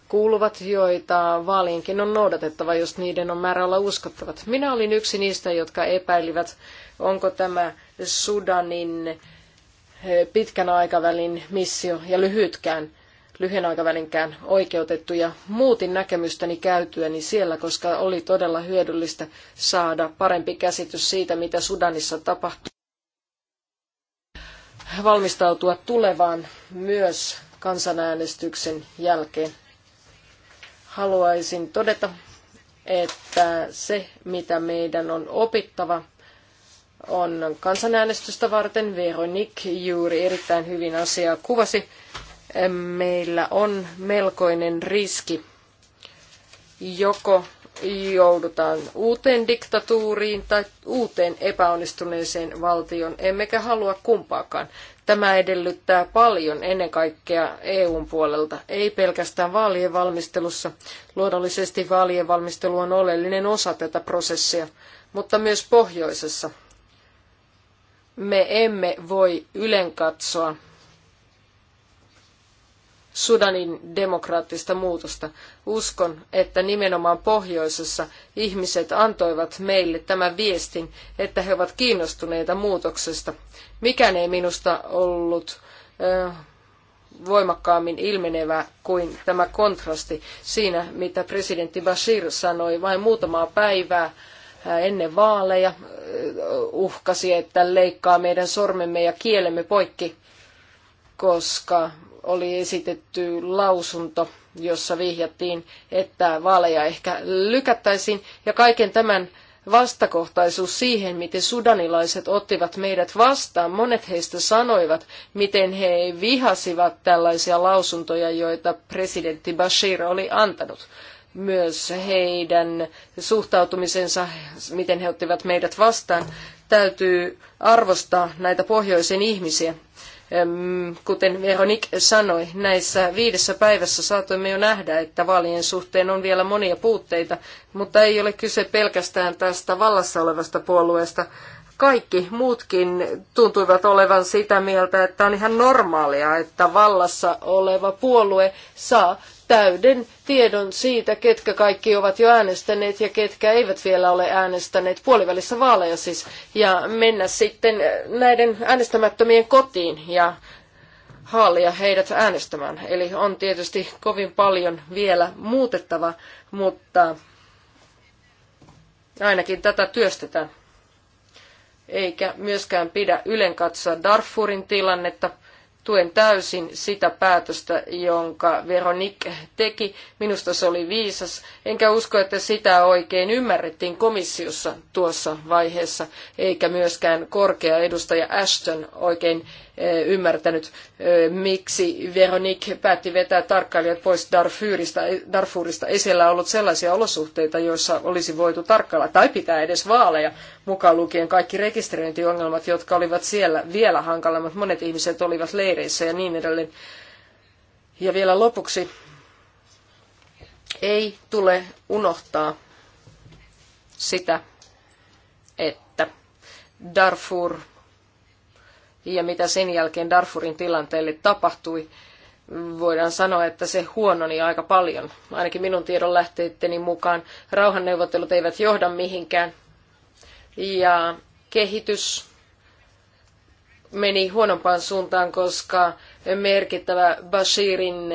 kuuluvat, joita vaaliinkin on noudatettava, jos niiden on määrä olla uskottavat. Minä olin yksi niistä, jotka epäilivät, onko tämä Sudanin eh, pitkän aikavälin missio ja lyhytkään – lyhyen aikavälinkään oikeutettu ja muutin näkemystäni käytyäni siellä, koska oli todella hyödyllistä saada parempi käsitys siitä, mitä Sudanissa tapahtuu. Valmistautua tulevaan myös kansanäänestyksen jälkeen. Haluaisin todeta, että se, mitä meidän on opittava, on kansanäänestystä varten. Veronik juuri erittäin hyvin asiaa kuvasi meillä on melkoinen riski. Joko joudutaan uuteen diktatuuriin tai uuteen epäonnistuneeseen valtioon, emmekä halua kumpaakaan. Tämä edellyttää paljon ennen kaikkea EUn puolelta, ei pelkästään vaalien valmistelussa. Luonnollisesti vaalien valmistelu on oleellinen osa tätä prosessia, mutta myös pohjoisessa. Me emme voi ylenkatsoa Sudanin demokraattista muutosta. Uskon, että nimenomaan pohjoisessa ihmiset antoivat meille tämän viestin, että he ovat kiinnostuneita muutoksesta. Mikään ei minusta ollut voimakkaammin ilmenevä kuin tämä kontrasti siinä, mitä presidentti Bashir sanoi vain muutamaa päivää ennen vaaleja, uhkasi, että leikkaa meidän sormemme ja kielemme poikki, koska oli esitetty lausunto, jossa vihjattiin, että vaaleja ehkä lykättäisiin. Ja kaiken tämän vastakohtaisuus siihen, miten sudanilaiset ottivat meidät vastaan. Monet heistä sanoivat, miten he vihasivat tällaisia lausuntoja, joita presidentti Bashir oli antanut myös heidän suhtautumisensa, miten he ottivat meidät vastaan. Täytyy arvostaa näitä pohjoisen ihmisiä. Kuten Veronik sanoi, näissä viidessä päivässä saatoimme jo nähdä, että vaalien suhteen on vielä monia puutteita, mutta ei ole kyse pelkästään tästä vallassa olevasta puolueesta. Kaikki muutkin tuntuivat olevan sitä mieltä, että on ihan normaalia, että vallassa oleva puolue saa täyden tiedon siitä, ketkä kaikki ovat jo äänestäneet ja ketkä eivät vielä ole äänestäneet puolivälissä vaaleja siis, ja mennä sitten eh, näiden äänestämättömien kotiin ja haalia heidät äänestämään. Eli on tietysti kovin paljon vielä muutettava, mutta ainakin tätä työstetään. Eikä myöskään pidä ylen katsoa Darfurin tilannetta – tuen täysin sitä päätöstä, jonka Veronik teki. Minusta se oli viisas, enkä usko, että sitä oikein ymmärrettiin komissiossa tuossa vaiheessa, eikä myöskään korkea edustaja Ashton oikein ymmärtänyt, miksi Veronique päätti vetää tarkkailijat pois Darfurista. Darfurista. Ei siellä ollut sellaisia olosuhteita, joissa olisi voitu tarkkailla tai pitää edes vaaleja, mukaan lukien kaikki rekisteröintiongelmat, jotka olivat siellä vielä hankalammat. Monet ihmiset olivat leireissä ja niin edelleen. Ja vielä lopuksi ei tule unohtaa sitä, että Darfur ja mitä sen jälkeen Darfurin tilanteelle tapahtui, voidaan sanoa, että se huononi aika paljon. Ainakin minun tiedon lähteitteni mukaan rauhanneuvottelut eivät johda mihinkään. Ja kehitys meni huonompaan suuntaan, koska merkittävä Bashirin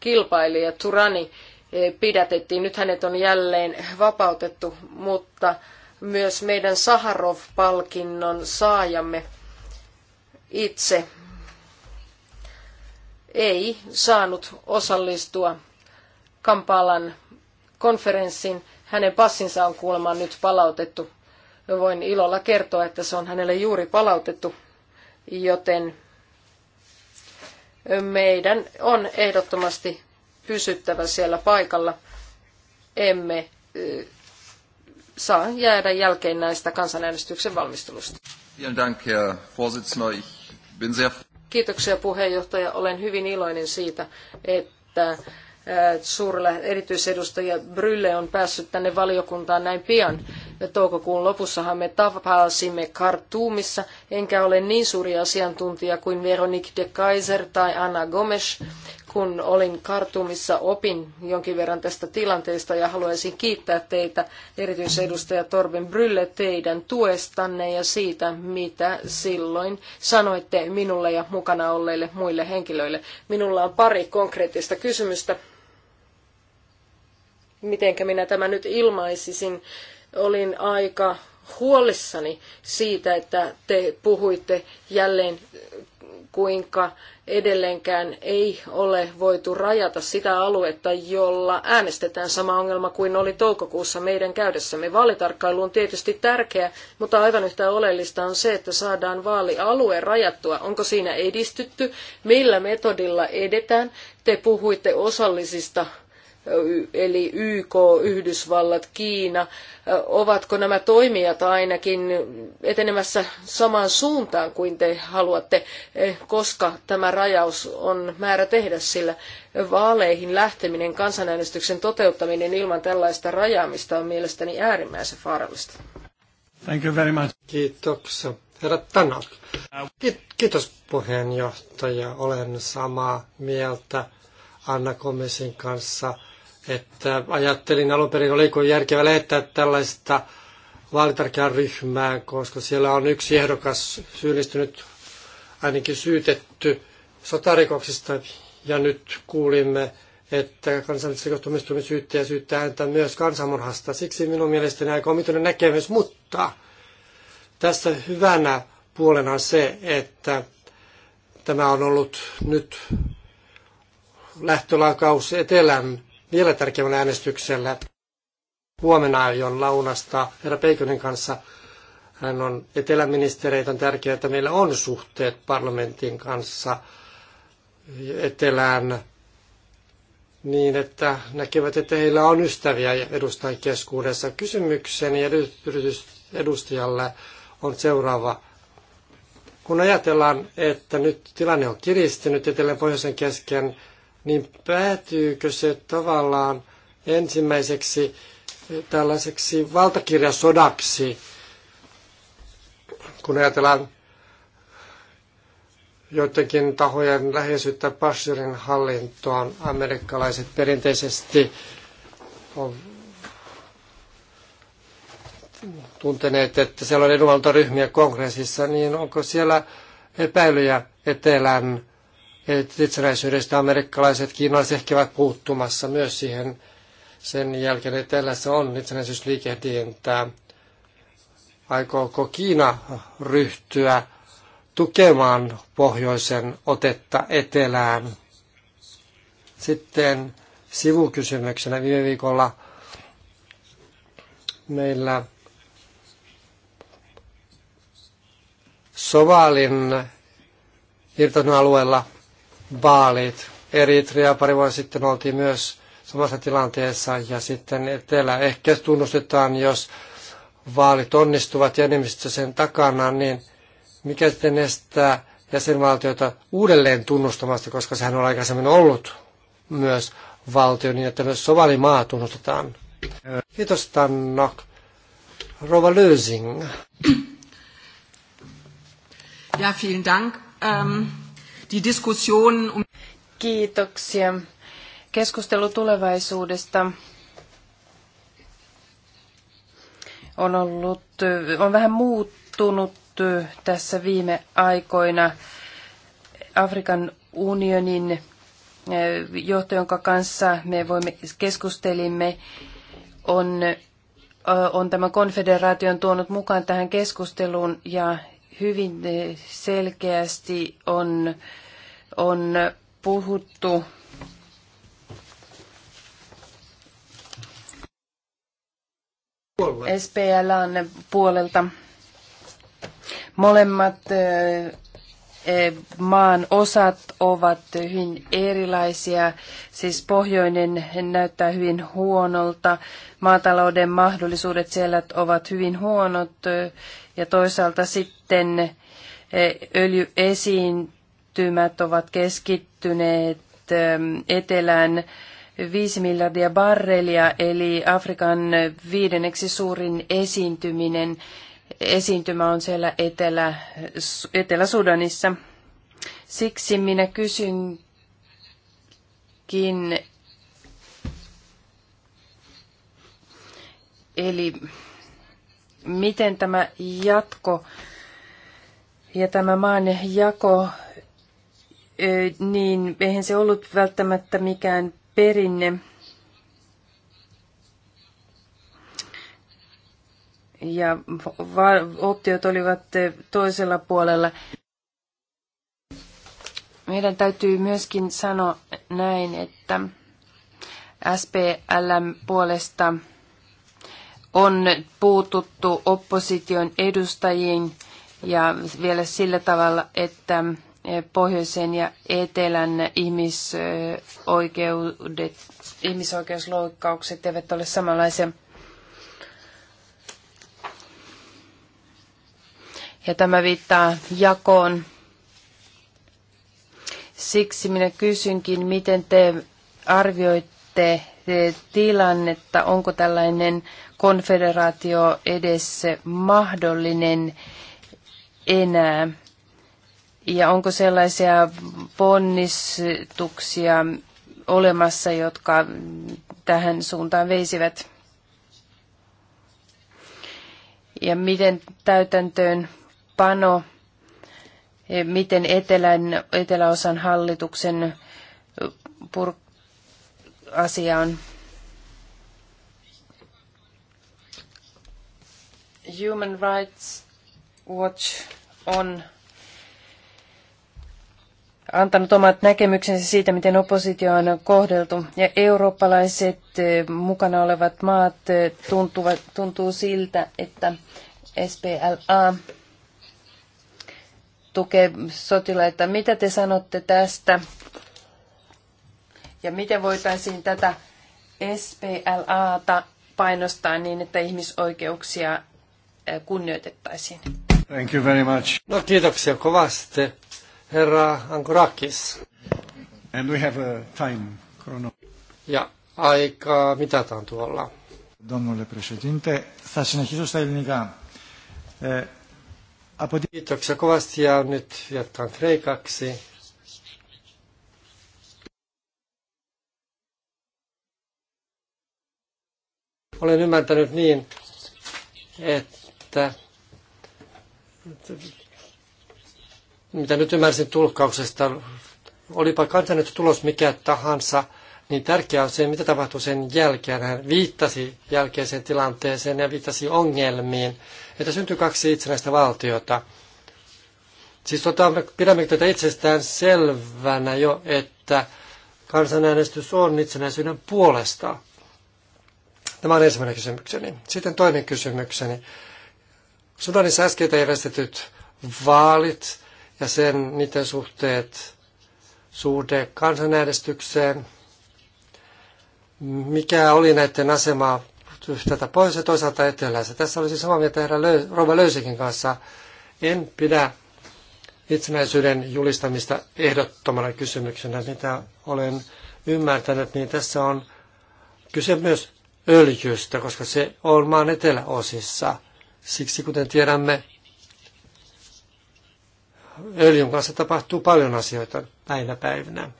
kilpailija Turani eh, pidätettiin. Nyt hänet on jälleen vapautettu, mutta myös meidän Saharov-palkinnon saajamme itse ei saanut osallistua Kampalan konferenssiin. Hänen passinsa on kuulemma nyt palautettu. Voin ilolla kertoa, että se on hänelle juuri palautettu, joten meidän on ehdottomasti pysyttävä siellä paikalla. Emme saa jäädä jälkeen näistä kansanäänestyksen valmistelusta. Vielen Dank, Herr Vorsitzender. Ich Kiitoksia puheenjohtaja. Olen hyvin iloinen siitä, että äh, suurella erityisedustaja Brylle on päässyt tänne valiokuntaan näin pian. Toukokuun lopussahan me tapasimme Khartoumissa, enkä ole niin suuri asiantuntija kuin Veronique de Kaiser tai Anna Gomes, kun olin Kartumissa, opin jonkin verran tästä tilanteesta ja haluaisin kiittää teitä, erityisedustaja Torben Brylle, teidän tuestanne ja siitä, mitä silloin sanoitte minulle ja mukana olleille muille henkilöille. Minulla on pari konkreettista kysymystä. Mitenkä minä tämän nyt ilmaisisin? Olin aika huolissani siitä, että te puhuitte jälleen kuinka edelleenkään ei ole voitu rajata sitä aluetta, jolla äänestetään sama ongelma kuin oli toukokuussa meidän käydessämme. Vaalitarkkailu on tietysti tärkeä, mutta aivan yhtä oleellista on se, että saadaan vaalialue rajattua. Onko siinä edistytty? Millä metodilla edetään? Te puhuitte osallisista eli YK, Yhdysvallat, Kiina, ovatko nämä toimijat ainakin etenemässä samaan suuntaan kuin te haluatte, koska tämä rajaus on määrä tehdä, sillä vaaleihin lähteminen, kansanäänestyksen toteuttaminen ilman tällaista rajaamista on mielestäni äärimmäisen vaarallista. Thank you very much. Kiitoksia. Herra Tanak. Kiitos puheenjohtaja. Olen samaa mieltä Anna Komisin kanssa että ajattelin alun perin, oliko järkevä lähettää tällaista vaalitarkkaan ryhmään, koska siellä on yksi ehdokas syyllistynyt, ainakin syytetty sotarikoksista, ja nyt kuulimme, että kansallisessa syyttäjä syyttää häntä myös kansanmurhasta. Siksi minun mielestäni aika omituinen näkemys, mutta tässä hyvänä puolena on se, että tämä on ollut nyt lähtölaukaus etelän vielä tärkeämmällä äänestyksellä. Huomenna aion launasta herra Peikonen kanssa. Hän on eteläministereitä. On tärkeää, että meillä on suhteet parlamentin kanssa etelään niin, että näkevät, että heillä on ystäviä edustajien keskuudessa. Kysymykseni edustajalle on seuraava. Kun ajatellaan, että nyt tilanne on kiristynyt etelän pohjoisen kesken, niin päätyykö se tavallaan ensimmäiseksi tällaiseksi valtakirjasodaksi, kun ajatellaan joidenkin tahojen läheisyyttä Bashirin hallintoon. Amerikkalaiset perinteisesti on tunteneet, että siellä on edunvaltoryhmiä kongressissa, niin onko siellä epäilyjä etelän itsenäisyydestä amerikkalaiset, kiinalaiset ehkä ovat puuttumassa myös siihen sen jälkeen, että etelässä on itsenäisyysliikehdintää. Aikooko Kiina ryhtyä tukemaan pohjoisen otetta etelään? Sitten sivukysymyksenä viime viikolla meillä Sovalin irtonalueella vaalit. Eritrea pari vuotta sitten oltiin myös samassa tilanteessa ja sitten etelä ehkä tunnustetaan, jos vaalit onnistuvat ja enemmistö sen takana, niin mikä sitten estää jäsenvaltioita uudelleen tunnustamasta, koska sehän on aikaisemmin ollut myös valtio, niin että myös sovalimaa tunnustetaan. Kiitos Tannok. Rova Lösing. Ja, vielen Dank. Ähm, die Diskussion um Kiitoksia. Keskustelu tulevaisuudesta on ollut, on vähän muuttunut tässä viime aikoina. Afrikan unionin eh, johto, jonka kanssa me voimme, keskustelimme, on, eh, on tämän konfederaation tuonut mukaan tähän keskusteluun ja hyvin selkeästi on, on puhuttu SPLn puolelta. Molemmat maan osat ovat hyvin erilaisia. Siis pohjoinen näyttää hyvin huonolta, maatalouden mahdollisuudet siellä ovat hyvin huonot ja toisaalta sitten e, öljyesiintymät ovat keskittyneet e, etelään 5 miljardia barrelia, eli Afrikan viidenneksi suurin esiintyminen esiintymä on siellä Etelä, Etelä-Sudanissa. Siksi minä kysynkin, eli miten tämä jatko ja tämä maan jako, niin eihän se ollut välttämättä mikään perinne ja optiot olivat toisella puolella. Meidän täytyy myöskin sanoa näin, että SPLM puolesta on puututtu opposition edustajiin ja vielä sillä tavalla, että pohjoisen ja etelän ihmisoikeudet, ihmisoikeusloukkaukset eivät ole samanlaisia. ja tämä viittaa jakoon. Siksi minä kysynkin, miten te arvioitte tilannetta, onko tällainen konfederaatio edessä mahdollinen enää, ja onko sellaisia ponnistuksia olemassa, jotka tähän suuntaan veisivät. Ja miten täytäntöön pano, eh, miten etelän, eteläosan hallituksen eh, pur- asia on. Human Rights Watch on antanut omat näkemyksensä siitä, miten oppositio on kohdeltu. Ja eurooppalaiset eh, mukana olevat maat tuntuvat, tuntuu siltä, että SPLA tukee sotilaita. Mitä te sanotte tästä? Ja miten voitaisiin tätä SPLAta painostaa niin, että ihmisoikeuksia kunnioitettaisiin? Thank you very much. No kiitoksia kovasti, herra Ankurakis. And we have a time chrono. Ja aika mitataan tuolla. Domnule președinte, θα συνεχίσω στα ελληνικά. Kiitoksia kovasti ja nyt jatkan kreikaksi. Olen ymmärtänyt niin, että mitä nyt ymmärsin tulkkauksesta, olipa kansanet tulos mikä tahansa, niin tärkeää on se, mitä tapahtui sen jälkeen. Hän viittasi jälkeiseen tilanteeseen ja viittasi ongelmiin, että syntyy kaksi itsenäistä valtiota. Siis tota, me pidämme tätä itsestään selvänä jo, että kansanäänestys on itsenäisyyden puolesta. Tämä on ensimmäinen kysymykseni. Sitten toinen kysymykseni. Sudanissa äsken järjestetyt vaalit ja sen, niiden suhteet suhde kansanäänestykseen – mikä oli näiden asema tätä pohjois ja toisaalta etelässä. Tässä olisi samaa mieltä herra Löö, Rova Löysikin kanssa. En pidä itsenäisyyden julistamista ehdottomana kysymyksenä, mitä olen ymmärtänyt, niin tässä on kyse myös öljystä, koska se on maan eteläosissa. Siksi kuten tiedämme, öljyn kanssa tapahtuu paljon asioita näinä päivinä.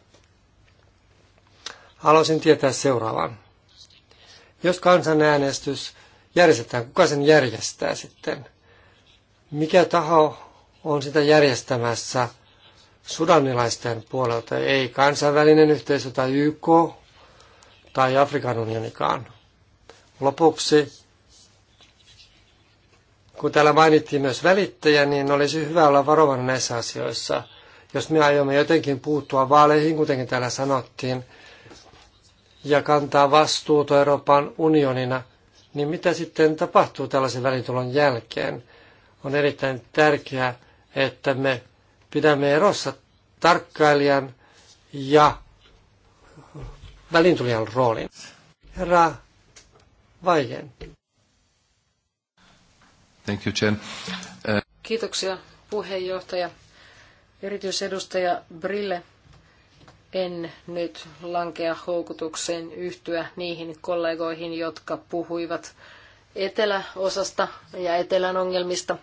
Haluaisin tietää seuraavan. Jos kansanäänestys järjestetään, kuka sen järjestää sitten? Mikä taho on sitä järjestämässä sudanilaisten puolelta? Ei kansainvälinen yhteisö tai YK tai Afrikan unionikaan. Lopuksi, kun täällä mainittiin myös välittäjä, niin olisi hyvä olla varovainen näissä asioissa. Jos me aiomme jotenkin puuttua vaaleihin, kuten täällä sanottiin, ja kantaa vastuuta Euroopan unionina, niin mitä sitten tapahtuu tällaisen välitulon jälkeen? On erittäin tärkeää, että me pidämme erossa tarkkailijan ja välintulijan roolin. Herra Vaijen. Thank you, Chen. Kiitoksia puheenjohtaja. Erityisedustaja Brille en nyt lankea houkutukseen yhtyä niihin kollegoihin, jotka puhuivat eteläosasta ja etelän ongelmista.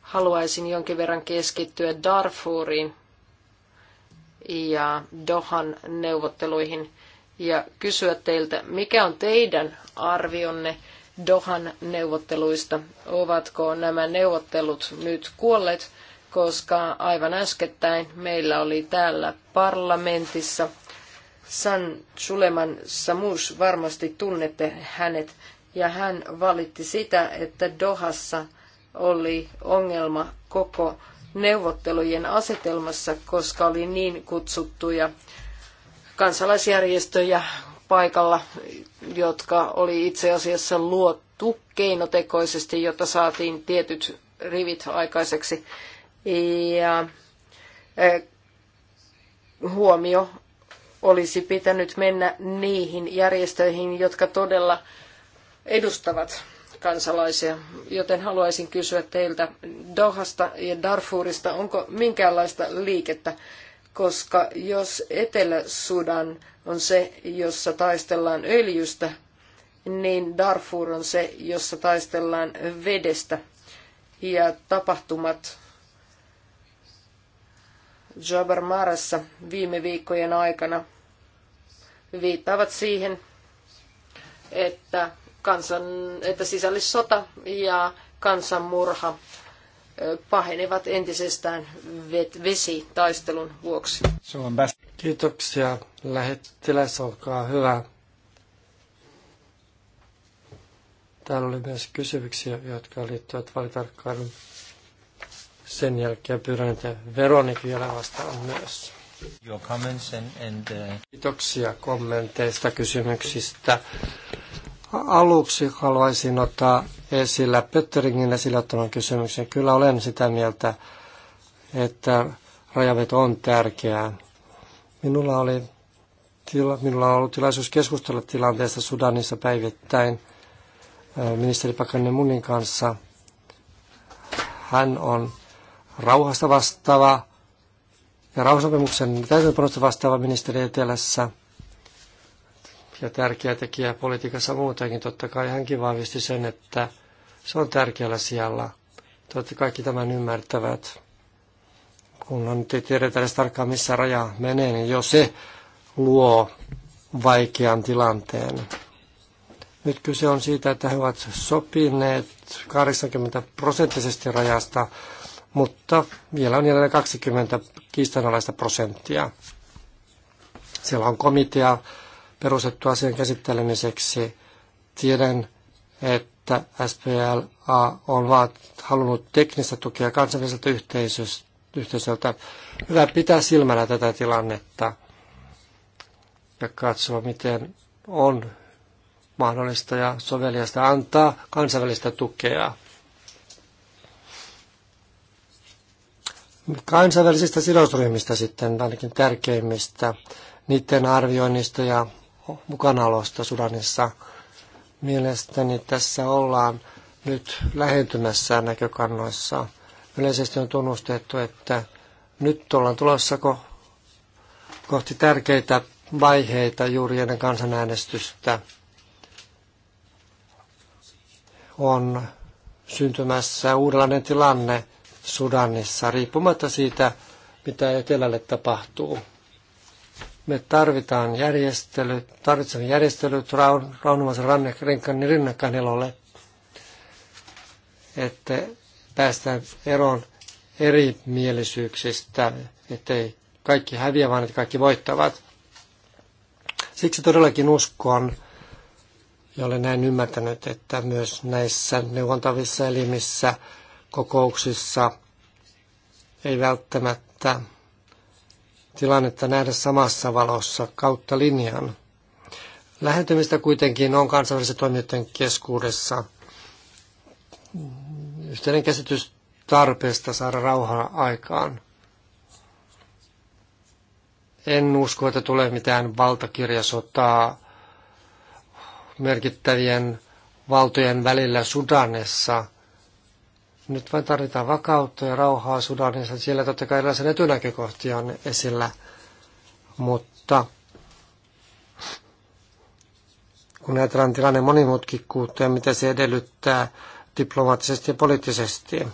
Haluaisin jonkin verran keskittyä Darfuriin ja Dohan neuvotteluihin ja kysyä teiltä, mikä on teidän arvionne Dohan neuvotteluista? Ovatko nämä neuvottelut nyt kuolleet? koska aivan äskettäin meillä oli täällä parlamentissa San Suleman Samus, varmasti tunnette hänet, ja hän valitti sitä, että Dohassa oli ongelma koko neuvottelujen asetelmassa, koska oli niin kutsuttuja kansalaisjärjestöjä paikalla, jotka oli itse asiassa luotu keinotekoisesti, jotta saatiin tietyt rivit aikaiseksi. Ja huomio olisi pitänyt mennä niihin järjestöihin, jotka todella edustavat kansalaisia. Joten haluaisin kysyä teiltä Dohasta ja Darfurista, onko minkäänlaista liikettä, koska jos Etelä-Sudan on se, jossa taistellaan öljystä, niin Darfur on se, jossa taistellaan vedestä. Ja tapahtumat Jabar Marassa viime viikkojen aikana viittaavat siihen, että, kansan, että sisällissota ja kansanmurha pahenevat entisestään vesitaistelun vuoksi. Kiitoksia. Lähettiläs, olkaa hyvä. Täällä oli myös kysymyksiä, jotka liittyvät vaalitarkkailun sen jälkeen pyydän, että Veronik vielä vastaa myös. Your comments and, and, uh... Kiitoksia kommenteista, kysymyksistä. Aluksi haluaisin ottaa esillä Pötteringin esille ottaman kysymyksen. Kyllä olen sitä mieltä, että rajaveto on tärkeää. Minulla oli tila, minulla on ollut tilaisuus keskustella tilanteesta Sudanissa päivittäin äh, ministeri Pakanen Munin kanssa. Hän on rauhasta vastaava ja rauhansopimuksen täytäntöönpanosta vastaava ministeri Etelässä ja tärkeä tekijä politiikassa muutenkin. Totta kai hänkin vahvisti sen, että se on tärkeällä sijalla. Toivottavasti kaikki tämän ymmärtävät. Kun nyt ei tiedetä edes tarkkaan, missä raja menee, niin jo se luo vaikean tilanteen. Nyt kyse on siitä, että he ovat sopineet 80 prosenttisesti rajasta mutta vielä on jälleen 20 kiistanalaista prosenttia. Siellä on komitea perustettu asian käsittelemiseksi. Tiedän, että SPLA on vaat, halunnut teknistä tukea kansainväliseltä yhteisöltä. Hyvä pitää silmällä tätä tilannetta ja katsoa, miten on mahdollista ja soveliasta antaa kansainvälistä tukea kansainvälisistä sidosryhmistä sitten, ainakin tärkeimmistä, niiden arvioinnista ja mukanaolosta Sudanissa. Mielestäni tässä ollaan nyt lähentymässä näkökannoissa. Yleisesti on tunnustettu, että nyt ollaan tulossa kohti tärkeitä vaiheita juuri ennen kansanäänestystä. On syntymässä uudenlainen tilanne Sudanissa, riippumatta siitä, mitä etelälle tapahtuu. Me tarvitaan järjestelyt, tarvitsemme järjestelyt raun, raunomaisen rannekrenkan rinnakkain elolle, että päästään eroon eri mielisyyksistä, ettei kaikki häviä, vaan että kaikki voittavat. Siksi todellakin uskon, ja olen näin ymmärtänyt, että myös näissä neuvontavissa elimissä – kokouksissa ei välttämättä tilannetta nähdä samassa valossa kautta linjan. Lähentymistä kuitenkin on kansainvälisten toimijoiden keskuudessa. Yhteinen käsitys tarpeesta saada rauhaa aikaan. En usko, että tulee mitään valtakirjasotaa merkittävien valtojen välillä Sudanessa – nyt vain tarvitaan vakautta ja rauhaa Sudanissa. Siellä totta kai erilaisia etunäkökohtia on esillä, mutta kun ajatellaan tilanne monimutkikkuutta ja mitä se edellyttää diplomaattisesti ja poliittisesti.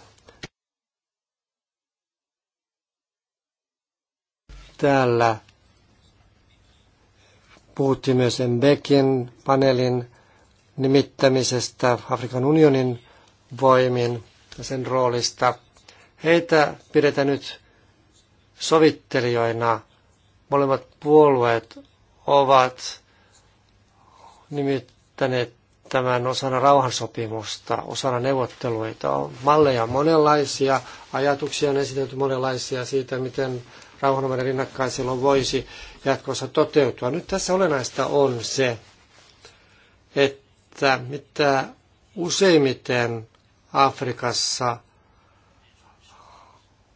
Täällä puhuttiin myös Mbekin paneelin nimittämisestä Afrikan unionin voimin ja sen roolista. Heitä pidetään nyt sovittelijoina. Molemmat puolueet ovat nimittäneet tämän osana rauhansopimusta, osana neuvotteluita. On malleja monenlaisia, ajatuksia on esitelty monenlaisia siitä, miten rauhanomainen rinnakkaiselo voisi jatkossa toteutua. Nyt tässä olennaista on se, että mitä useimmiten Afrikassa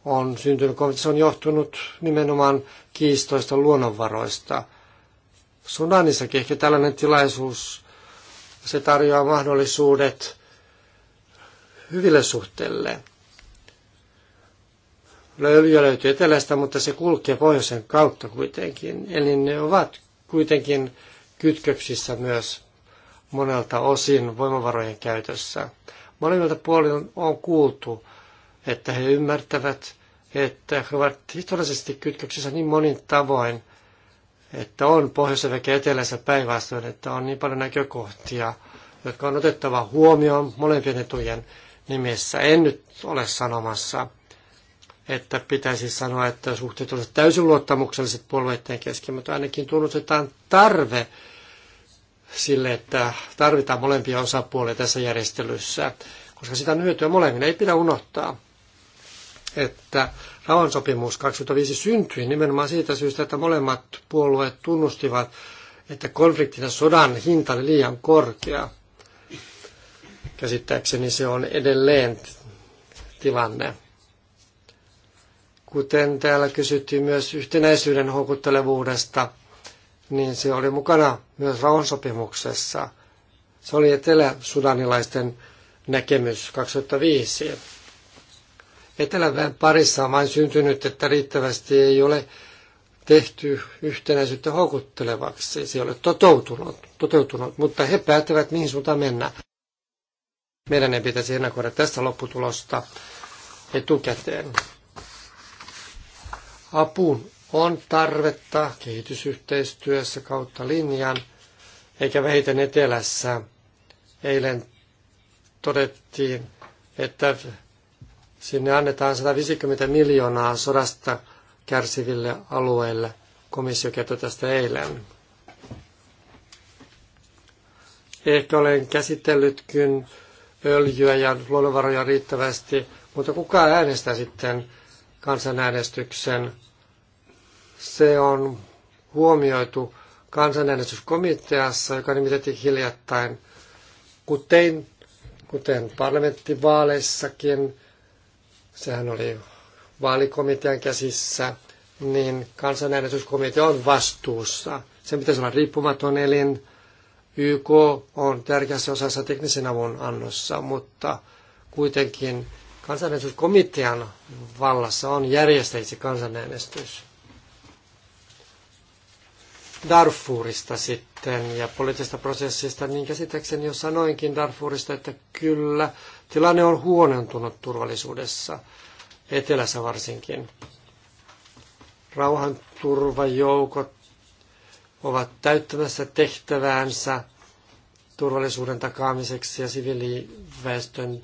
on syntynyt konflikti. Se on johtunut nimenomaan kiistoista luonnonvaroista. Sudanissakin ehkä tällainen tilaisuus, se tarjoaa mahdollisuudet hyville suhteille. Öljy löytyy etelästä, mutta se kulkee pohjoisen kautta kuitenkin. Eli ne ovat kuitenkin kytköksissä myös monelta osin voimavarojen käytössä. Molemmilta puolin on kuultu, että he ymmärtävät, että he ovat historiallisesti kytköksissä niin monin tavoin, että on pohjois ja etelänsä päinvastoin, että on niin paljon näkökohtia, jotka on otettava huomioon molempien etujen nimessä. En nyt ole sanomassa, että pitäisi sanoa, että suhteet olisivat täysin luottamukselliset puolueiden kesken, mutta ainakin tunnustetaan tarve sille, että tarvitaan molempia osapuolia tässä järjestelyssä, koska sitä on hyötyä molemmille. Ei pidä unohtaa, että rauhansopimus 2005 syntyi nimenomaan siitä syystä, että molemmat puolueet tunnustivat, että konfliktin ja sodan hinta oli liian korkea. Käsittääkseni se on edelleen tilanne. Kuten täällä kysyttiin myös yhtenäisyyden houkuttelevuudesta – niin se oli mukana myös rauhansopimuksessa. Se oli etelä-sudanilaisten näkemys 2005. Etelän parissa on vain syntynyt, että riittävästi ei ole tehty yhtenäisyyttä houkuttelevaksi. Se ei ole toteutunut, toteutunut mutta he päättävät, mihin suuntaan mennä. Meidän ei pitäisi ennakoida tästä lopputulosta etukäteen. Apuun on tarvetta kehitysyhteistyössä kautta linjan, eikä vähiten etelässä. Eilen todettiin, että sinne annetaan 150 miljoonaa sodasta kärsiville alueille. Komissio kertoi tästä eilen. Ehkä olen käsitellytkin öljyä ja luonnonvaroja riittävästi, mutta kuka äänestää sitten kansanäänestyksen se on huomioitu kansanäänestyskomiteassa, joka nimitettiin hiljattain, kuten, kuten parlamenttivaaleissakin, sehän oli vaalikomitean käsissä, niin kansanäänestyskomitea on vastuussa. Sen pitäisi olla riippumaton elin. YK on tärkeässä osassa teknisen avun annossa, mutta kuitenkin kansanäänestyskomitean vallassa on järjestäjä kansanäänestys. Darfurista sitten ja poliittisesta prosessista, niin käsitekseni jo sanoinkin Darfurista, että kyllä tilanne on huonontunut turvallisuudessa, etelässä varsinkin. Rauhanturvajoukot ovat täyttämässä tehtäväänsä turvallisuuden takaamiseksi ja siviiliväestön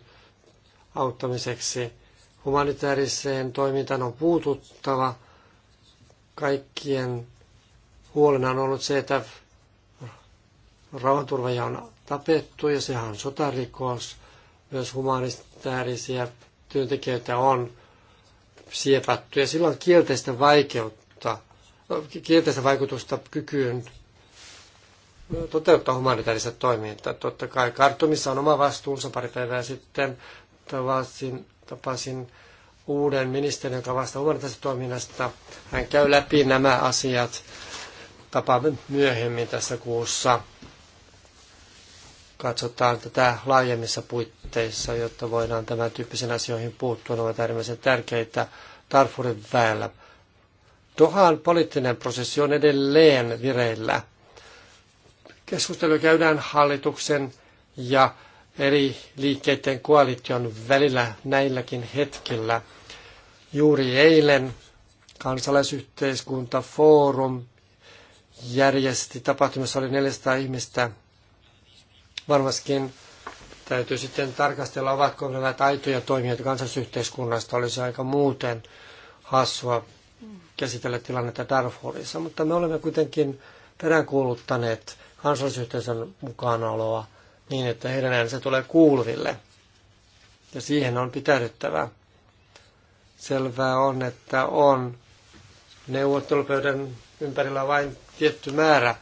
auttamiseksi. Humanitaariseen toimintaan on puututtava kaikkien huolena on ollut se, että rauhanturvaja on tapettu ja sehän on sotarikos. Myös humanitaarisia työntekijöitä on siepattu ja sillä on kielteistä vaikeutta, kielteistä vaikutusta kykyyn toteuttaa humanitaarista toimintaa. Totta kai kartumissa on oma vastuunsa. Pari päivää sitten tavasin, tapasin uuden ministerin, joka vastaa humanitaarisesta toiminnasta. Hän käy läpi nämä asiat Tapaamme myöhemmin tässä kuussa. Katsotaan tätä laajemmissa puitteissa, jotta voidaan tämän tyyppisiin asioihin puuttua. Ne ovat äärimmäisen tärkeitä Darfurin väellä. Dohan poliittinen prosessi on edelleen vireillä. Keskustelu käydään hallituksen ja eri liikkeiden koalition välillä näilläkin hetkillä. Juuri eilen kansalaisyhteiskuntafoorum järjesti Tapahtumassa oli 400 ihmistä. Varmaskin täytyy sitten tarkastella, ovatko nämä aitoja toimijoita kansallisyhteiskunnasta. Olisi aika muuten hassua käsitellä tilannetta Darfurissa, mutta me olemme kuitenkin peräänkuuluttaneet kansallisyhteisön mukanaoloa niin, että heidän äänensä tulee kuuluville. Ja siihen on pitäydyttävä. Selvää on, että on neuvottelupöydän ympärillä vain tietty määrä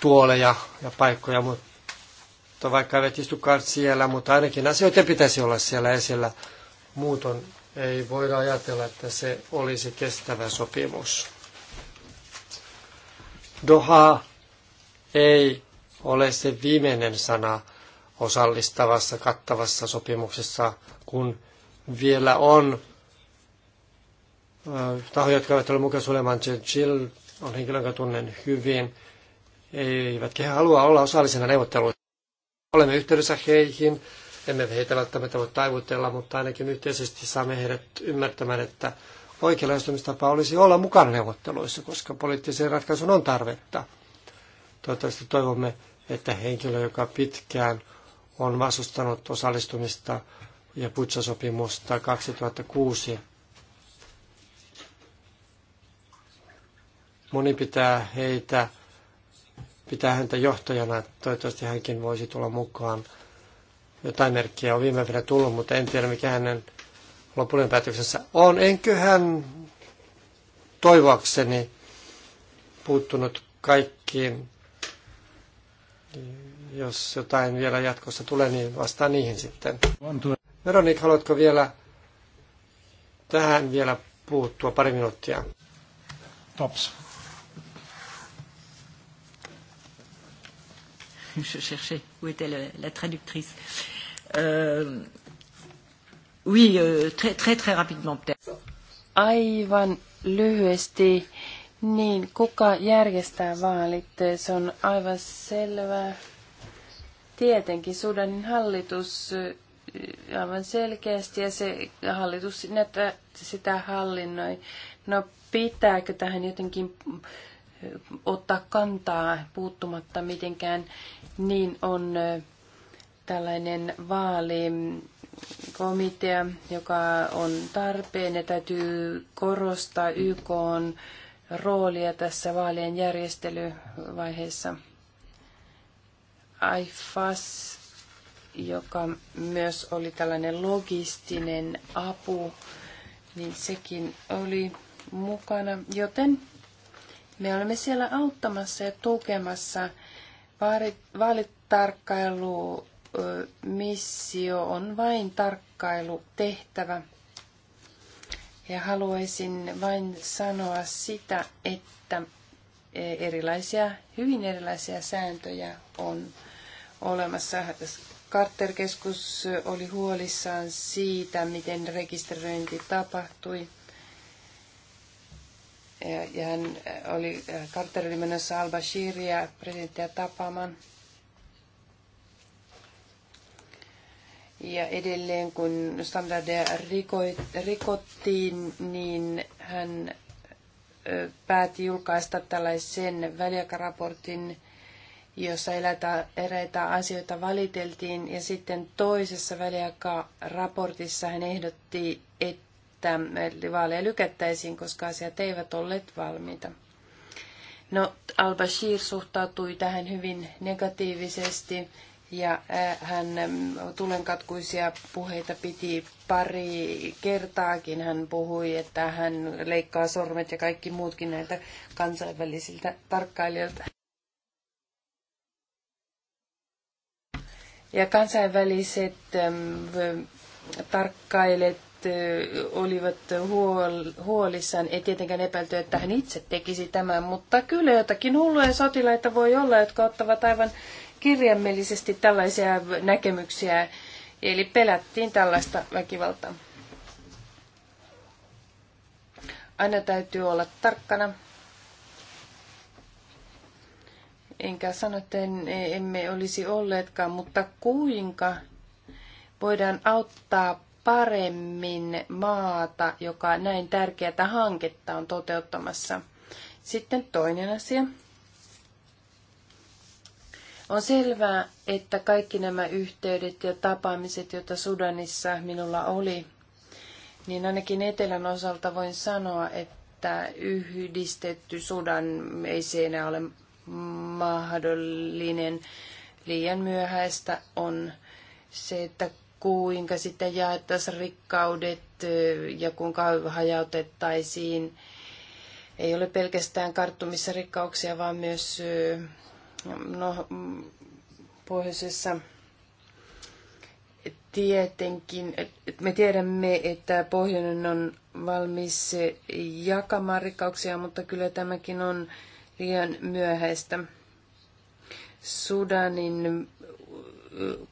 tuoleja ja paikkoja, mutta vaikka eivät istukaan siellä, mutta ainakin asioiden pitäisi olla siellä esillä. Muuton ei voida ajatella, että se olisi kestävä sopimus. Doha ei ole se viimeinen sana osallistavassa, kattavassa sopimuksessa, kun vielä on tahoja, jotka ovat olleet mukana Suleman Churchill, on henkilö, jonka tunnen hyvin, eivätkä he halua olla osallisena neuvotteluissa. Olemme yhteydessä heihin, emme heitä välttämättä voi taivutella, mutta ainakin yhteisesti saamme heidät ymmärtämään, että oikea lähestymistapa olisi olla mukana neuvotteluissa, koska poliittiseen ratkaisuun on tarvetta. Toivottavasti toivomme, että henkilö, joka pitkään on vastustanut osallistumista ja Putsasopimusta 2006 Moni pitää heitä, pitää häntä johtajana. Toivottavasti hänkin voisi tulla mukaan. Jotain merkkiä on viime vielä tullut, mutta en tiedä mikä hänen lopullinen päätöksensä on. Enköhän toivoakseni puuttunut kaikkiin. Jos jotain vielä jatkossa tulee, niin vastaan niihin sitten. Veronik, haluatko vielä tähän vielä puuttua pari minuuttia? Tops. je cherchais où était la, la traductrice. Euh, oui, euh, très, très, très rapidement peut-être. Aivan lyhyesti. Niin, kuka järjestää vaalit? Se on aivan selvä. Tietenkin Sudanin hallitus äh, aivan selkeästi ja se hallitus sitä hallinnoi. No pitääkö tähän jotenkin ottaa kantaa puuttumatta mitenkään, niin on tällainen vaalikomitea, joka on tarpeen ja täytyy korostaa YK on roolia tässä vaalien järjestelyvaiheessa. AIFAS, joka myös oli tällainen logistinen apu, niin sekin oli mukana, joten me olemme siellä auttamassa ja tukemassa. Vaalitarkkailumissio on vain tarkkailutehtävä. Ja haluaisin vain sanoa sitä, että erilaisia, hyvin erilaisia sääntöjä on olemassa. Carter-keskus oli huolissaan siitä, miten rekisteröinti tapahtui ja hän äh, oli, äh, Carter oli menossa al Shiria presidenttiä tapaamaan. Ja edelleen kun standardeja rikottiin, niin hän päätti julkaista tällaisen väliaikaraportin, jossa elätä, eräitä asioita valiteltiin. Ja sitten toisessa väliaikaraportissa hän ehdotti, että että vaaleja lykättäisiin, koska asiat eivät olleet valmiita. No, al-Bashir suhtautui tähän hyvin negatiivisesti ja äh, hän ähm, tulenkatkuisia puheita piti pari kertaakin. Hän puhui, että hän leikkaa sormet ja kaikki muutkin näiltä kansainvälisiltä tarkkailijoilta. Ja kansainväliset ähm, tarkkailijat olivat huolissaan. Ei tietenkään epäilty, että hän itse tekisi tämän, mutta kyllä jotakin hulluja sotilaita voi olla, jotka ottavat aivan kirjaimellisesti tällaisia näkemyksiä. Eli pelättiin tällaista väkivaltaa. Aina täytyy olla tarkkana. Enkä sano, että emme olisi olleetkaan, mutta kuinka voidaan auttaa paremmin maata, joka näin tärkeätä hanketta on toteuttamassa. Sitten toinen asia. On selvää, että kaikki nämä yhteydet ja tapaamiset, joita Sudanissa minulla oli, niin ainakin etelän osalta voin sanoa, että yhdistetty Sudan ei se enää ole mahdollinen. Liian myöhäistä on se, että kuinka sitten jaettaisiin rikkaudet ja kuinka hajautettaisiin. Ei ole pelkästään karttumissa rikkauksia, vaan myös no, pohjoisessa tietenkin. Me tiedämme, että pohjoinen on valmis jakamaan rikkauksia, mutta kyllä tämäkin on liian myöhäistä. Sudanin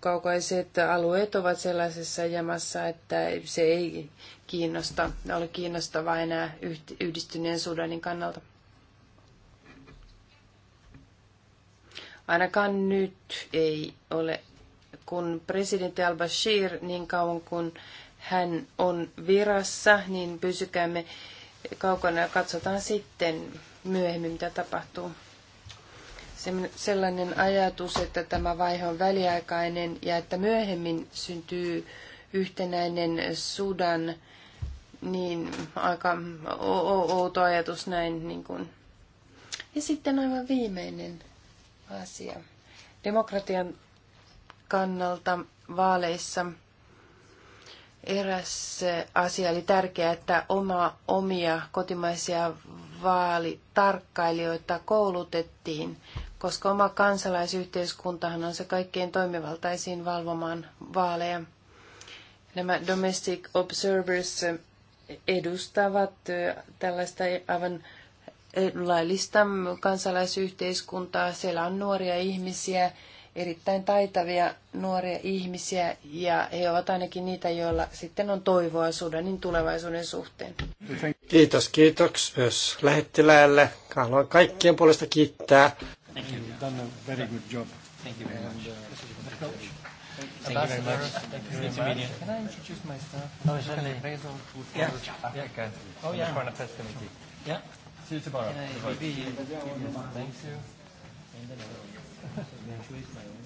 kaukaiset alueet ovat sellaisessa jamassa, että se ei kiinnosta, ole kiinnostavaa enää yhdistyneen Sudanin kannalta. Ainakaan nyt ei ole, kun presidentti al-Bashir niin kauan kuin hän on virassa, niin pysykäämme kaukana ja katsotaan sitten myöhemmin, mitä tapahtuu sellainen ajatus, että tämä vaihe on väliaikainen ja että myöhemmin syntyy yhtenäinen Sudan, niin aika outo ajatus näin. Niin kuin. Ja sitten aivan viimeinen asia. Demokratian kannalta vaaleissa eräs asia oli tärkeää, että oma, omia kotimaisia vaalitarkkailijoita koulutettiin koska oma kansalaisyhteiskuntahan on se kaikkein toimivaltaisiin valvomaan vaaleja. Nämä domestic observers edustavat tällaista aivan laillista kansalaisyhteiskuntaa. Siellä on nuoria ihmisiä, erittäin taitavia nuoria ihmisiä, ja he ovat ainakin niitä, joilla sitten on toivoa Sudanin tulevaisuuden suhteen. Kiitos, kiitos myös lähettiläälle. Haluan kaikkien puolesta kiittää. Thank you. You've done a very good job. Thank you very much. Thank you very much. Thank you very much. Can I introduce myself? Oh, certainly. Yeah. Yeah. Oh, yeah. Foreign Affairs Yeah. See you tomorrow. Can I maybe... Thank you. And then